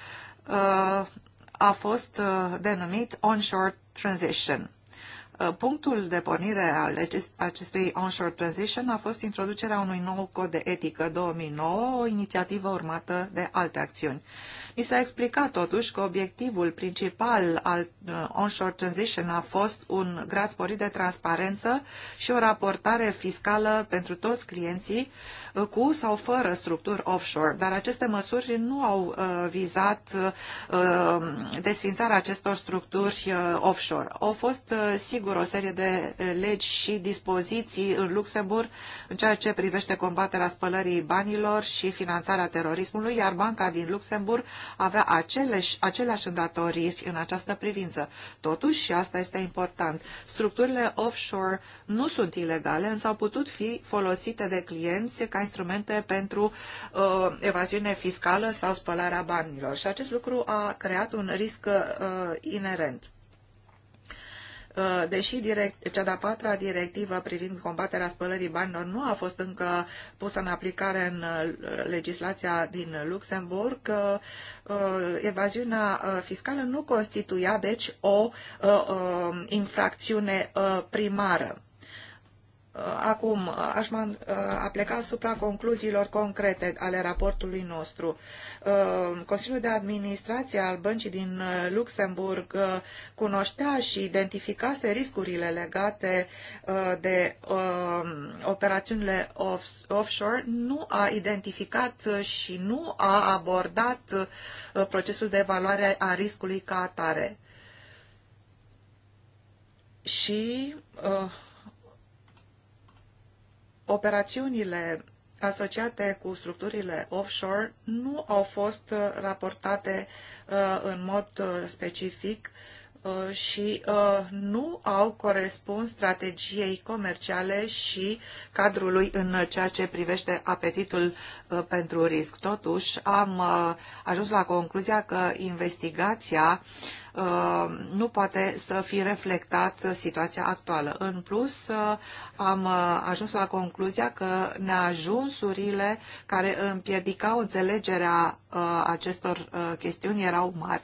a fost uh, denumit onshore transition. Uh, punctul de pornire al acestui onshore transition a fost introducerea unui nou cod de etică 2009, o inițiativă urmată de alte acțiuni. Mi s-a explicat totuși că obiectivul principal al uh, onshore transition a fost un grad sporit de transparență și o raportare fiscală pentru toți clienții, cu sau fără structuri offshore, dar aceste măsuri nu au uh, vizat uh, desfințarea acestor structuri uh, offshore. Au fost, sigur, o serie de legi și dispoziții în Luxemburg în ceea ce privește combaterea spălării banilor și finanțarea terorismului, iar Banca din Luxemburg avea aceleși, aceleași îndatoriri în această privință. Totuși, și asta este important, structurile offshore nu sunt ilegale, însă au putut fi folosite de clienți ca instrumente pentru uh, evaziune fiscală sau spălarea banilor. Și acest lucru a creat un risc uh, inerent. Uh, deși direct, cea de-a patra directivă privind combaterea spălării banilor nu a fost încă pusă în aplicare în uh, legislația din Luxemburg, uh, evaziunea fiscală nu constituia, deci, o infracțiune primară. Uh, acum uh, aș a uh, pleca asupra concluziilor concrete ale raportului nostru. Consiliul de Administrație al Băncii din Luxemburg cunoștea și identificase riscurile legate de operațiunile offshore, nu a identificat și nu a abordat procesul de evaluare a riscului ca atare. Și uh, Operațiunile asociate cu structurile offshore nu au fost uh, raportate uh, în mod uh, specific Uh, și uh, nu au corespuns strategiei comerciale și cadrului în ceea ce privește apetitul uh, pentru risc. Totuși, am ajuns la concluzia că investigația nu poate să fi reflectat situația actuală. În plus, am ajuns la concluzia că neajunsurile care împiedicau înțelegerea acestor chestiuni erau mari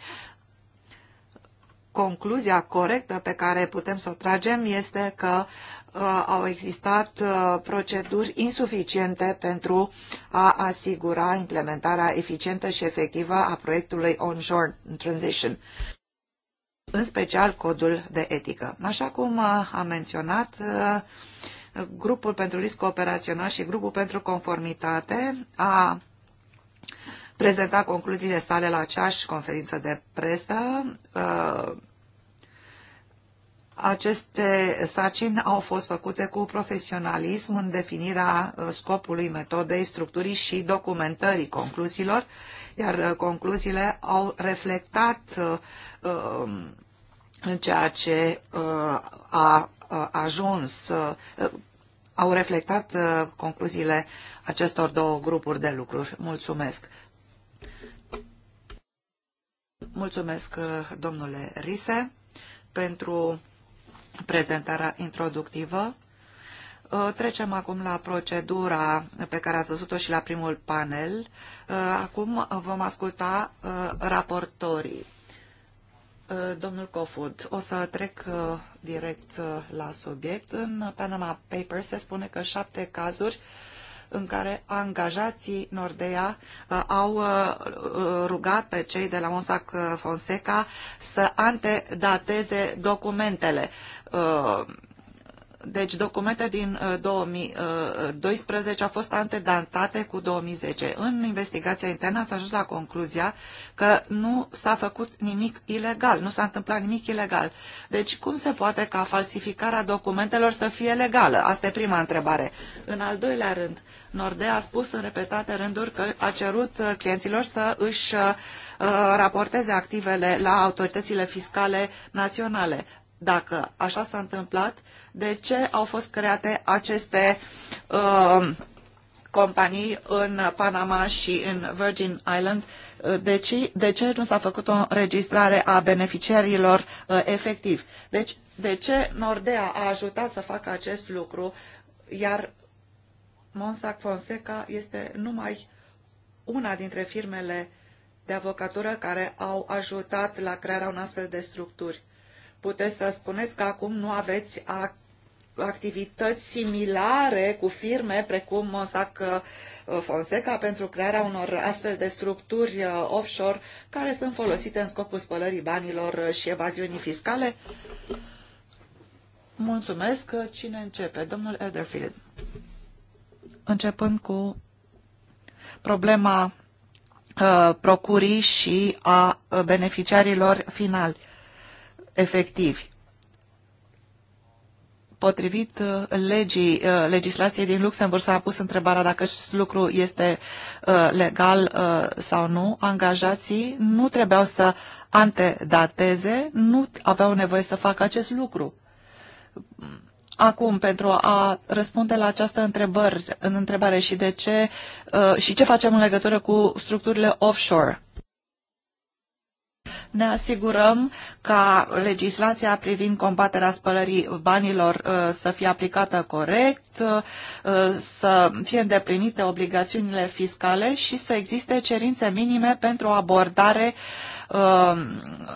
concluzia corectă pe care putem să o tragem este că uh, au existat uh, proceduri insuficiente pentru a asigura implementarea eficientă și efectivă a proiectului Onshore Transition, în special codul de etică. Așa cum uh, am menționat, uh, grupul pentru risc operațional și grupul pentru conformitate a prezenta concluziile sale la aceeași conferință de presă. Uh, aceste sarcini au fost făcute cu profesionalism în definirea uh, scopului, metodei, structurii și documentării concluziilor, iar uh, concluziile au reflectat um, ceea ce a ajuns, au reflectat concluziile acestor două grupuri de lucruri. Mulțumesc! Mulțumesc, domnule Rise, pentru prezentarea introductivă. Uh, trecem acum la procedura pe care ați văzut-o și la primul panel. Uh, acum vom asculta uh, raportorii. Domnul Cofud, o să trec direct la subiect. În Panama Papers se spune că șapte cazuri uh, în care angajații Nordea uh, au uh, uh, rugat pe cei de la Mossack Fonseca să antedateze documentele deci documente din 2012 uh, uh, au fost antedantate cu 2010. În investigația internă s-a ajuns la concluzia că nu s-a făcut nimic ilegal, nu s-a întâmplat nimic ilegal. Deci cum se poate ca falsificarea documentelor să fie legală? Asta e prima întrebare. În al doilea rând, Nordea a spus în repetate rânduri că a cerut uh, clienților să își raporteze activele la autoritățile fiscale naționale. Dacă așa s-a întâmplat, de ce au fost create aceste uh, companii în Panama și în Virgin Island? Deci, de ce nu s-a făcut o înregistrare a beneficiarilor uh, efectiv? Deci, de ce Nordea a ajutat să facă acest lucru, iar Monsac Fonseca este numai una dintre firmele de avocatură care au ajutat la crearea unei astfel de structuri puteți să spuneți că acum nu aveți activități similare cu firme precum Mossack uh, Fonseca pentru crearea unor astfel de structuri uh, offshore care sunt folosite în scopul spălării banilor uh, și evaziunii fiscale? Mulțumesc. Cine începe? Domnul Ederfield. Începând cu problema uh, procurii și a beneficiarilor finali efectivi. Potrivit uh, legii, uh, legislației din Luxemburg s-a pus întrebarea dacă acest lucru este uh, legal sau nu. Angajații nu trebuiau să antedateze, nu aveau nevoie să facă acest lucru. Acum, pentru a răspunde la această întrebări, în întrebare și de ce și ce facem în legătură cu structurile offshore. Ne asigurăm ca legislația privind combaterea spălării banilor uh, să fie aplicată corect, uh, să fie îndeplinite obligațiunile fiscale și să existe cerințe minime pentru o abordare uh,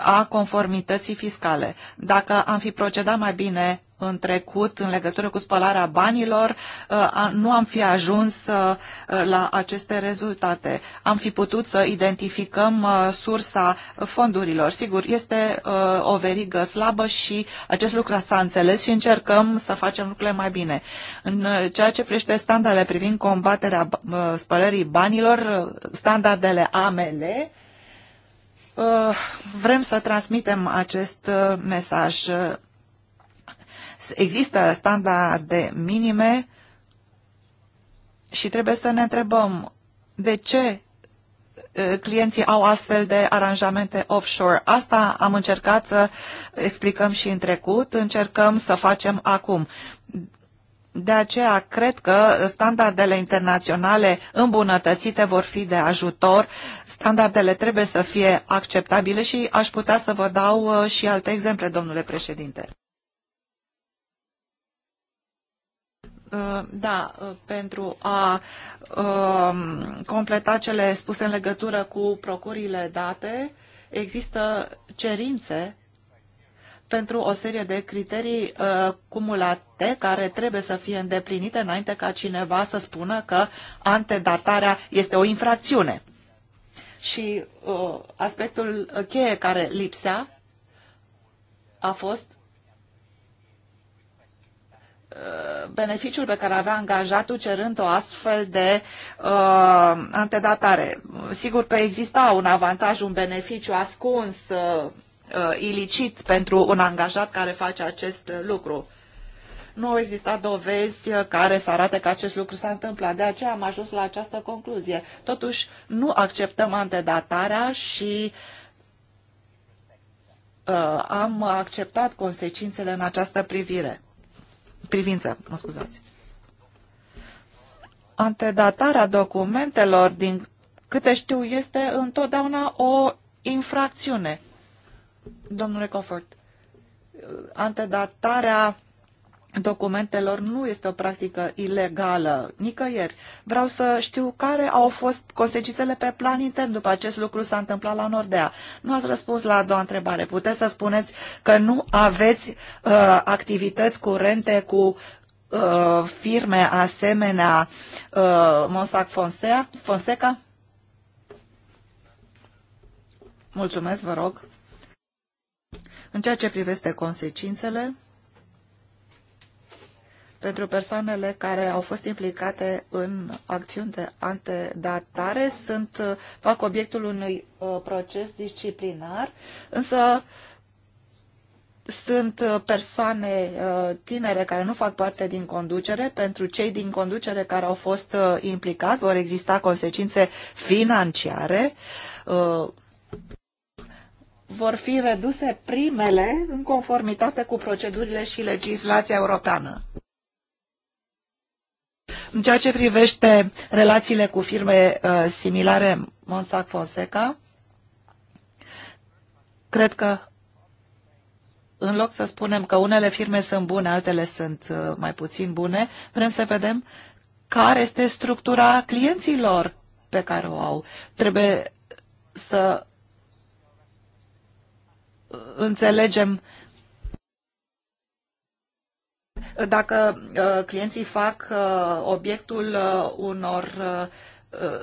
a conformității fiscale. Dacă am fi procedat mai bine în trecut în legătură cu spălarea banilor, uh, nu am fi ajuns uh, la aceste rezultate. Am fi putut să identificăm uh, sursa fondurilor. Sigur, este o verigă slabă și acest lucru s-a înțeles și încercăm să facem lucrurile mai bine. În ceea ce privește standardele privind combaterea spălării banilor, standardele AML, vrem să transmitem acest mesaj deci, există standarde minime și trebuie să ne întrebăm de ce clienții au astfel de aranjamente offshore. Asta am încercat să explicăm și în trecut, încercăm să facem acum. De aceea cred că standardele internaționale îmbunătățite vor fi de ajutor. Standardele trebuie să fie acceptabile și aș putea să vă dau și alte exemple, domnule președinte. Uh, da, uh, pentru a um, completa cele spuse în legătură cu procurile date, există cerințe pentru o serie de criterii uh, cumulate care trebuie să fie îndeplinite înainte ca cineva să spună că antedatarea este o infracțiune. Și aspectul cheie care lipsea a fost Uh, beneficiul pe care avea angajatul cerând o astfel de uh, antedatare. Sigur că exista un avantaj, un beneficiu ascuns, uh, uh, ilicit pentru un angajat care face acest lucru. Nu au existat dovezi uh, care să arate că acest lucru s-a întâmplat. De aceea am ajuns la această concluzie. Totuși, nu acceptăm antedatarea și uh, am acceptat consecințele în această privire privință. Mă scuzați. Antedatarea documentelor, din câte știu, este întotdeauna o infracțiune. Domnule Cofort, antedatarea documentelor nu este o practică ilegală, nicăieri. Vreau să știu care au fost consecințele pe plan intern după acest lucru s-a întâmplat la Nordea. Nu ați răspuns la a doua întrebare. Puteți să spuneți că nu aveți uh, activități curente cu uh, firme asemenea uh, Mossack Fonseca? Fonseca? Mulțumesc, vă rog. În ceea ce privește consecințele, pentru persoanele care au fost implicate în acțiuni de antedatare sunt, fac obiectul unui uh, proces disciplinar, însă sunt uh, persoane uh, tinere care nu fac parte din conducere. Pentru cei din conducere care au fost implicați vor exista consecințe financiare. Vor fi reduse primele în conformitate cu procedurile și legislația europeană. În ceea ce privește relațiile cu firme uh, similare Monsac Fonseca, cred că în loc să spunem că unele firme sunt bune, altele sunt uh, mai puțin bune, vrem să vedem care este structura clienților pe care o au. Trebuie să uh, înțelegem uh, dacă uh, clienții fac uh, obiectul uh, unor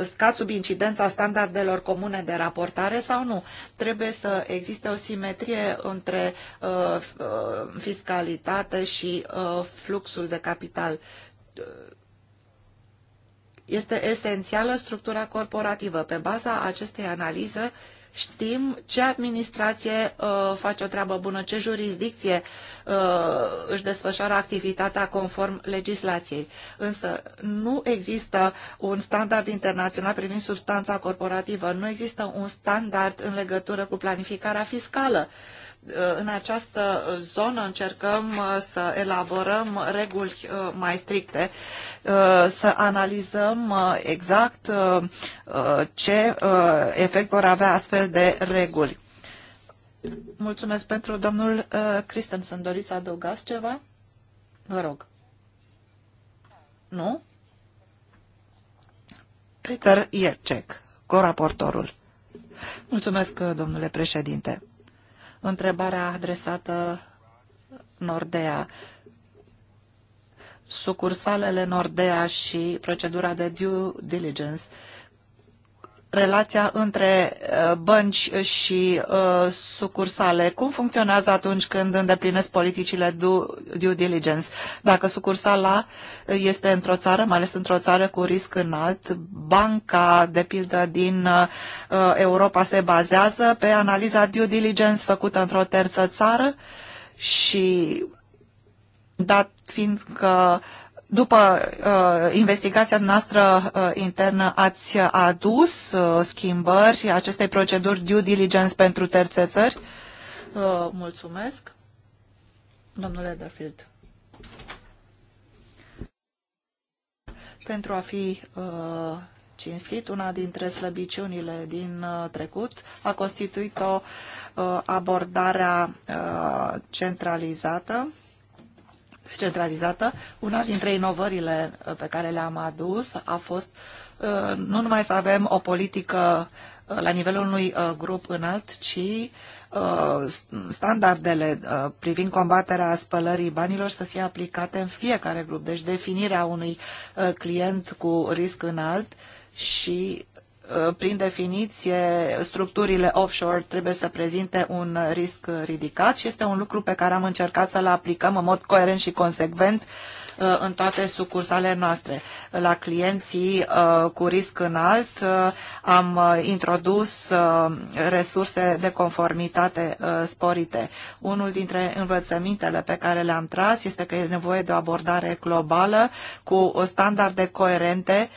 scad sub incidența standardelor comune de raportare sau nu. Trebuie să existe o simetrie între fiscalitate și fluxul de capital. Este esențială structura corporativă. Pe baza acestei analize, Știm ce administrație uh, face o treabă bună, ce jurisdicție uh, își desfășoară activitatea conform legislației. Însă nu există un standard internațional privind substanța corporativă, nu există un standard în legătură cu planificarea fiscală. Uh, Uh, în această zonă încercăm uh, să elaborăm reguli uh, mai stricte, să analizăm exact ce efect vor avea astfel de reguli. Mulțumesc pentru domnul Christensen. Doriți să adăugați ceva? Vă rog. Nu? Peter Iercek, coraportorul. Mulțumesc, domnule președinte întrebarea adresată Nordea. Sucursalele Nordea și procedura de due diligence uh, relația între uh, bănci și uh, sucursale. Cum funcționează atunci când îndeplinesc politicile due, due diligence? Dacă sucursala este într-o țară, mai ales într-o țară cu risc înalt, banca, de pildă, din uh, Europa se bazează pe analiza due diligence făcută într-o terță țară și dat fiind că după uh, investigația noastră uh, internă ați adus uh, schimbări acestei proceduri due diligence pentru terțe țări? Uh, mulțumesc. Domnule Ederfield. Pentru a fi uh, cinstit, una dintre slăbiciunile din uh, trecut a constituit o uh, abordarea uh, centralizată centralizată. Una dintre inovările uh, pe care le-am adus a fost uh, nu numai să avem o politică uh, la nivelul unui grup înalt, ci standardele privind combaterea spălării banilor să fie aplicate în fiecare grup. Deci definirea unui client cu risc înalt și Uh, prin definiție, structurile offshore trebuie să prezinte un risc ridicat și este un lucru pe care am încercat să-l aplicăm în mod coerent și consecvent uh, în toate sucursalele noastre. La clienții uh, cu risc înalt am introdus resurse de conformitate sporite. Unul dintre învățămintele pe care le-am tras este că e nevoie de o abordare globală cu standarde coerente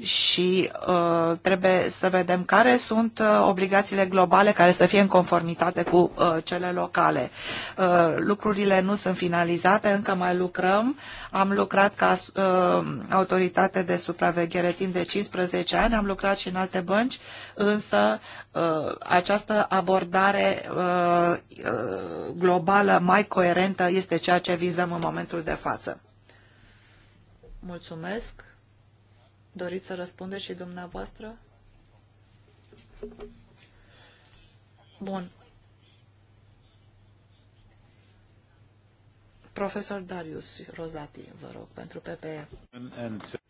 și uh, trebuie să vedem care sunt uh, obligațiile globale care să fie în conformitate cu uh, cele locale. Uh, lucrurile nu sunt finalizate, încă mai lucrăm. Am lucrat ca uh, autoritate de supraveghere timp de 15 ani, am lucrat și în alte bănci, însă uh, această abordare uh, uh, globală mai coerentă este ceea ce vizăm în momentul de față. Mulțumesc. Doriți să răspundeți și dumneavoastră? Bun. Profesor Darius Rozati, vă rog, pentru PPE.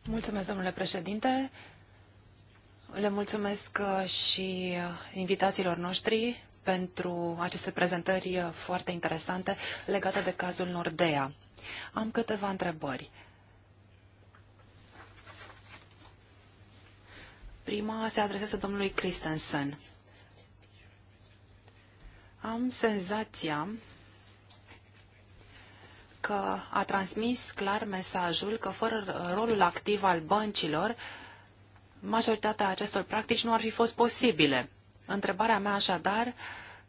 Mulțumesc, domnule președinte. Le mulțumesc uh, și uh, invitațiilor noștri pentru aceste prezentări uh, foarte interesante legate de cazul Nordea. Am câteva întrebări. Prima se adresează domnului Christensen. Am senzația că a transmis clar mesajul că fără rolul activ al băncilor, majoritatea acestor practici nu ar fi fost posibile. Întrebarea mea așadar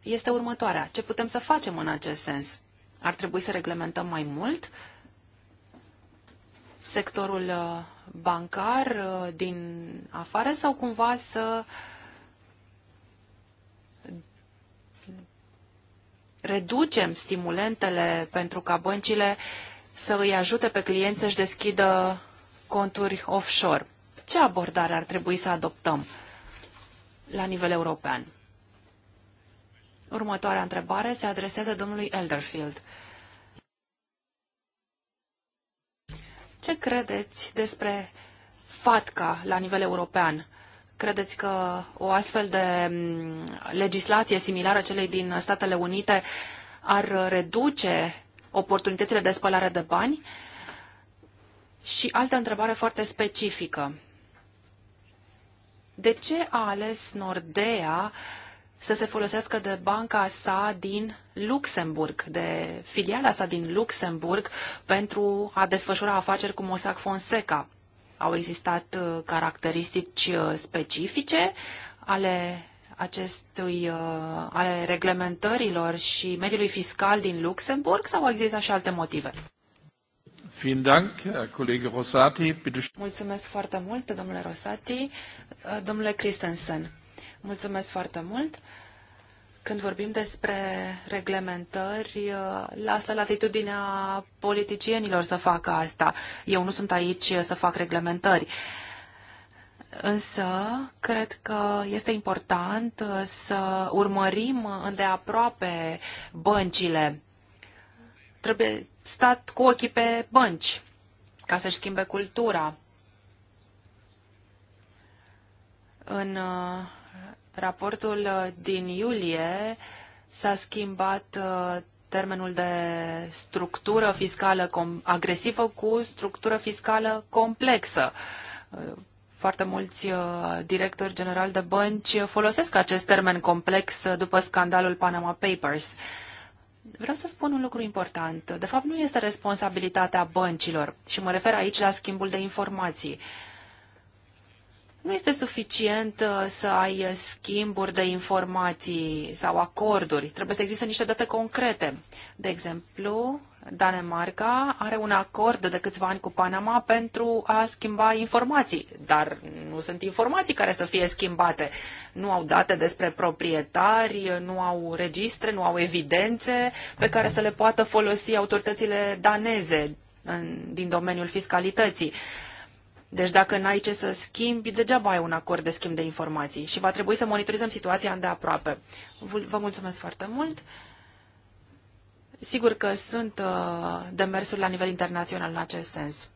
este următoarea. Ce putem să facem în acest sens? Ar trebui să reglementăm mai mult? sectorul uh, bancar uh, din afară sau cumva să reducem stimulentele pentru ca băncile să îi ajute pe clienți să-și deschidă conturi offshore. Ce abordare ar trebui să adoptăm la nivel european? Următoarea întrebare se adresează domnului Elderfield. Ce credeți despre FATCA la nivel european? Credeți că o astfel de mm, legislație similară celei din Statele Unite ar reduce oportunitățile de spălare de bani? Și altă întrebare foarte specifică. De ce a ales Nordea uh, să se folosească de banca sa din Luxemburg, de filiala sa din Luxemburg, pentru a desfășura afaceri cu Mossack Fonseca. Au existat uh, caracteristici uh, specifice ale acestui, uh, ale reglementărilor și mediului fiscal din Luxemburg sau au existat și alte motive? Mulțumesc foarte mult, domnule Rosati. Domnule Christensen, Mulțumesc foarte mult! Când vorbim despre reglementări, uh, lasă latitudinea politicienilor să facă asta. Eu nu sunt aici să fac reglementări. Însă, cred că este important uh, să urmărim îndeaproape băncile. Trebuie stat cu ochii pe bănci ca să-și schimbe cultura. În uh, raportul uh, din iulie s-a schimbat uh, termenul de structură fiscală agresivă cu structură fiscală complexă. Uh, foarte mulți directori generali de bănci folosesc acest termen complex după scandalul Panama Papers. Vreau să spun un lucru important. De fapt, nu este responsabilitatea băncilor și mă refer aici la schimbul de informații. Nu este suficient uh, să ai uh, schimburi de informații sau acorduri. Trebuie să existe niște date concrete. De exemplu, Danemarca are un acord de câțiva ani cu Panama pentru a schimba informații, dar nu sunt informații care să fie schimbate. Nu au date despre proprietari, nu au registre, nu au evidențe pe care să le poată folosi autoritățile daneze din domeniul fiscalității. Deci dacă n-ai ce să schimbi, degeaba ai un acord de schimb de informații și va trebui să monitorizăm situația îndeaproape. Vă mulțumesc foarte mult! Sigur că sunt uh, demersuri la nivel internațional în acest sens.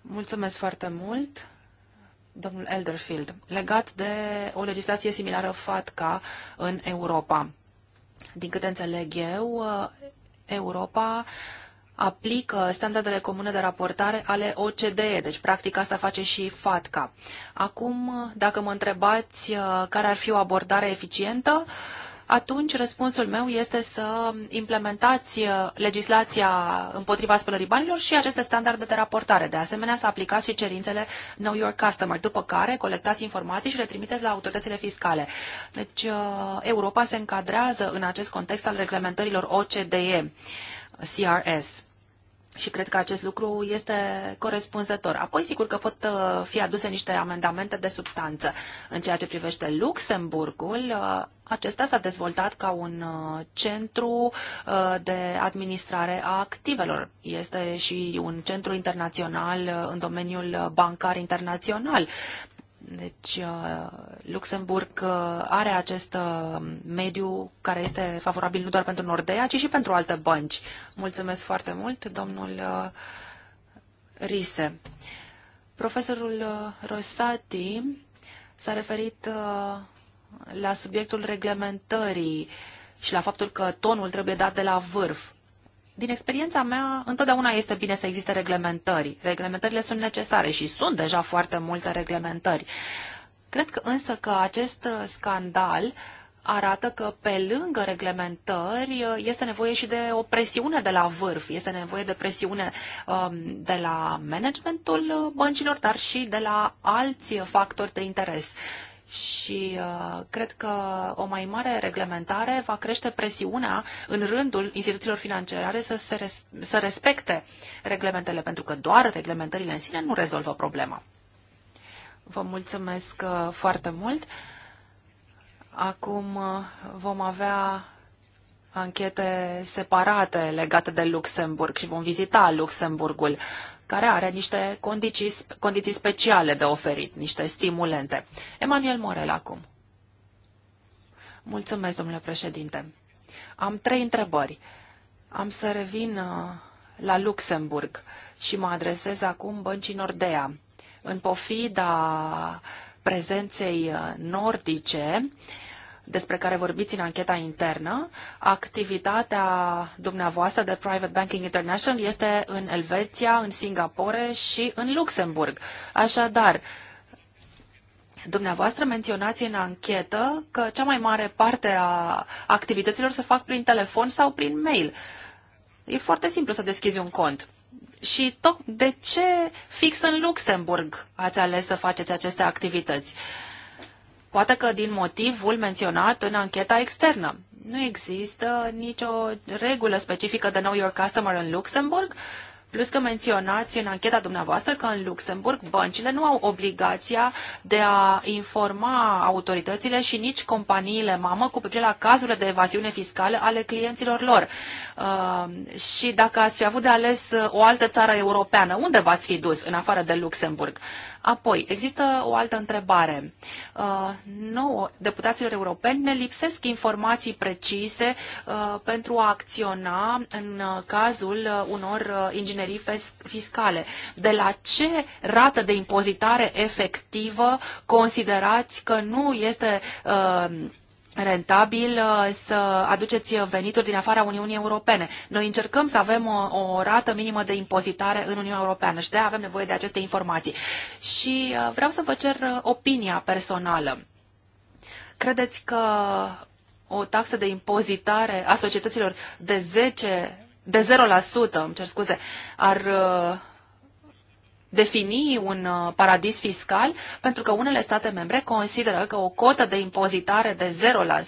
Mulțumesc foarte mult, domnul Elderfield, legat de o legislație similară FATCA în Europa. Din câte înțeleg eu, uh, Europa aplică standardele comune de raportare ale OCDE, deci practic asta face și FATCA. Acum, dacă mă întrebați uh, care ar fi o abordare eficientă, atunci răspunsul meu este să implementați uh, legislația împotriva spălării banilor și aceste standarde de raportare. De asemenea, să aplicați și cerințele Know Your Customer, după care colectați informații și le trimiteți la autoritățile fiscale. Deci, uh, Europa se încadrează în acest context al reglementărilor OCDE, CRS. Și cred că acest lucru este corespunzător. Apoi, sigur că pot uh, fi aduse niște amendamente de substanță. În ceea ce privește Luxemburgul, uh, acesta s-a dezvoltat ca un uh, centru de administrare a activelor. Este și un centru internațional în domeniul bancar internațional. Deci, uh, Luxemburg uh, are acest uh, mediu care este favorabil nu doar pentru Nordea, ci și pentru alte bănci. Mulțumesc foarte mult, domnul Rise. Profesorul Rosati s-a referit la subiectul reglementării și la faptul că tonul trebuie dat de la vârf. Din experiența mea, întotdeauna este bine să existe reglementări. Reglementările sunt necesare și sunt deja foarte multe reglementări. Cred că însă că acest scandal arată că pe lângă reglementări este nevoie și de o presiune de la vârf, este nevoie de presiune um, de la managementul băncilor, dar și de la alți factori de interes și uh, cred că o mai mare reglementare va crește presiunea în rândul instituțiilor financiare să, se res- să respecte reglementele, pentru că doar reglementările în sine nu rezolvă problema. Vă mulțumesc uh, foarte mult. Acum uh, vom avea anchete separate legate de Luxemburg și vom vizita Luxemburgul care are niște condiții, condiții speciale de oferit, niște stimulente. Emanuel Morel acum. Mulțumesc, domnule președinte. Am trei întrebări. Am să revin uh, la Luxemburg și mă adresez acum băncii Nordea. În pofida prezenței uh, nordice, uh, despre care vorbiți în ancheta internă. Activitatea dumneavoastră de Private Banking International este în Elveția, în Singapore și în Luxemburg. Așadar, Dumneavoastră menționați în anchetă că cea mai mare parte a activităților se fac prin telefon sau prin mail. E foarte simplu să deschizi un cont. Și tot de ce fix în Luxemburg ați ales să faceți aceste activități? Uh, Poate că din motivul menționat în ancheta externă. Nu există nicio regulă specifică de Know Your Customer în Luxemburg, plus că menționați în ancheta dumneavoastră că în Luxemburg băncile nu au obligația de a informa autoritățile și nici companiile mamă cu privire la cazurile de evaziune fiscală ale clienților lor. Uh, și dacă ați fi avut de ales o altă țară europeană, unde v-ați fi dus în afară de Luxemburg? Apoi, există o altă întrebare. Uh, nouă deputaților europeni ne lipsesc informații precise uh, pentru a acționa în uh, cazul unor inginerii fiscale. De la ce rată de impozitare efectivă considerați că nu este rentabil uh, să aduceți venituri din afara Uniunii Europene. Noi încercăm să avem o, uh, o rată minimă de impozitare în Uniunea Europeană și de avem nevoie de aceste informații. Și uh, vreau să vă cer opinia personală. Credeți că o taxă de impozitare a societăților de 10 de 0%, îmi cer scuze, ar defini un uh, paradis fiscal, pentru că unele state membre consideră că o cotă de impozitare de 0%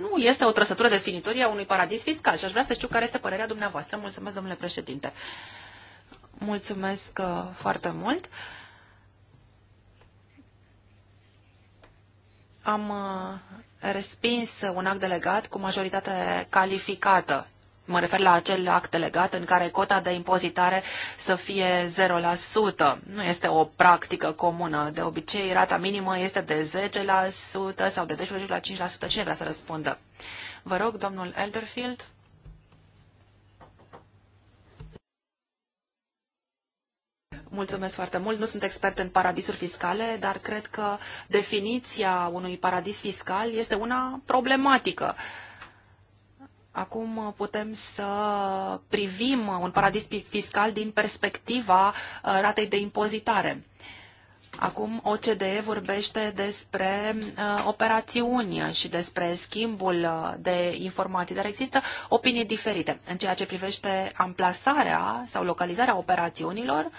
nu este o trăsătură definitorie a unui paradis fiscal. Și aș vrea să știu care este părerea dumneavoastră. Mulțumesc, domnule președinte. Mulțumesc uh, foarte mult. Am uh, respins un act delegat cu majoritate calificată Mă refer la acel act delegat în care cota de impozitare să fie 0%. Nu este o practică comună. De obicei, rata minimă este de 10% sau de 12,5%. Cine vrea să răspundă? Vă rog, domnul Elderfield. Mulțumesc foarte mult. Nu sunt expert în paradisuri fiscale, dar cred că definiția unui paradis fiscal este una problematică. Uh, Acum uh, putem să privim uh, un paradis fiscal din perspectiva uh, ratei de impozitare. Acum OCDE vorbește despre uh, operațiuni și despre schimbul de informații, dar există opinii diferite. În ceea ce privește amplasarea sau localizarea operațiunilor, uh,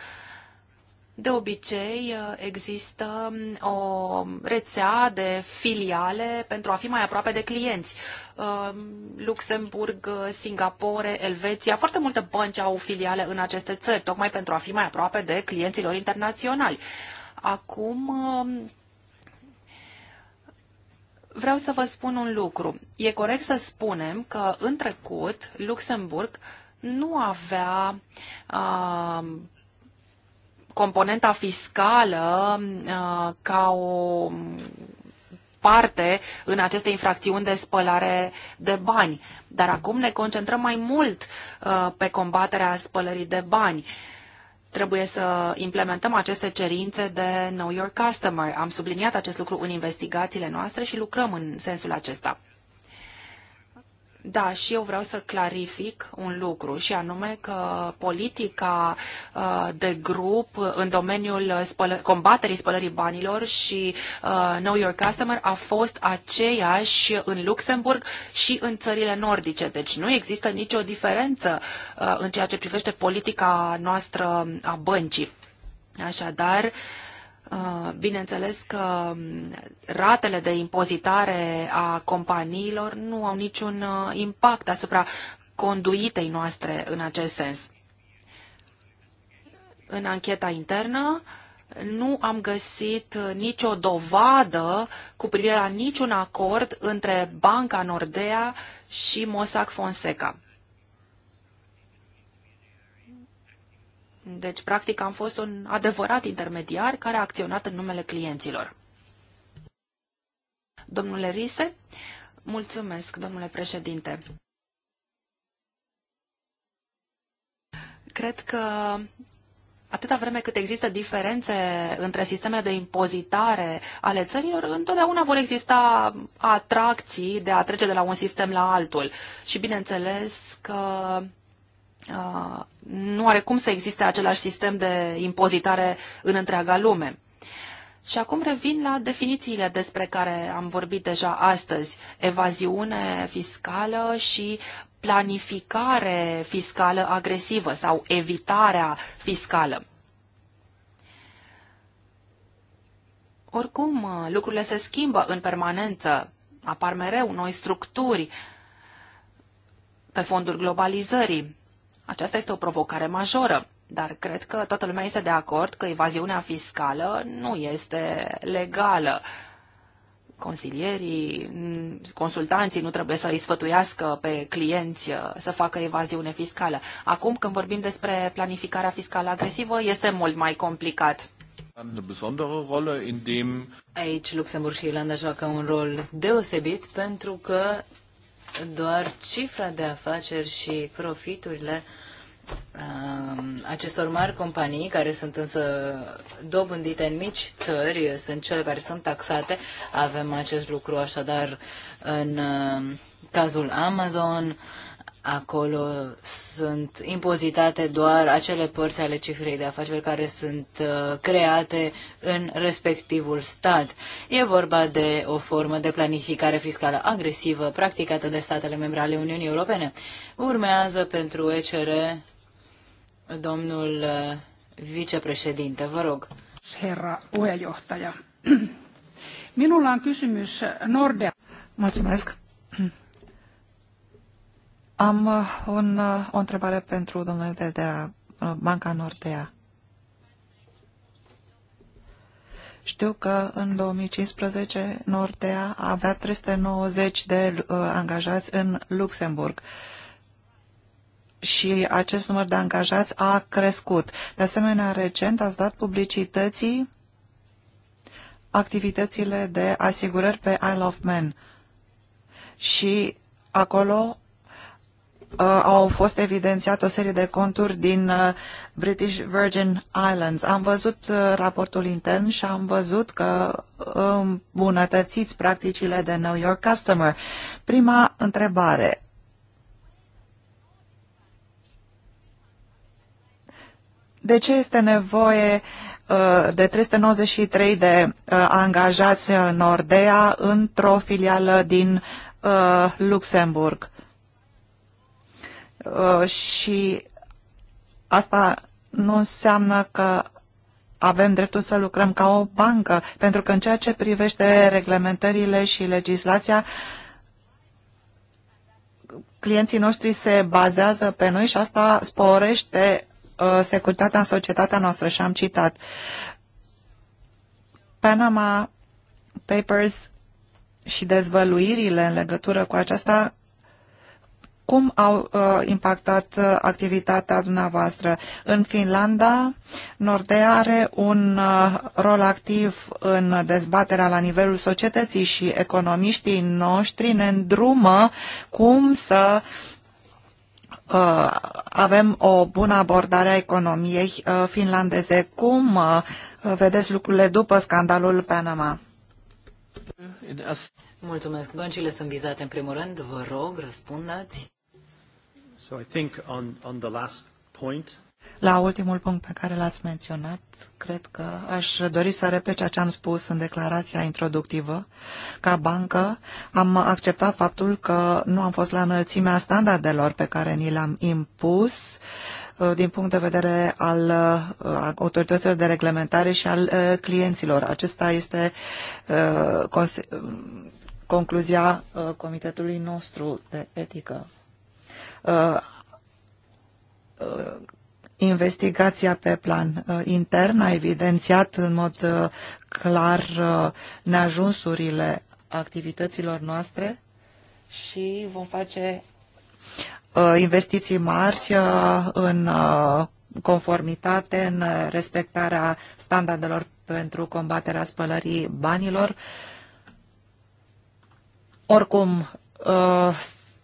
de obicei uh, există um, o rețea de filiale pentru a fi mai aproape de clienți. Um, Luxemburg, uh, Singapore, Elveția, foarte multe bănci au filiale în aceste țări, tocmai pentru a fi mai aproape de clienților internaționali. Acum um, vreau să vă spun un lucru. E corect să spunem că în trecut Luxemburg nu avea uh, componenta fiscală uh, ca o parte în aceste infracțiuni de spălare de bani. Dar acum ne concentrăm mai mult uh, pe combaterea spălării de bani. Trebuie să implementăm aceste cerințe de Know Your Customer. Am subliniat acest lucru în investigațiile noastre și lucrăm în sensul acesta. Da, și eu vreau să clarific un lucru, și anume că politica uh, de grup în domeniul spăl- combaterii spălării banilor și uh, Know Your Customer a fost aceeași în Luxemburg și în țările nordice. Deci nu există nicio diferență uh, în ceea ce privește politica noastră a băncii. Așadar, uh, Ah, bineînțeles că mm, ratele de impozitare a companiilor nu au niciun ah, impact asupra conduitei noastre în acest sens. În ancheta internă nu am găsit ah, nicio dovadă cu privire la niciun acord între Banca Nordea și Mossack Fonseca. Deci, practic, am fost un adevărat intermediar care a acționat în numele clienților. Domnule Rise, mulțumesc, domnule președinte. Cred că atâta vreme cât există diferențe între sistemele de impozitare ale țărilor, întotdeauna vor exista atracții de a trece de la un sistem la altul. Și bineînțeles că Uh, nu are cum să existe același sistem de impozitare în întreaga lume. Și acum revin la definițiile despre care am vorbit deja astăzi. Evaziune fiscală și planificare fiscală agresivă sau evitarea fiscală. Oricum, uh, lucrurile se schimbă în permanență, apar mereu noi structuri pe fondul globalizării. Aceasta este o provocare majoră, dar cred că toată lumea este de acord că evaziunea fiscală nu este legală. Consilierii, consultanții nu trebuie să îi sfătuiască pe clienți uh, să facă evaziune fiscală. Acum, când vorbim despre planificarea fiscală agresivă, este mult mai complicat. Aici Luxemburg și Irlanda joacă un rol deosebit pentru că doar cifra de afaceri și profiturile um, acestor mari companii, care sunt însă dobândite în mici țări, sunt cele care sunt taxate. Avem acest lucru așadar în um, cazul Amazon, Acolo sunt impozitate doar acele părți ale cifrei de afaceri care sunt uh, create în respectivul stat. E vorba de o formă de planificare fiscală agresivă practicată de statele membre ale Uniunii Europene. Urmează pentru ECR domnul uh, vicepreședinte. Vă rog. Herra puheenjohtaja. Minulla on kysymys Nordea. Mulțumesc. Am uh, un, uh, o întrebare pentru domnul de, de la uh, Banca Nordea. Știu că în 2015 Nordea avea 390 de uh, angajați în Luxemburg și acest număr de angajați a crescut. De asemenea, recent ați dat publicității activitățile de asigurări pe Isle of Man și acolo Uh, au fost evidențiate o serie de conturi din uh, British Virgin Islands. Am văzut uh, raportul intern și am văzut că îmbunătățiți practicile de Know Your Customer. Prima întrebare. De ce este nevoie de 393 de angajați Nordea într-o filială din Luxemburg? Uh, și asta nu înseamnă că avem dreptul să lucrăm ca o bancă, pentru că în ceea ce privește reglementările și legislația, clienții noștri se bazează pe noi și asta sporește uh, securitatea în societatea noastră și am citat. Panama Papers și dezvăluirile în legătură cu aceasta cum au uh, impactat uh, activitatea dumneavoastră. În Finlanda, Nordea are un uh, rol activ în dezbaterea la nivelul societății și economiștii noștri ne îndrumă cum să uh, avem o bună abordare a economiei uh, finlandeze. Cum uh, vedeți lucrurile după scandalul Panama? Mulțumesc. Băncile sunt vizate în primul rând. Vă rog, răspundeți. So I think on, on the last point, la ultimul punct pe care l-ați menționat, cred că aș dori să repet ceea ce am spus în declarația introductivă. Ca bancă am acceptat faptul că nu am fost la înălțimea standardelor pe care ni le-am impus uh, din punct de vedere al uh, autorităților de reglementare și al uh, clienților. Acesta este concluzia comitetului nostru de etică. Uh, uh, investigația pe plan uh, intern a evidențiat în mod clar neajunsurile activităților noastre și vom face investiții mari în conformitate, în respectarea standardelor pentru combaterea spălării banilor. Oricum,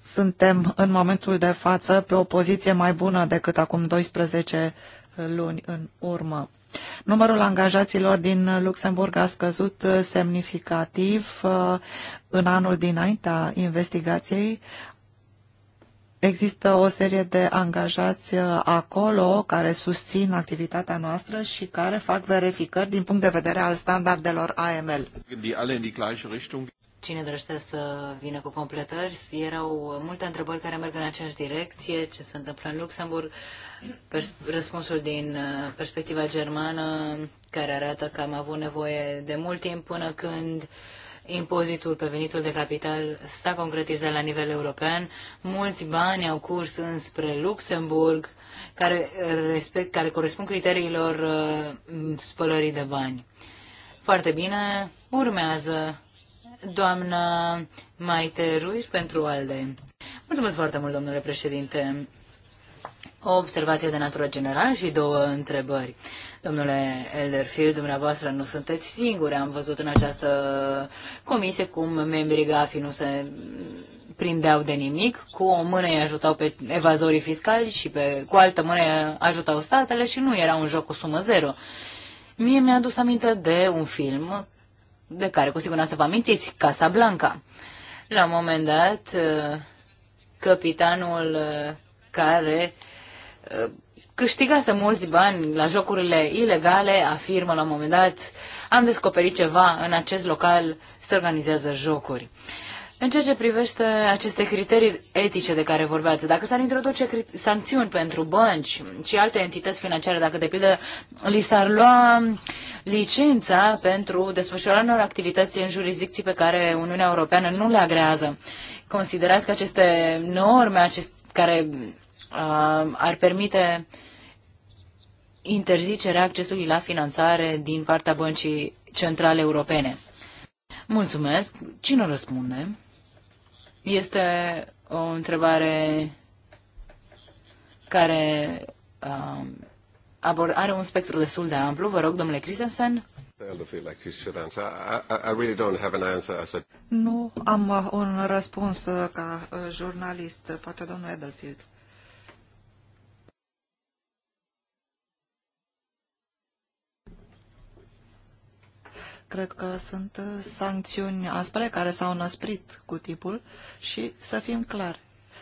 suntem în momentul de față pe o poziție mai bună decât acum 12 luni în urmă. Numărul angajaților din Luxemburg a scăzut semnificativ uh, în anul dinaintea investigației. Există o serie de angajați uh, acolo care susțin activitatea noastră și care fac verificări din punct de vedere al standardelor AML cine dorește să vină cu completări. Erau multe întrebări care merg în aceeași direcție, ce se întâmplă în Luxemburg, pers- răspunsul din uh, perspectiva germană, care arată că am avut nevoie de mult timp până când impozitul pe venitul de capital s-a concretizat la nivel european. Mulți bani au curs înspre Luxemburg, care, respect, care corespund criteriilor uh, spălării de bani. Foarte bine, urmează Doamna Maite Ruiz pentru ALDE. Mulțumesc foarte mult, domnule președinte. O observație de natură generală și două întrebări. Domnule Elderfield, dumneavoastră nu sunteți singuri. Am văzut în această comisie cum membrii GAFI nu se prindeau de nimic, cu o mână îi ajutau pe evazorii fiscali și pe, cu altă mână îi ajutau statele și nu era un joc cu sumă zero. Mie mi-a adus aminte de un film de care cu siguranță vă amintiți, Casa Blanca. La un moment dat, uh, capitanul uh, care uh, câștigase mulți bani la jocurile ilegale afirmă la un moment dat am descoperit ceva în acest local, se organizează jocuri. Uh, în ceea ce privește aceste criterii etice de care vorbeați, dacă s-ar introduce sancțiuni pentru bănci și alte entități financiare, dacă de pildă li s-ar lua licența pentru desfășurarea unor activități în jurisdicții pe care Uniunea Europeană nu le agrează, considerați că aceste norme acest, care uh, ar permite interzicerea accesului la finanțare din partea băncii centrale europene? Mulțumesc. Cine răspunde? Este o întrebare care uh, are un spectru destul de amplu. Vă rog, domnule Christensen. Nu am uh, un răspuns uh, ca uh, jurnalist, poate domnul Edelfield. Cred că sunt uh, sancțiuni aspre care s-au năsprit cu tipul și să fim clari.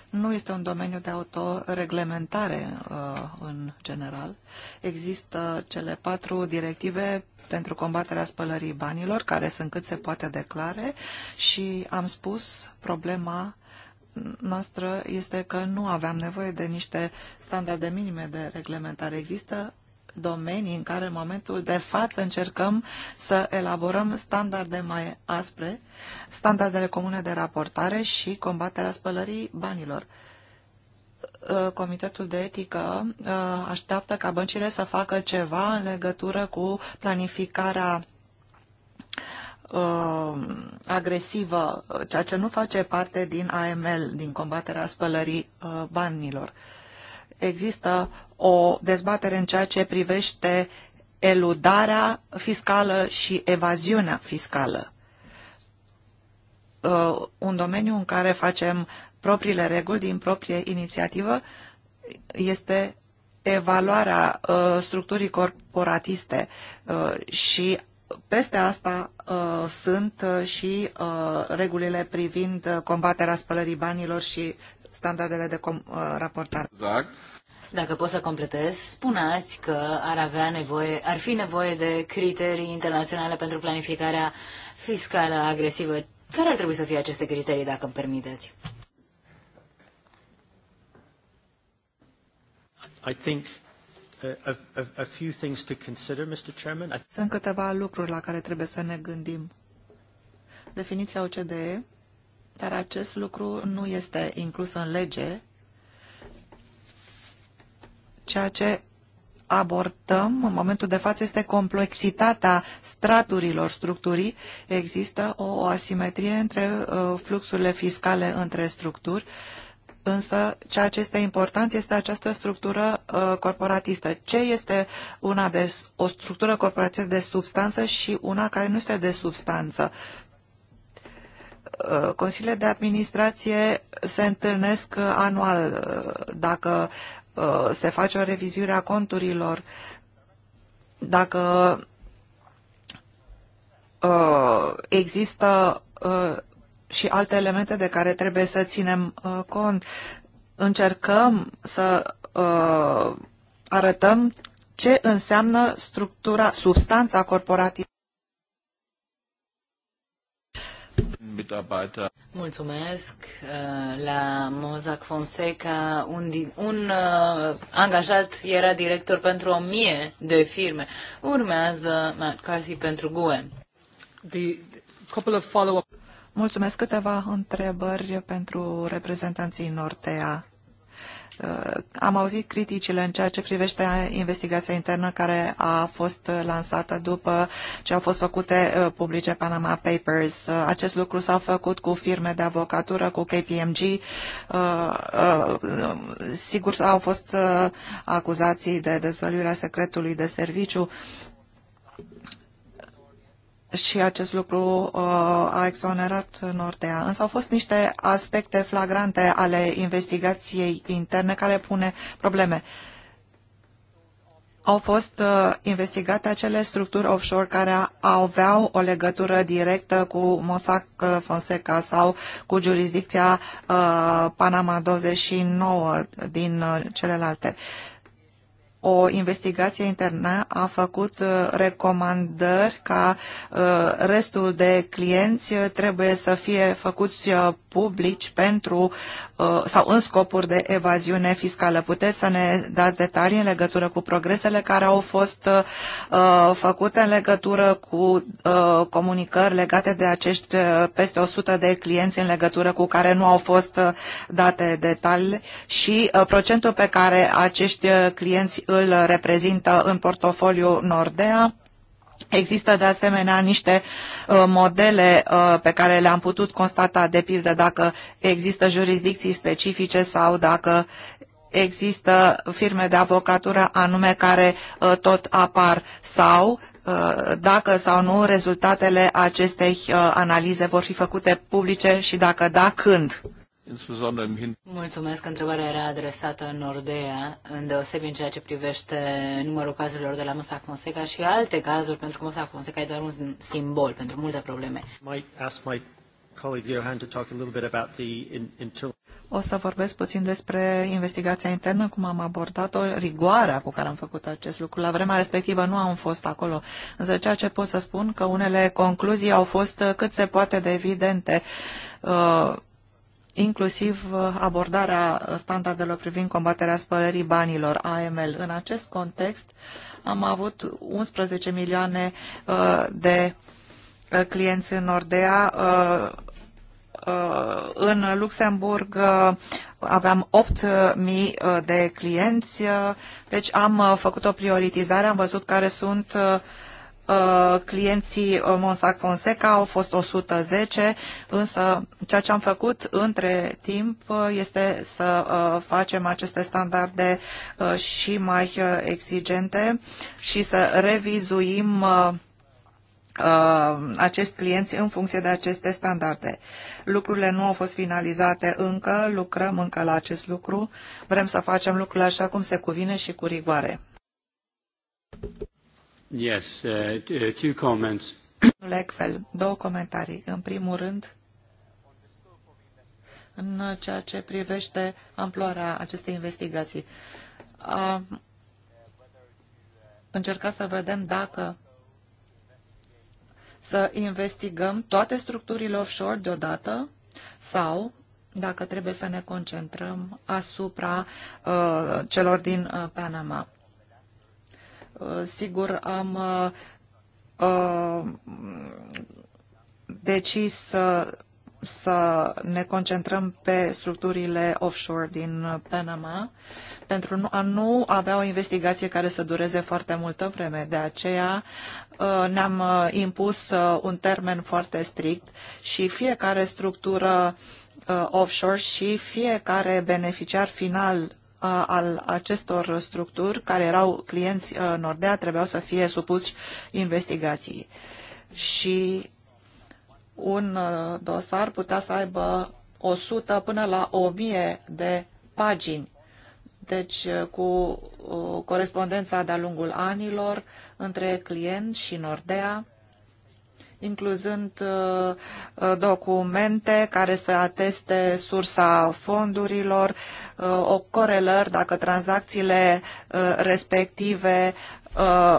Nu este un domeniu de autoreglementare uh, în general. Există cele patru directive pentru combaterea spălării banilor, care sunt cât se poate declare și am spus problema noastră este că nu aveam nevoie de niște standarde minime de reglementare. Există domenii în care în momentul de față încercăm să elaborăm standarde mai aspre, standardele comune de raportare și combaterea spălării banilor. Uh, Comitetul de Etică uh, așteaptă ca băncile să facă ceva în legătură cu planificarea uh, agresivă, ceea ce nu face parte din AML, din combaterea spălării banilor. Există o dezbatere în ceea ce privește eludarea fiscală și evaziunea fiscală. Uh, un domeniu în care facem propriile reguli din proprie inițiativă este evaluarea uh, structurii corporatiste uh, și peste asta uh, sunt și uh, regulile privind combaterea spălării banilor și standardele de raportare. Exact. Dacă pot să completez, spuneți că ar avea nevoie, ar fi nevoie de criterii internaționale pentru planificarea fiscală agresivă. Care ar trebui să fie aceste criterii, dacă îmi permiteți? I think uh, a, a, a few things to consider, Mr. Chairman. Sunt câteva lucruri la care trebuie să ne gândim. Definiția OCDE, dar acest lucru nu este inclus în lege, Ceea ce abordăm în momentul de față este complexitatea straturilor structurii. Există o, o asimetrie între uh, fluxurile fiscale între structuri, însă ceea ce este important este această structură uh, corporatistă. Ce este una de, o structură corporatistă de substanță și una care nu este de substanță? Uh, consiliile de administrație se întâlnesc uh, anual. Uh, dacă Uh, se face o revizuire a conturilor, dacă uh, există uh, și alte elemente de care trebuie să ținem cont. Încercăm să arătăm ce înseamnă structura, substanța corporativă. Mitarbeiter. Mulțumesc. Uh, la Mossack Fonseca, un, un uh, angajat era director pentru o mie de firme. Urmează McCarthy pentru GUE. The couple of follow-up Mulțumesc câteva întrebări pentru reprezentanții Nortea. Am auzit criticile în ceea ce privește investigația internă care a fost lansată după ce au fost făcute uh, publice Panama Papers. Uh, acest lucru s-a făcut cu firme de avocatură, cu KPMG. Uh, sigur, au fost acuzații de dezvăluirea secretului de serviciu și acest lucru uh, a exonerat Nordea. Însă au fost niște aspecte flagrante ale investigației interne care pune probleme. Au fost uh, investigate acele structuri offshore care aveau o legătură directă cu Mossack Fonseca sau cu jurisdicția uh, Panama 29 din celelalte. Uh, o investigație internă a făcut uh, recomandări ca uh, restul de clienți uh, trebuie să fie făcuți publici pentru sau în scopuri de evaziune fiscală. Puteți să ne dați detalii în legătură cu progresele care au fost făcute în legătură cu comunicări legate de acești peste 100 de clienți în legătură cu care nu au fost date detalii și procentul pe care acești clienți îl reprezintă în portofoliu Nordea. Există de asemenea niște uh, modele uh, pe care le-am putut constata, de pildă dacă există jurisdicții specifice sau dacă există firme de avocatură anume care uh, tot apar sau dacă sau nu rezultatele acestei analize vor fi făcute publice și dacă da, când insbesondere im Mulțumesc, întrebarea era adresată în Nordea, îndeosebi în ceea ce privește numărul cazurilor de la Mossack Fonseca și alte cazuri, pentru că Mossack Fonseca e doar un simbol pentru multe probleme. O să vorbesc puțin despre investigația internă, cum am abordat-o, rigoarea cu care am făcut acest lucru. La vremea respectivă nu am fost acolo. Însă ceea ce pot să spun că unele concluzii au fost cât se poate de evidente. Uh, inclusiv uh, abordarea standardelor privind combaterea spălării banilor, AML. În acest context am avut 11 milioane uh, de uh, clienți în Nordea, în Luxemburg aveam 8.000 de clienți, deci am făcut o prioritizare, am văzut care sunt Uh, clienții uh, Monsac Fonseca au fost 110, însă ceea ce am făcut între timp uh, este să facem aceste standarde și mai exigente și să revizuim acești clienți în funcție de aceste standarde. Lucrurile nu au fost finalizate încă, lucrăm încă la acest lucru, vrem să facem lucrurile așa cum se cuvine și cu rigoare. Yes, uh, uh, două comentarii. În primul rând, în ceea ce privește amploarea acestei investigații. Am încercat să vedem dacă să investigăm toate structurile offshore deodată sau dacă trebuie să ne concentrăm asupra uh, celor din uh, Panama. Uh, sigur, am uh, uh, decis să, să ne concentrăm pe structurile offshore din Panama pentru a nu avea o investigație care să dureze foarte multă vreme. De aceea ne-am impus un termen foarte strict și fiecare structură offshore și fiecare beneficiar final Uh, al acestor structuri care erau clienți uh, Nordea trebuiau să fie supuși investigației. Și un uh, dosar putea să aibă 100 până la 1000 de pagini. Deci cu corespondența de-a lungul anilor între client și Nordea, incluzând uh, uh, documente care să ateste sursa fondurilor, uh, o corelări dacă tranzacțiile respective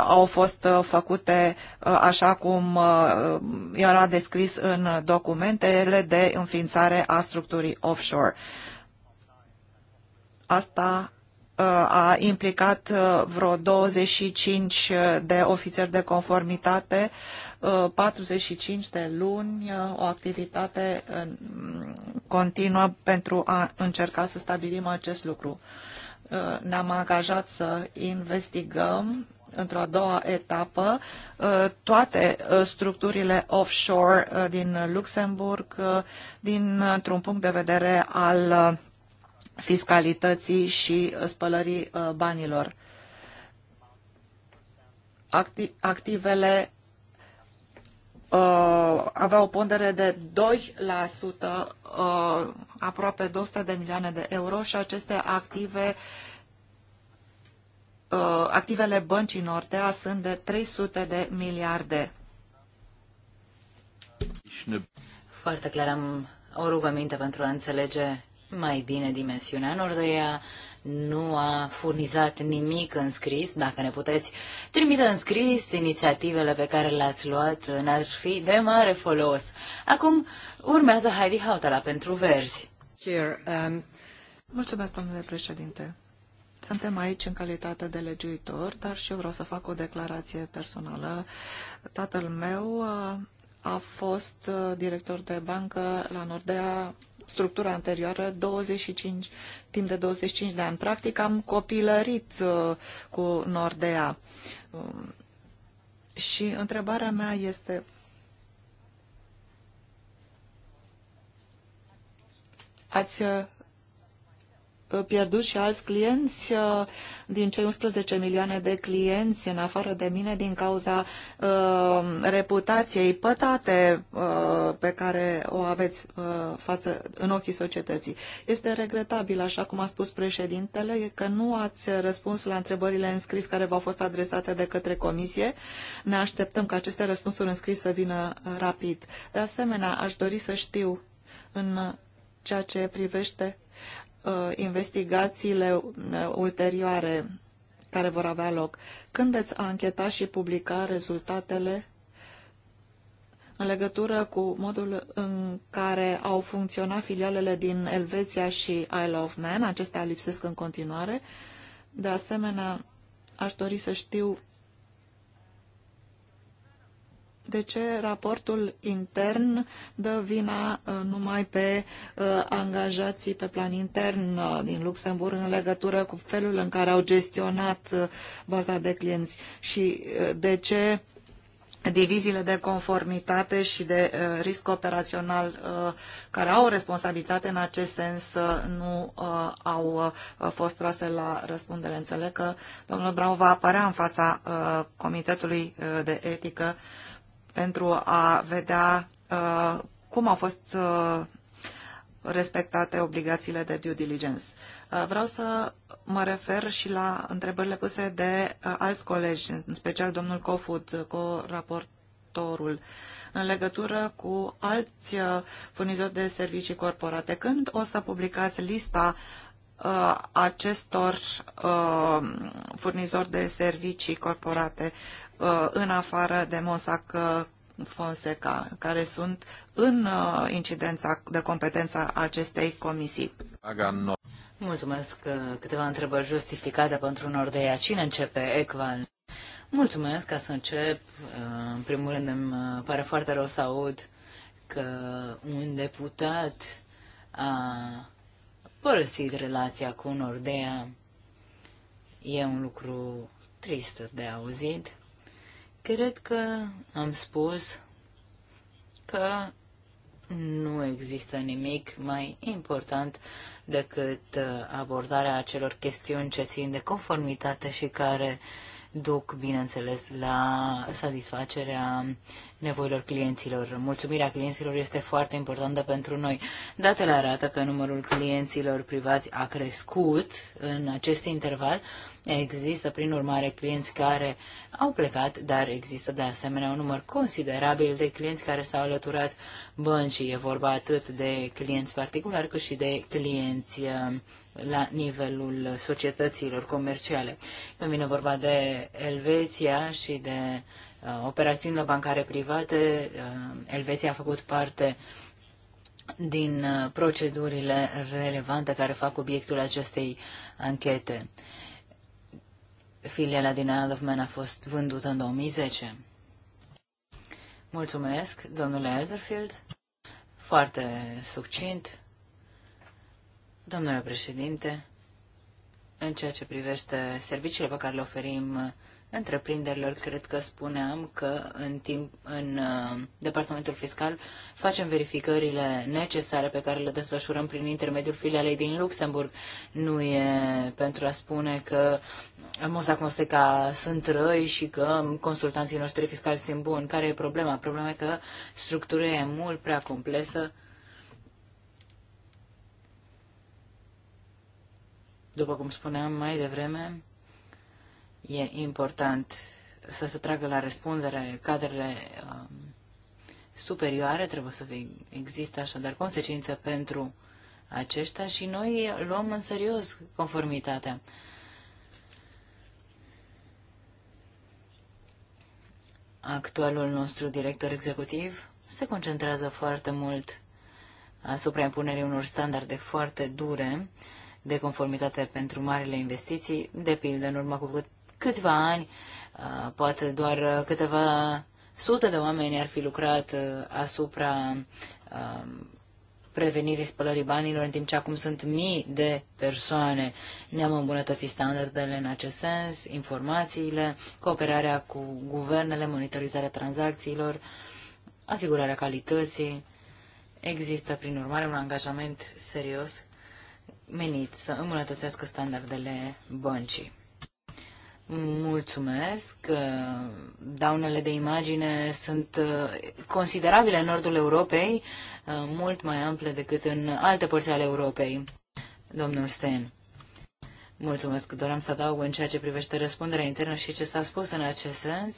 au fost făcute așa cum era descris în documentele de înființare a structurii offshore. Asta a implicat vreo 25 de ofițeri de conformitate 45 de luni uh, o activitate uh, continuă pentru a încerca să stabilim acest lucru. Uh, ne-am angajat să investigăm într-o a doua etapă toate structurile offshore din Luxemburg dintr-un punct de vedere al fiscalității și spălării banilor. Activele Uh, avea o pondere de 2%, uh, aproape 200 de milioane de euro și aceste active uh, activele băncii Nordea sunt de 300 de miliarde. Foarte clar am o rugăminte pentru a înțelege mai bine dimensiunea Nordea, nu a furnizat nimic în scris. Dacă ne puteți trimite în scris inițiativele pe care le-ați luat, n-ar fi de mare folos. Acum urmează Heidi Hautala pentru verzi. Cheer, um... Mulțumesc, domnule președinte. Suntem aici în calitate de legiuitor, dar și eu vreau să fac o declarație personală. Tatăl meu uh, a fost uh, director de bancă la Nordea structura anterioară 25, timp de 25 de ani. Practic am copilărit uh, cu Nordea. Um, și întrebarea mea este ați uh, Uh, pierdut și alți clienți uh, din cei 11 milioane de clienți în afară de mine din cauza uh, reputației pătate uh, pe care o aveți uh, față în ochii societății. Este regretabil, așa cum a spus președintele, că nu ați răspuns la întrebările înscris care v-au fost adresate de către comisie. Ne așteptăm ca aceste răspunsuri înscris să vină uh, rapid. De asemenea, aș dori să știu în ceea ce privește Uh, investigațiile uh, ulterioare care vor avea loc. Când veți ancheta și publica rezultatele în legătură cu modul în care au funcționat filialele din Elveția și Isle of Man, acestea lipsesc în continuare. De asemenea, aș dori să știu de ce raportul intern dă vina uh, numai pe uh, angajații pe plan intern uh, din Luxemburg în legătură cu felul în care au gestionat baza de clienți și de ce diviziile de conformitate și de risc operațional care au responsabilitate în acest sens nu au fost trase la răspundere. Înțeleg că domnul Brau va apărea în fața Comitetului de Etică pentru a vedea uh, cum au fost uh, respectate obligațiile de due diligence. Uh, vreau să mă refer și la întrebările puse de alți colegi, în special domnul Cofut, co-raportorul, în legătură cu alți furnizori de servicii corporate. Când o să publicați lista acestor furnizori de servicii corporate Uh, în afară de Mossack uh, Fonseca, care sunt în uh, incidența de competență a acestei comisii. Mulțumesc. Câteva întrebări justificate pentru Nordea. Cine începe? Ecvan. Mulțumesc ca să încep. În primul rând îmi pare foarte rău să aud că un deputat a părăsit relația cu Nordea. E un lucru trist de auzit. Cred că am spus că nu există nimic mai important decât uh, abordarea acelor chestiuni ce țin de conformitate și care uh, duc, bineînțeles, la satisfacerea nevoilor clienților. Mulțumirea clienților este foarte importantă pentru noi. Datele arată că numărul clienților privați a crescut în acest interval. Există, prin urmare, clienți care au plecat, dar există, de asemenea, un număr considerabil de clienți care s-au alăturat băncii. E vorba atât de clienți particulari cât și de clienți la nivelul societăților comerciale. Când vine vorba de Elveția și de uh, operațiunile bancare private, uh, Elveția a făcut parte din uh, procedurile relevante care fac obiectul acestei anchete. Filiala din Isle of Man a fost vândută în 2010. Mulțumesc, domnule Elderfield. Foarte succint. Domnule președinte, în ceea ce privește serviciile pe care le oferim întreprinderilor, cred că spuneam că în, timp, în uh, departamentul fiscal facem verificările necesare pe care le desfășurăm prin intermediul filialei din Luxemburg. Nu e pentru a spune că Mossack Fonseca sunt răi și că consultanții noștri fiscali sunt buni. Care e problema? Problema e că structura e mult prea complexă După cum spuneam mai devreme, e important să se tragă la răspundere cadrele um, superioare, trebuie să existe așadar consecință pentru aceștia și noi luăm în serios conformitatea. Actualul nostru director executiv se concentrează foarte mult asupra impunerii unor standarde foarte dure de conformitate pentru marile investiții, de pildă, în urmă cu câțiva ani, poate doar câteva sute de oameni ar fi lucrat asupra prevenirii spălării banilor, în timp ce acum sunt mii de persoane. Ne-am îmbunătățit standardele în acest sens, informațiile, cooperarea cu guvernele, monitorizarea tranzacțiilor, asigurarea calității. Există, prin urmare, un angajament serios menit să îmbunătățească standardele băncii. Mulțumesc. Daunele de imagine sunt uh, considerabile în nordul Europei, uh, mult mai ample decât în alte părți ale Europei. Domnul Sten. Mulțumesc. Doream să adaug în ceea ce privește răspunderea internă și ce s-a spus în acest sens.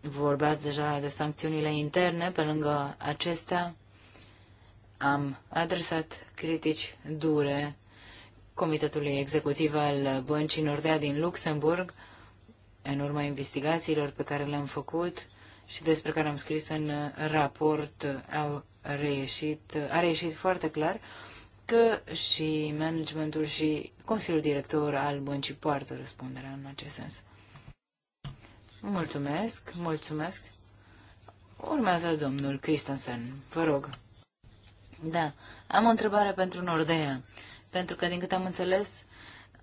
Vorbeați deja de sancțiunile interne, pe lângă acestea am adresat critici dure Comitetului Executiv al Băncii Nordea din Luxemburg, în urma investigațiilor pe care le-am făcut și despre care am scris în raport, au reieșit, a reieșit foarte clar că și managementul și Consiliul Director al băncii poartă răspunderea în acest sens. Mulțumesc, mulțumesc. Urmează domnul Christensen. Vă rog. Da, am o întrebare pentru Nordea, pentru că, din câte am înțeles,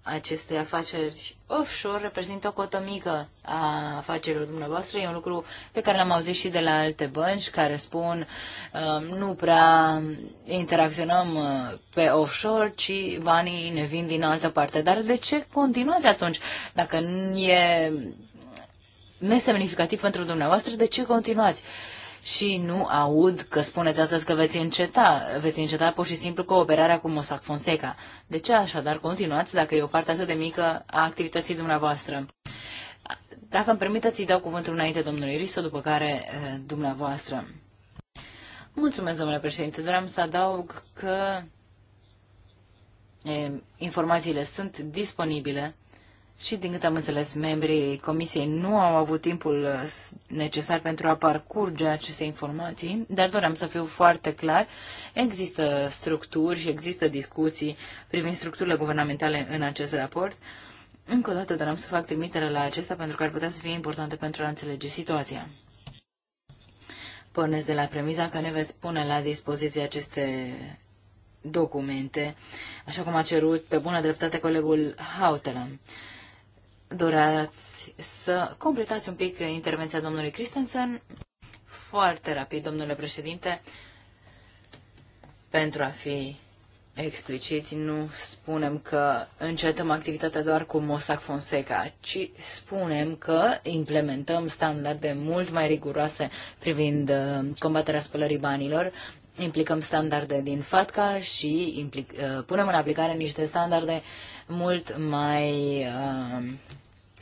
aceste afaceri offshore reprezintă o cotă mică a afacerilor dumneavoastră. E un lucru pe care l-am auzit și de la alte bănci care spun um, nu prea interacționăm uh, pe offshore, ci banii ne vin din altă parte. Dar de ce continuați atunci? Dacă e nesemnificativ pentru dumneavoastră, de ce continuați? Uh, și nu aud că spuneți astăzi că veți înceta, veți înceta pur și simplu cooperarea cu Mossack Fonseca. De ce așadar continuați dacă e o parte atât de mică a activității dumneavoastră? Dacă îmi permiteți, îi dau cuvântul înainte domnului Riso, după care eh, dumneavoastră. Mulțumesc, domnule președinte. Doream să adaug că eh, informațiile sunt disponibile și, din câte am înțeles, membrii comisiei nu au avut timpul necesar pentru a parcurge aceste informații, dar doream să fiu foarte clar. Există structuri și există discuții privind structurile guvernamentale în acest raport. Încă o dată doream să fac trimitere la acesta pentru că ar putea să fie importante pentru a înțelege situația. Pornesc de la premiza că ne veți pune la dispoziție aceste documente, așa cum a cerut pe bună dreptate colegul Hautelam doreați să completați un pic intervenția domnului Christensen. Foarte rapid, domnule președinte, pentru a fi expliciți, nu spunem că încetăm activitatea doar cu Mossack Fonseca, ci spunem că implementăm standarde mult mai riguroase privind uh, combaterea spălării banilor, implicăm standarde din FATCA și implic, uh, punem în aplicare niște standarde mult mai uh,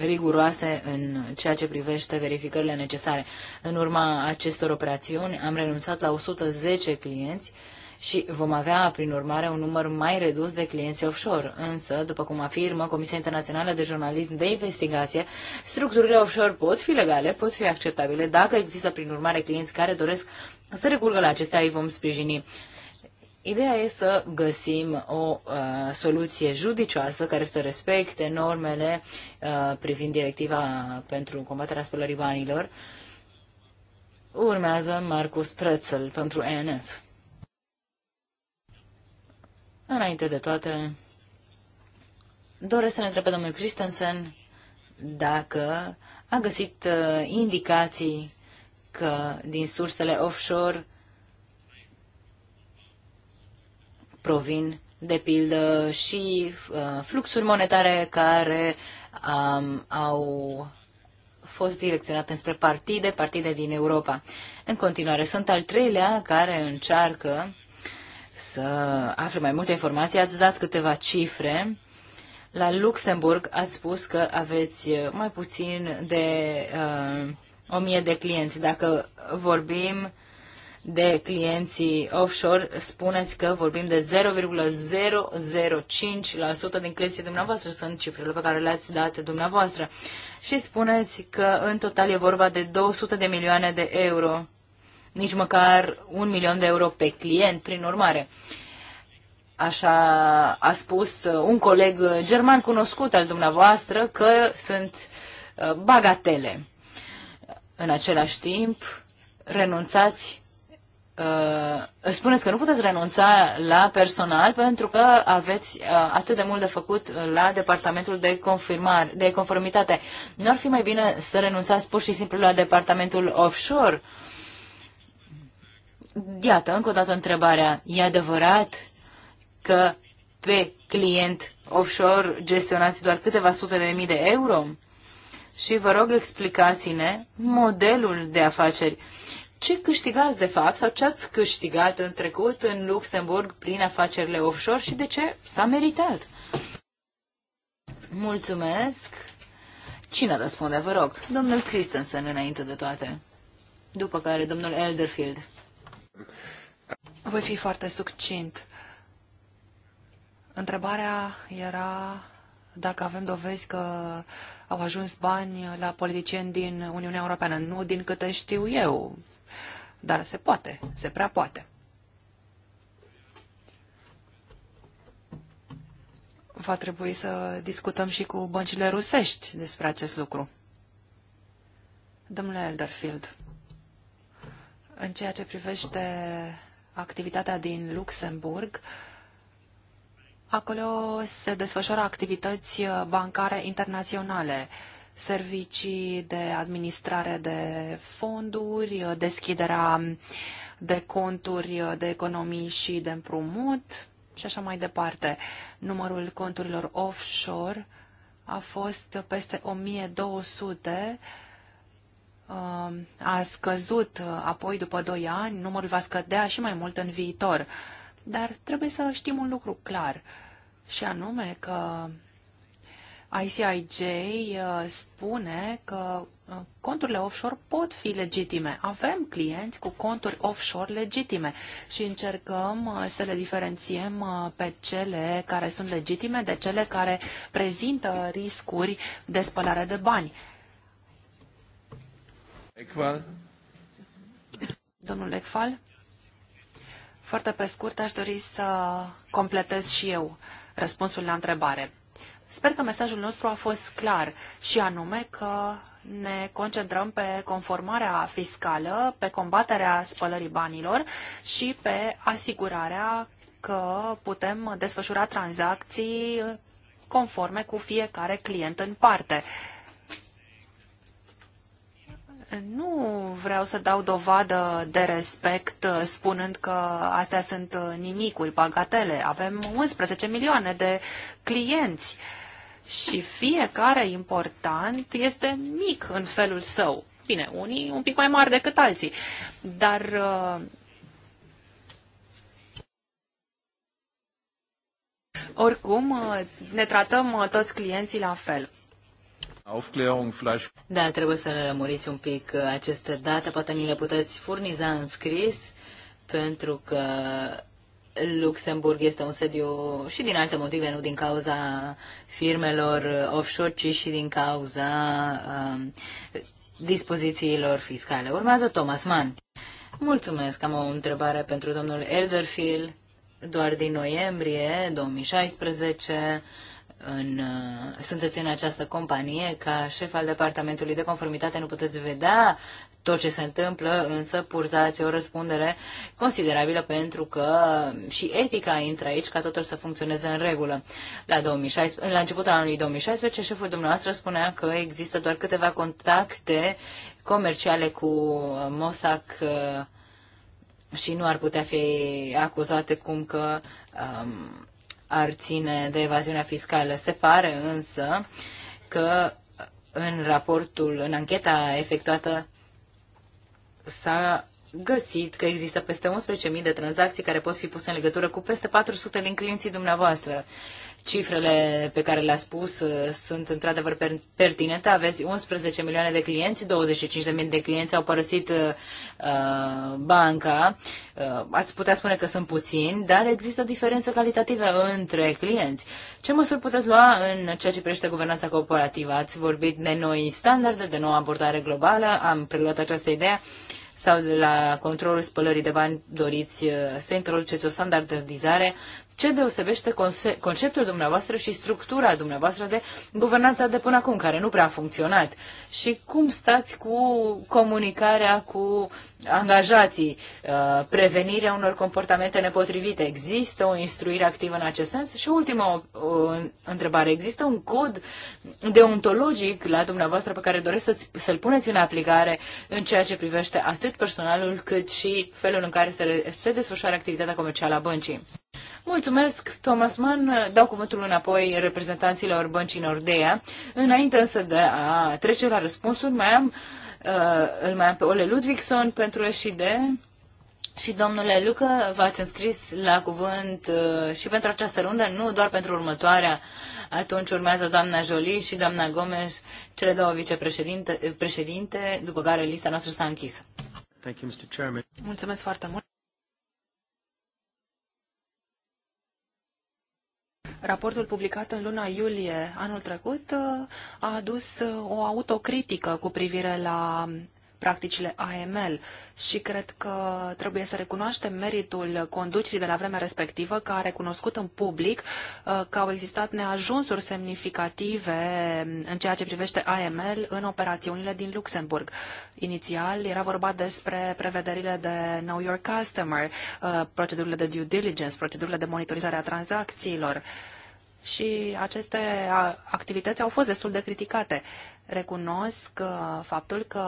riguroase în ceea ce privește verificările necesare. În urma acestor operațiuni am renunțat la 110 clienți și vom avea, prin urmare, un număr mai redus de clienți offshore. Însă, după cum afirmă Comisia Internațională de Jurnalism de Investigație, structurile offshore pot fi legale, pot fi acceptabile. Dacă există, prin urmare, clienți care doresc să recurgă la acestea, îi vom sprijini. Ideea e să găsim o uh, soluție judicioasă care să respecte normele uh, privind directiva pentru combaterea spălării banilor. Urmează Marcus Prețel pentru ENF. Înainte de toate, doresc să ne întrebe domnul Christensen dacă a găsit uh, indicații că din sursele offshore provin de pildă și uh, fluxuri monetare care um, au fost direcționate spre partide, partide din Europa. În continuare, sunt al treilea care încearcă să afle mai multe informații. Ați dat câteva cifre. La Luxemburg ați spus că aveți mai puțin de uh, 1000 de clienți. Dacă vorbim uh, de clienții offshore, spuneți că vorbim de 0,005% din clienții dumneavoastră, sunt cifrele pe care le-ați dat dumneavoastră. Și spuneți că în total e vorba de 200 de milioane de euro, nici măcar un milion de euro pe client, prin urmare. Așa a spus un coleg german cunoscut al dumneavoastră că sunt uh, bagatele. În același timp, renunțați uh, spuneți că nu puteți renunța la personal pentru că aveți uh, atât de mult de făcut la departamentul de, confirmare, de conformitate. Nu ar fi mai bine să renunțați pur și simplu la departamentul offshore? Iată, încă o dată întrebarea. E adevărat că pe client offshore gestionați doar câteva sute de mii de euro? Și vă rog explicați-ne modelul de afaceri. Uh, ce câștigați de fapt sau ce ați câștigat în trecut în Luxemburg prin afacerile offshore și de ce s-a meritat. Mulțumesc. Cine răspunde, vă rog? Domnul Christensen înainte de toate. După care domnul Elderfield. Voi fi foarte succint. Întrebarea era dacă avem dovezi că au ajuns bani la politicieni din Uniunea Europeană. Nu din câte știu eu. Dar se poate, se prea poate. Va trebui să discutăm și cu băncile rusești despre acest lucru. Domnule Elderfield, în ceea ce privește activitatea din Luxemburg, acolo se desfășoară activități bancare internaționale servicii de administrare de fonduri, deschiderea de conturi de economii și de împrumut și așa mai departe. Numărul conturilor offshore a fost peste 1200 a scăzut apoi după 2 ani, numărul va scădea și mai mult în viitor. Dar trebuie să știm un lucru clar, și anume că ICIJ uh, spune că uh, conturile offshore pot fi legitime. Avem clienți cu conturi offshore legitime și încercăm uh, să le diferențiem pe cele care sunt legitime de cele care prezintă riscuri de spălare de bani. Ecval. Domnul Ecval, foarte pe scurt aș dori să completez și eu răspunsul la întrebare. Sper că mesajul nostru a fost clar și anume că ne concentrăm pe conformarea fiscală, pe combaterea spălării banilor și pe asigurarea că putem desfășura tranzacții conforme cu fiecare client în parte. Nu vreau să dau dovadă de respect spunând că astea sunt nimicuri, bagatele. Avem 11 milioane de clienți. Uh, și fiecare important este mic în felul său. Bine, unii un pic mai mari decât alții, dar uh, oricum uh, ne tratăm uh, toți clienții la fel. Da, trebuie să ne lămuriți un pic uh, aceste date, poate ni le puteți furniza în scris, pentru că Luxemburg este un sediu și din alte motive, nu din cauza firmelor offshore, ci și din cauza um, dispozițiilor fiscale. Urmează Thomas Mann. Mulțumesc, am o întrebare pentru domnul Elderfield. Doar din noiembrie 2016 în, uh, sunteți în această companie ca șef al departamentului de conformitate, nu puteți vedea tot ce se întâmplă, însă purtați o răspundere considerabilă pentru că și etica intră aici ca totul să funcționeze în regulă. La, 2016, la începutul anului 2016, șeful dumneavoastră spunea că există doar câteva contacte comerciale cu Mossack uh, și nu ar putea fi acuzate cum că um, ar ține de evaziunea fiscală. Se pare însă că în raportul, în ancheta efectuată s-a găsit că există peste 11.000 de tranzacții care pot fi puse în legătură cu peste 400 din clienții dumneavoastră. Cifrele pe care le-a spus uh, sunt într-adevăr pertinente. Aveți 11 milioane de clienți, 25 de mii de clienți au părăsit uh, uh, banca. Uh, ați putea spune că sunt puțini, dar există diferențe calitative între clienți. Ce măsuri puteți lua în ceea ce privește guvernanța corporativă? Ați vorbit de noi standarde, de noua abordare globală, am preluat această idee. Uh, sau la controlul spălării de bani doriți să uh, introduceți o standardizare ce deosebește conceptul dumneavoastră și structura dumneavoastră de guvernanța de până acum, care nu prea a funcționat? Și cum stați cu comunicarea cu angajații, uh, prevenirea unor comportamente nepotrivite? Există o instruire activă în acest sens? Și ultima uh, întrebare, există un cod deontologic la dumneavoastră pe care doresc să-l să puneți în aplicare în ceea ce privește atât personalul cât și felul în care se, se desfășoară activitatea comercială a băncii? Mulțumesc, Thomas Mann. Dau cuvântul înapoi reprezentanților băncii Nordea. Înainte însă de a trece la răspunsuri, mai am, uh, îl mai am pe Ole Ludvigson pentru SID. Și domnule Lucă, v-ați înscris la cuvânt uh, și pentru această rundă, nu doar pentru următoarea. Atunci urmează doamna Jolie și doamna Gomes, cele două vicepreședinte, președinte, după care lista noastră s-a închisă. Mulțumesc foarte mult. Raportul publicat în luna iulie anul trecut uh, a adus uh, o autocritică cu privire la practicile AML și cred că trebuie să recunoaștem meritul conducerii de la vremea respectivă că a recunoscut în public uh, că au existat neajunsuri semnificative în ceea ce privește AML în operațiunile din Luxemburg. Inițial era vorba despre prevederile de Know Your Customer, uh, procedurile de due diligence, procedurile de monitorizare a tranzacțiilor și aceste activități au fost destul de criticate. Recunosc uh, faptul că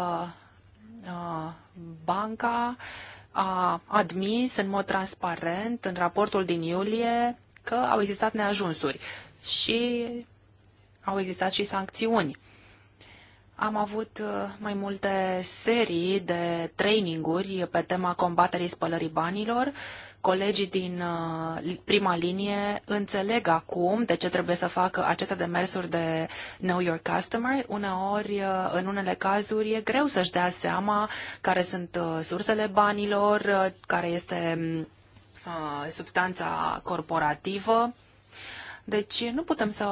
banca a admis în mod transparent în raportul din iulie că au existat neajunsuri și au existat și sancțiuni. Am avut uh, mai multe serii de traininguri pe tema combaterii spălării banilor Colegii din uh, prima linie înțeleg acum de ce trebuie să facă aceste demersuri de Know Your Customer. Uneori, uh, în unele cazuri, e greu să-și dea seama care sunt uh, sursele banilor, care este mm, substanța corporativă deci nu putem să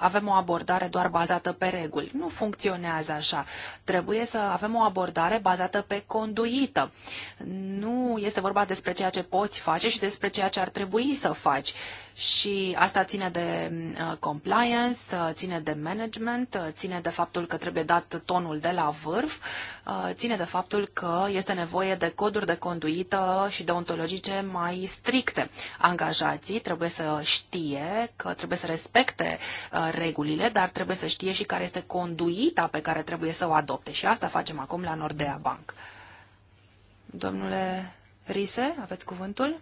avem o abordare doar bazată pe reguli. Nu funcționează așa. Trebuie să avem o abordare bazată pe conduită. Nu este vorba despre ceea ce poți face și despre ceea ce ar trebui să faci și asta ține de uh, compliance, uh, ține de management, uh, ține de faptul că trebuie dat tonul de la vârf, ține de faptul că este nevoie de coduri de conduită și de ontologice mai stricte. Angajații trebuie să știe că trebuie să respecte regulile, dar trebuie să știe și care este conduita pe care trebuie să o adopte și asta facem acum la Nordea Bank. Domnule Rise, aveți cuvântul?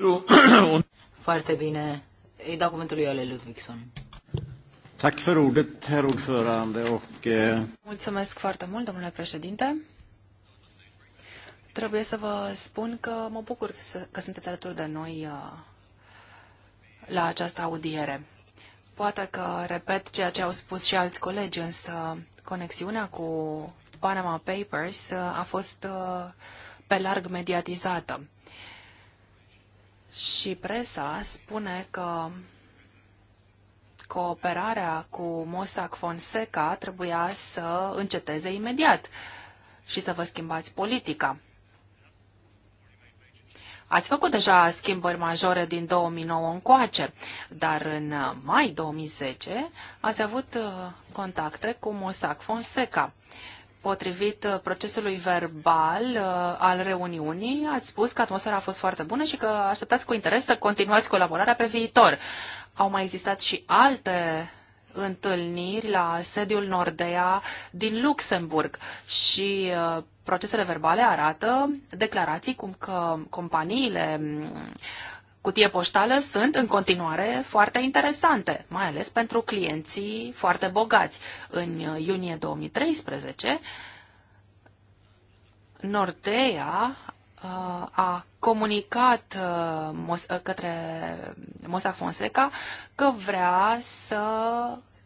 Foarte bine. Îi dau cuvântul lui Ole Ludvigson. ordet, herr ordförande. Och, eh, Mulțumesc foarte mult, domnule președinte. Trebuie să vă spun că mă bucur că sunteți alături de noi eh, la această audiere. Poate că repet ceea ce au spus și alți colegi, însă conexiunea cu Panama Papers eh, a fost pe larg mediatizată și presa spune că cooperarea cu Mossack Fonseca trebuia să înceteze imediat și să vă schimbați politica. Ați făcut deja schimbări majore din 2009 încoace, dar în mai 2010 ați avut uh, contacte cu Mossack Fonseca potrivit uh, procesului verbal uh, al reuniunii, ați spus că atmosfera a fost foarte bună și că așteptați cu interes să continuați colaborarea pe viitor. Au mai existat și alte întâlniri la sediul Nordea din Luxemburg și uh, procesele verbale arată declarații cum că companiile mm, cutie poștală sunt în continuare foarte interesante, mai ales pentru clienții foarte bogați. În iunie 2013, Nordea uh, a comunicat uh, uh, către Mossack Fonseca că vrea să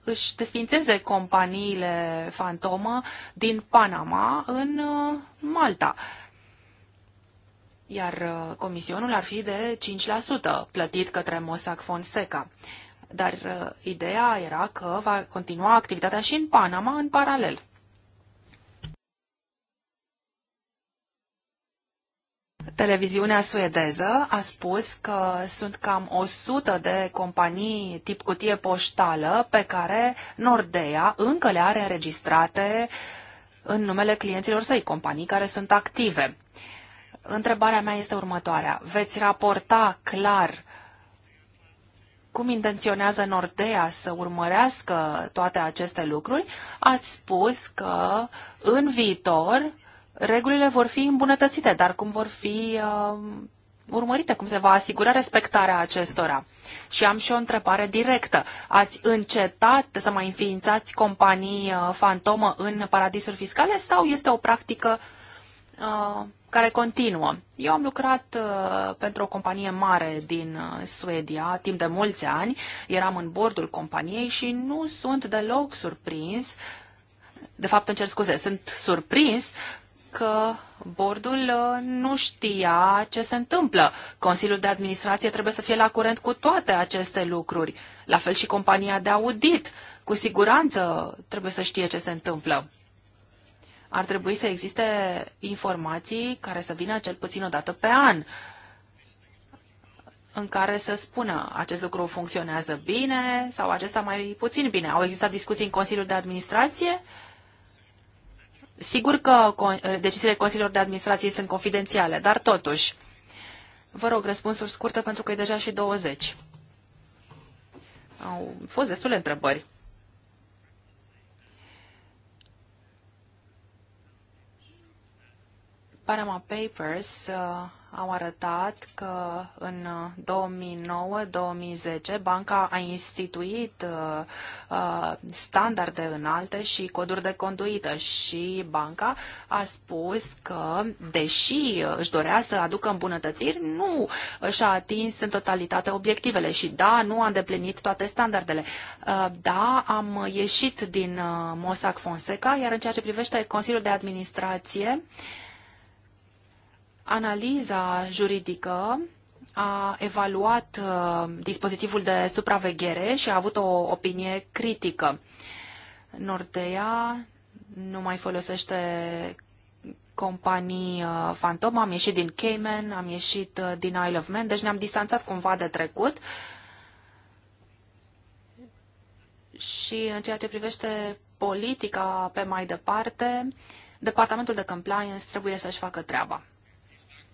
își desfințeze companiile fantomă din Panama în Malta iar uh, comisionul ar fi de 5% plătit către Mossack Fonseca. Dar uh, ideea era că va continua activitatea și în Panama în paralel. Televiziunea suedeză a spus că sunt cam 100 de companii tip cutie poștală pe care Nordea încă le are înregistrate în numele clienților săi, companii care sunt active. Uh, Întrebarea mea este următoarea. Veți raporta clar cum intenționează Nordea să urmărească toate aceste lucruri? Ați spus că în viitor regulile vor fi îmbunătățite, dar cum vor fi uh, urmărite, cum se va asigura respectarea acestora. Și am și o întrebare directă. Ați încetat să mai înființați companii uh, fantomă în paradisuri fiscale sau este o practică uh, care continuă. Eu am lucrat uh, pentru o companie mare din uh, Suedia timp de mulți ani, eram în bordul companiei și nu sunt deloc surprins, de fapt îmi cer scuze, sunt surprins că bordul uh, nu știa ce se întâmplă. Consiliul de administrație trebuie să fie la curent cu toate aceste lucruri. La fel și compania de audit. Cu siguranță trebuie să știe ce se întâmplă. Ar trebui să existe informații care să vină cel puțin o dată pe an în care să spună acest lucru funcționează bine sau acesta mai puțin bine. Au existat discuții în Consiliul de Administrație? Sigur că deciziile consiliului de Administrație sunt confidențiale, dar totuși. Vă rog, răspunsuri scurte pentru că e deja și 20. Au fost destule întrebări. Panama Papers uh, au arătat că în 2009-2010 uh, banca a instituit uh, standarde înalte și coduri de conduită și banca a spus că, deși își dorea să aducă îmbunătățiri, nu și-a atins în totalitate obiectivele și, da, nu a îndeplinit toate standardele. Da, am ieșit din Mossack Fonseca, iar în ceea ce privește Consiliul de Administrație, Analiza juridică a evaluat uh, dispozitivul de supraveghere și a avut o opinie critică. Nordea nu mai folosește companii uh, fantomă, am ieșit din Cayman, am ieșit uh, din Isle of Man, deci ne-am distanțat cumva de trecut. Și în ceea ce privește politica pe mai departe, Departamentul de Compliance trebuie să-și facă treaba.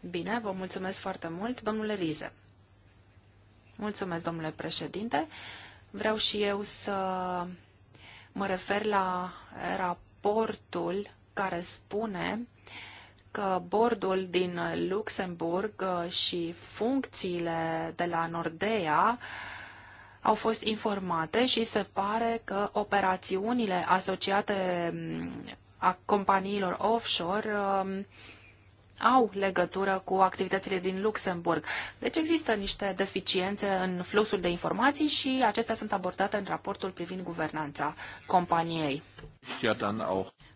Bine, vă mulțumesc foarte mult. Domnule Rize. Mulțumesc, domnule președinte. Vreau și eu să mă refer la raportul care spune că bordul din Luxemburg uh, și funcțiile de la Nordea au fost informate și se pare că operațiunile asociate mm, a companiilor offshore um, au legătură cu activitățile din Luxemburg. Deci există niște deficiențe în fluxul de informații și acestea sunt abordate în raportul privind guvernanța companiei.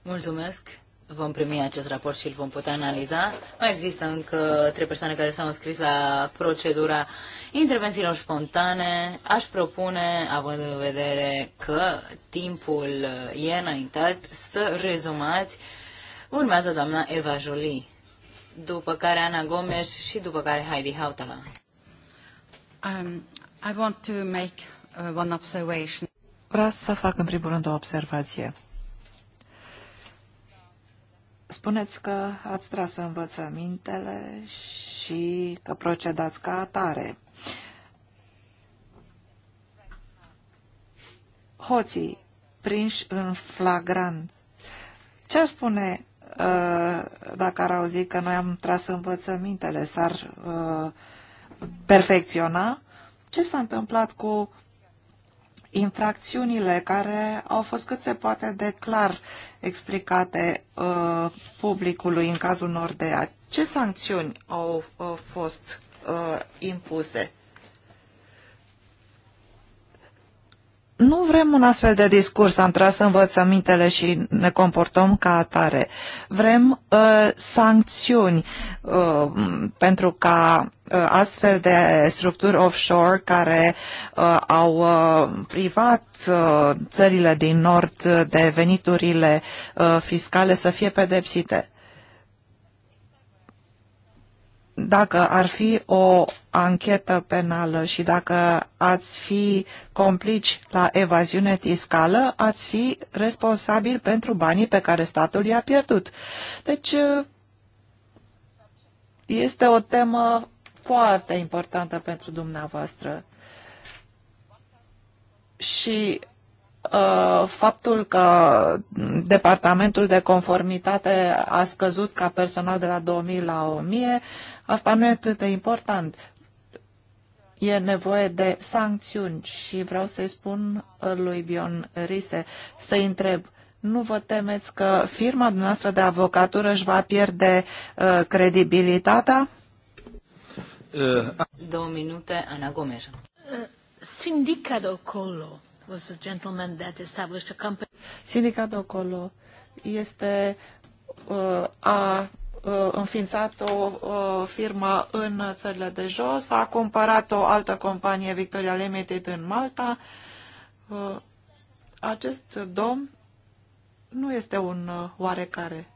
Mulțumesc! Vom primi acest raport și îl vom putea analiza. Mai există încă trei persoane care s-au înscris la procedura intervențiilor spontane. Aș propune, având în vedere că timpul e înaintat, să rezumați. Urmează doamna Eva Jolie după care Ana Gomes și după care Heidi Hautala. Um, I want to make uh, one observation. Vreau să fac în primul rând o observație. Spuneți că ați tras învățămintele și că procedați ca atare. Hoții prinși în flagrant. Ce ar spune Uh, dacă ar auzi că noi am tras învățămintele, s-ar uh, perfecționa? Ce s-a întâmplat cu infracțiunile care au fost cât se poate de clar explicate uh, publicului în cazul Nordea. Ce sancțiuni au uh, fost uh, impuse? nu vrem un astfel de discurs, am tras învățămintele și ne comportăm ca atare. Vrem uh, sancțiuni uh, pentru ca uh, astfel de structuri offshore care uh, au uh, privat uh, țările din nord de veniturile uh, fiscale să fie pedepsite dacă ar fi o anchetă penală și dacă ați fi complici la evaziune fiscală, ați fi responsabil pentru banii pe care statul i-a pierdut. Deci este o temă foarte importantă pentru dumneavoastră. Și Uh, faptul că departamentul de conformitate a scăzut ca personal de la 2000 la 1000, asta nu e atât de important. E nevoie de sancțiuni și vreau să-i spun uh, lui Bion Rise să-i întreb nu vă temeți că firma noastră de avocatură își va pierde uh, credibilitatea? Uh, două minute, Ana Gomes. Uh, sindicatul colo was gentleman that established a company. Sindicatul acolo este uh, a uh, înființat o uh, firmă în țările de jos, a cumpărat o altă companie, Victoria Limited, în Malta. Uh, acest domn nu este un uh, oarecare.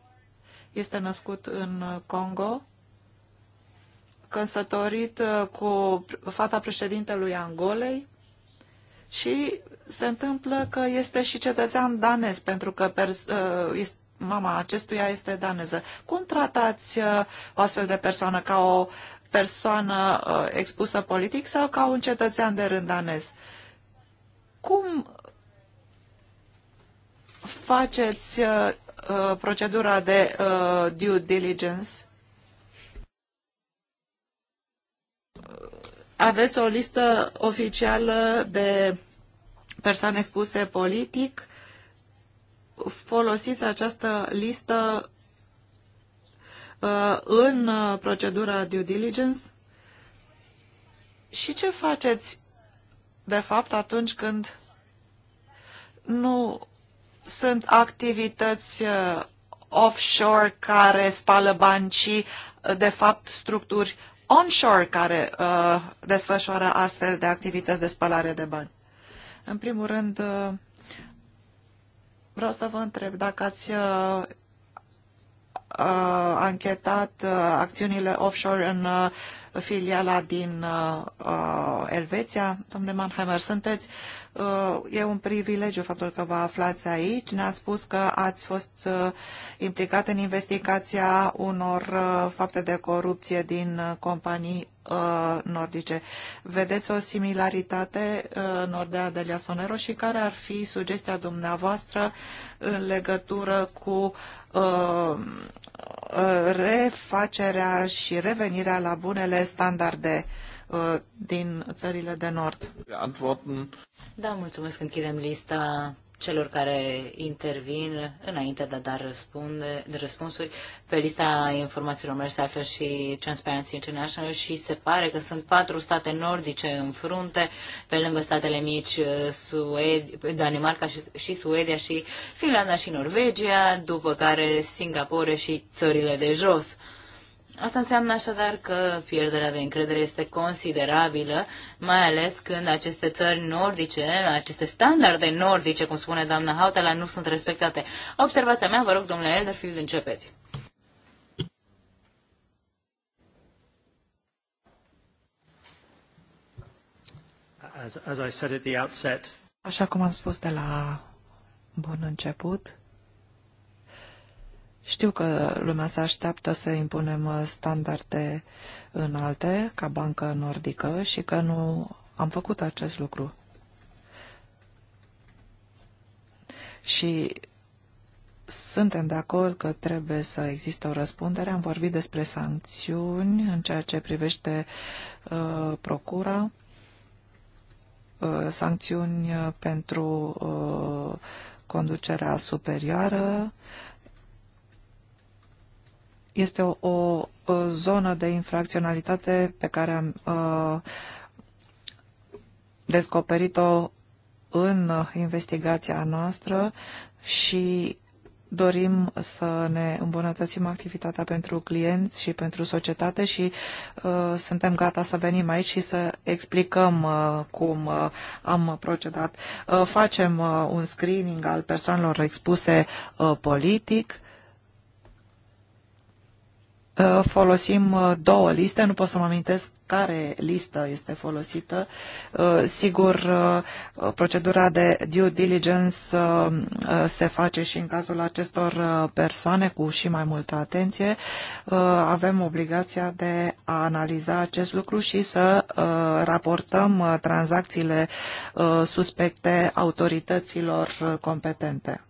Este născut în uh, Congo, căsătorit uh, cu fata președintelui Angolei și se întâmplă că este și cetățean danez, pentru că ă, este mama acestuia este daneză. Cum tratați ă, o astfel de persoană ca o persoană ă, expusă politic sau ca un cetățean de rând danez? Cum faceți procedura de due diligence? Aveți o listă oficială de persoane expuse politic, folosiți această listă uh, în uh, procedura due diligence? Și ce faceți, de fapt, atunci când nu sunt activități uh, offshore care spală bani, ci, de fapt, structuri onshore care uh, desfășoară astfel de activități de spălare de bani? În primul rând, uh, vreau să vă întreb dacă ați uh, uh, anchetat acțiunile offshore în filiala din uh, uh, Elveția. Domnule Mannheimer, sunteți, uh, e un privilegiu faptul că vă aflați aici. ne a spus că ați fost uh, implicat în investigația unor uh, fapte de corupție din uh, companii uh, nordice. Vedeți o similaritate uh, Nordea de Sonero și care ar fi sugestia dumneavoastră în legătură cu uh, Uh, refacerea și revenirea la bunele standarde uh, din țările de nord. Da, mulțumesc. Închidem lista celor care intervin înainte de a da răspunde, de răspunsuri. Pe lista informațiilor mele se află și Transparency International și se pare că sunt patru state nordice în frunte, pe lângă statele mici, uh, Suedi, Danimarca și, și Suedia și Finlanda și Norvegia, după care Singapore și țările de jos. Uh, Asta înseamnă așadar că pierderea de încredere este considerabilă, mai ales când aceste țări nordice, aceste standarde nordice, cum spune doamna Hautala, nu sunt respectate. Observația mea, vă rog, domnule Elderfield, începeți. As, as Așa cum am spus de la bun început, știu că lumea se așteaptă să impunem uh, standarde înalte ca bancă nordică și că nu am făcut acest lucru. Și suntem de acord că trebuie să existe o răspundere. Am vorbit despre sancțiuni în ceea ce privește uh, procura, uh, sancțiuni uh, pentru uh, conducerea superioară, este o, o, o zonă de infracționalitate pe care am uh, descoperit-o în investigația noastră și dorim să ne îmbunătățim activitatea pentru clienți și pentru societate și uh, suntem gata să venim aici și să explicăm uh, cum uh, am procedat. Uh, facem uh, un screening al persoanelor expuse uh, politic Uh, folosim uh, două liste, nu pot să mă amintesc care listă este folosită. Uh, sigur, procedura de due diligence se face și în cazul acestor persoane cu și mai multă atenție. Avem obligația de a analiza acest lucru și să raportăm tranzacțiile suspecte autorităților competente.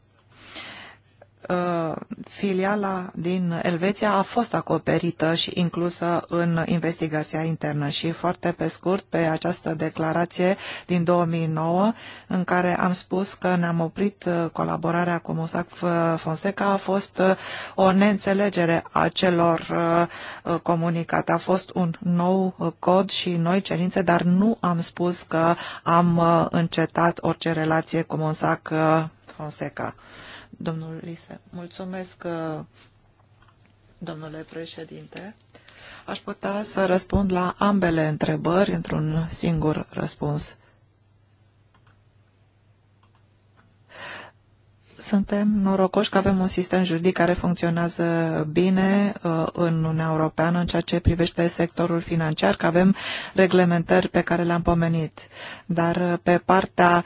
Uh, filiala din Elveția a fost acoperită și inclusă în investigația internă și foarte pe scurt pe această declarație din 2009 în care am spus că ne-am oprit uh, colaborarea cu Mossack uh, Fonseca a fost o neînțelegere a celor comunicate. A fost un nou cod și noi cerințe, dar nu am spus că am încetat orice relație cu Mossack Fonseca. Domnul Lise, mulțumesc, uh, domnule președinte. Aș putea să răspund la ambele întrebări într-un singur răspuns. Suntem norocoși că avem un sistem juridic care funcționează bine uh, în Uniunea Europeană în ceea ce privește sectorul financiar, că avem reglementări pe care le-am pomenit. Dar uh, pe partea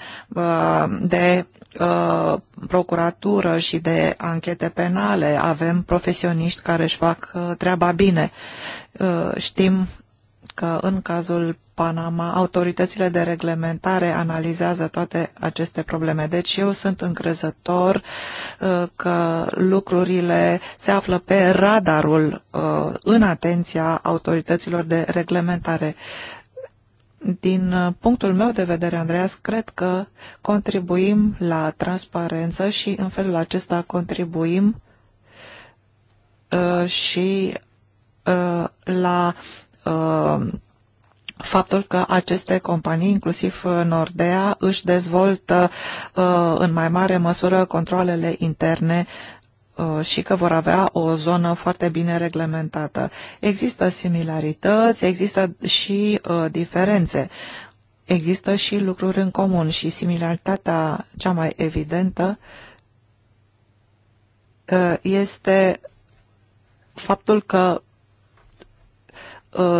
de Uh, procuratură și de anchete penale, avem profesioniști care își fac uh, treaba bine. Uh, știm că în cazul Panama autoritățile de reglementare analizează toate aceste probleme. Deci eu sunt încrezător uh, că lucrurile se află pe radarul uh, în atenția autorităților de reglementare. Din uh, punctul meu de vedere, Andreas, cred că contribuim la transparență și în felul acesta contribuim uh, și uh, la uh, faptul că aceste companii, inclusiv Nordea, își dezvoltă uh, în mai mare măsură controlele interne Uh, și că vor avea o zonă foarte bine reglementată. Există similarități, există și uh, diferențe. Există și lucruri în comun și similaritatea cea mai evidentă uh, este faptul că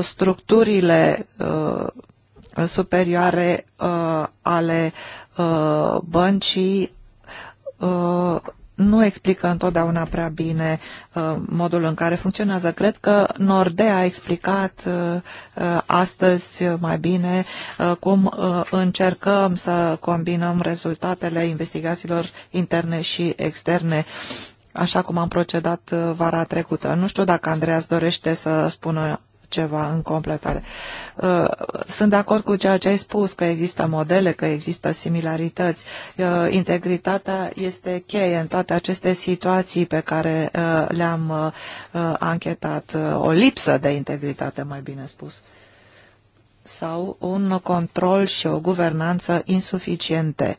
structurile superioare ale băncii nu explică întotdeauna prea bine uh, modul în care funcționează. Cred că Nordea a explicat uh, uh astăzi mai bine uh, cum uh, încercăm să combinăm rezultatele investigațiilor interne și externe așa cum am procedat uh, vara trecută. Nu știu dacă Andreas dorește să spună ceva în completare. Uh, sunt de acord cu ceea ce ai spus, că există modele, că există similarități. Uh, integritatea este cheie în toate aceste situații pe care uh, le-am anchetat. O lipsă de integritate, mai bine spus sau un control și o guvernanță insuficiente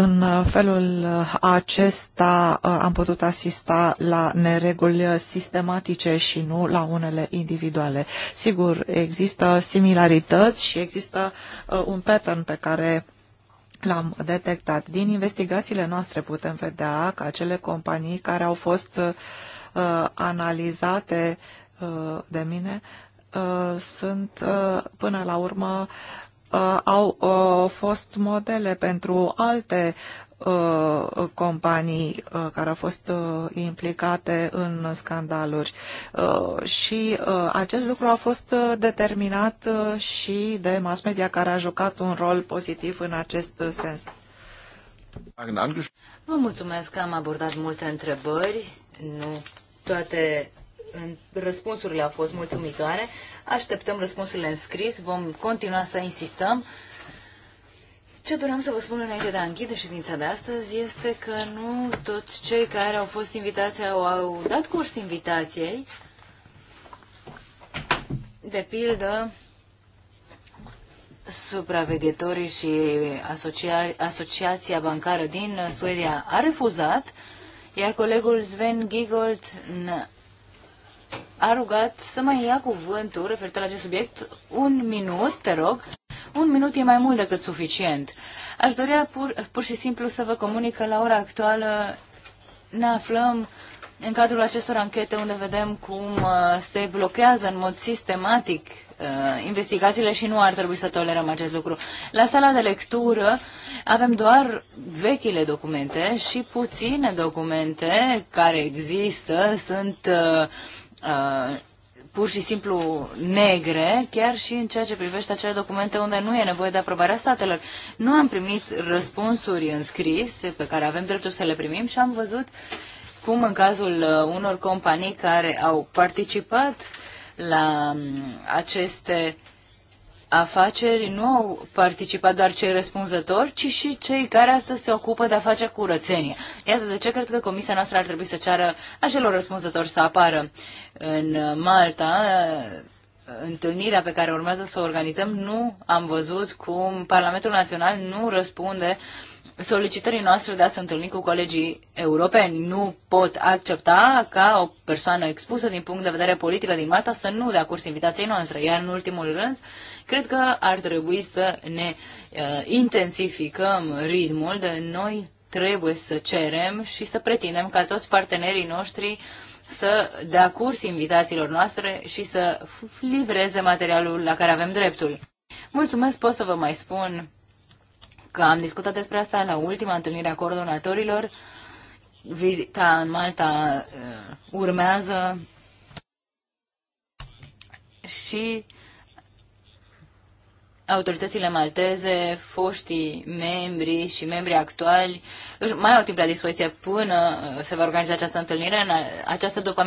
În felul acesta uh, am putut asista la nereguli sistematice și nu la unele individuale. Sigur, există similarități și există uh, un pattern pe care l-am detectat. Din investigațiile noastre putem vedea că acele companii care au fost uh, analizate de mine sunt până la urmă Uh, au uh, fost modele pentru alte uh, companii care au fost implicate în scandaluri. Și acest lucru a fost determinat și de mass media care a jucat un rol pozitiv în acest sens. Vă mulțumesc că am abordat multe întrebări. Nu toate răspunsurile au fost mulțumitoare. Așteptăm răspunsurile în scris, vom continua să insistăm. Ce doream să vă spun înainte de a închide ședința de astăzi este că nu toți cei care au fost invitați au, au dat curs invitației. De pildă, supraveghetorii și asocia- Asociația Bancară din Suedia a refuzat, iar colegul Sven Gigold a rugat să mai ia cuvântul referitor la acest subiect un minut, te rog. Un minut e mai mult decât suficient. Aș dorea pur, pur și simplu să vă comunic că la ora actuală ne aflăm în cadrul acestor anchete unde vedem cum uh, se blochează în mod sistematic uh, investigațiile și nu ar trebui să tolerăm acest lucru. La sala de lectură avem doar vechile documente și puține documente care există sunt uh, Uh, pur și simplu negre, chiar și în ceea ce privește acele documente unde nu e nevoie de aprobarea statelor. Nu am primit răspunsuri în scris pe care avem dreptul să le primim și am văzut cum în cazul uh, unor companii care au participat la um, aceste afaceri nu au participat doar cei răspunzători, ci și cei care astăzi se ocupă de a face curățenie. Iată de ce cred că comisia noastră ar trebui să ceară acelor răspunzători să apară în Malta. Întâlnirea pe care urmează să o organizăm nu am văzut cum Parlamentul Național nu răspunde uh, solicitării noastre de a se întâlni cu colegii europeni. Nu pot accepta ca o persoană expusă din punct de vedere politică din Malta să nu dea curs invitației noastre. Iar în ultimul rând, cred că ar trebui să ne uh, intensificăm ritmul de noi trebuie să cerem și să pretindem ca toți partenerii noștri să dea curs invitațiilor noastre și să livreze materialul la care avem dreptul. Mulțumesc, pot să vă mai spun că am discutat despre asta la ultima întâlnire a coordonatorilor. Vizita în Malta uh, urmează și autoritățile malteze, foștii membri și membri actuali mai au timp la dispoziție până uh, se va organiza această întâlnire. În această după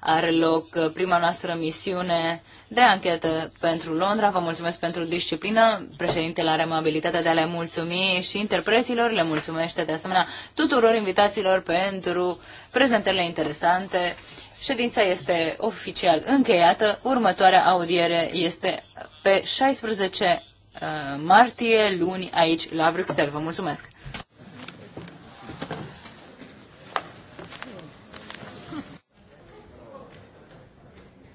are loc uh, prima noastră misiune de anchetă pentru Londra. Vă mulțumesc pentru disciplină. Președintele are amabilitatea de a le mulțumi și interpreților. Le mulțumește de asemenea tuturor invitațiilor pentru prezentările interesante. Ședința este oficial încheiată. Următoarea audiere este pe 16 uh, martie, luni, aici, la Bruxelles. Vă mulțumesc!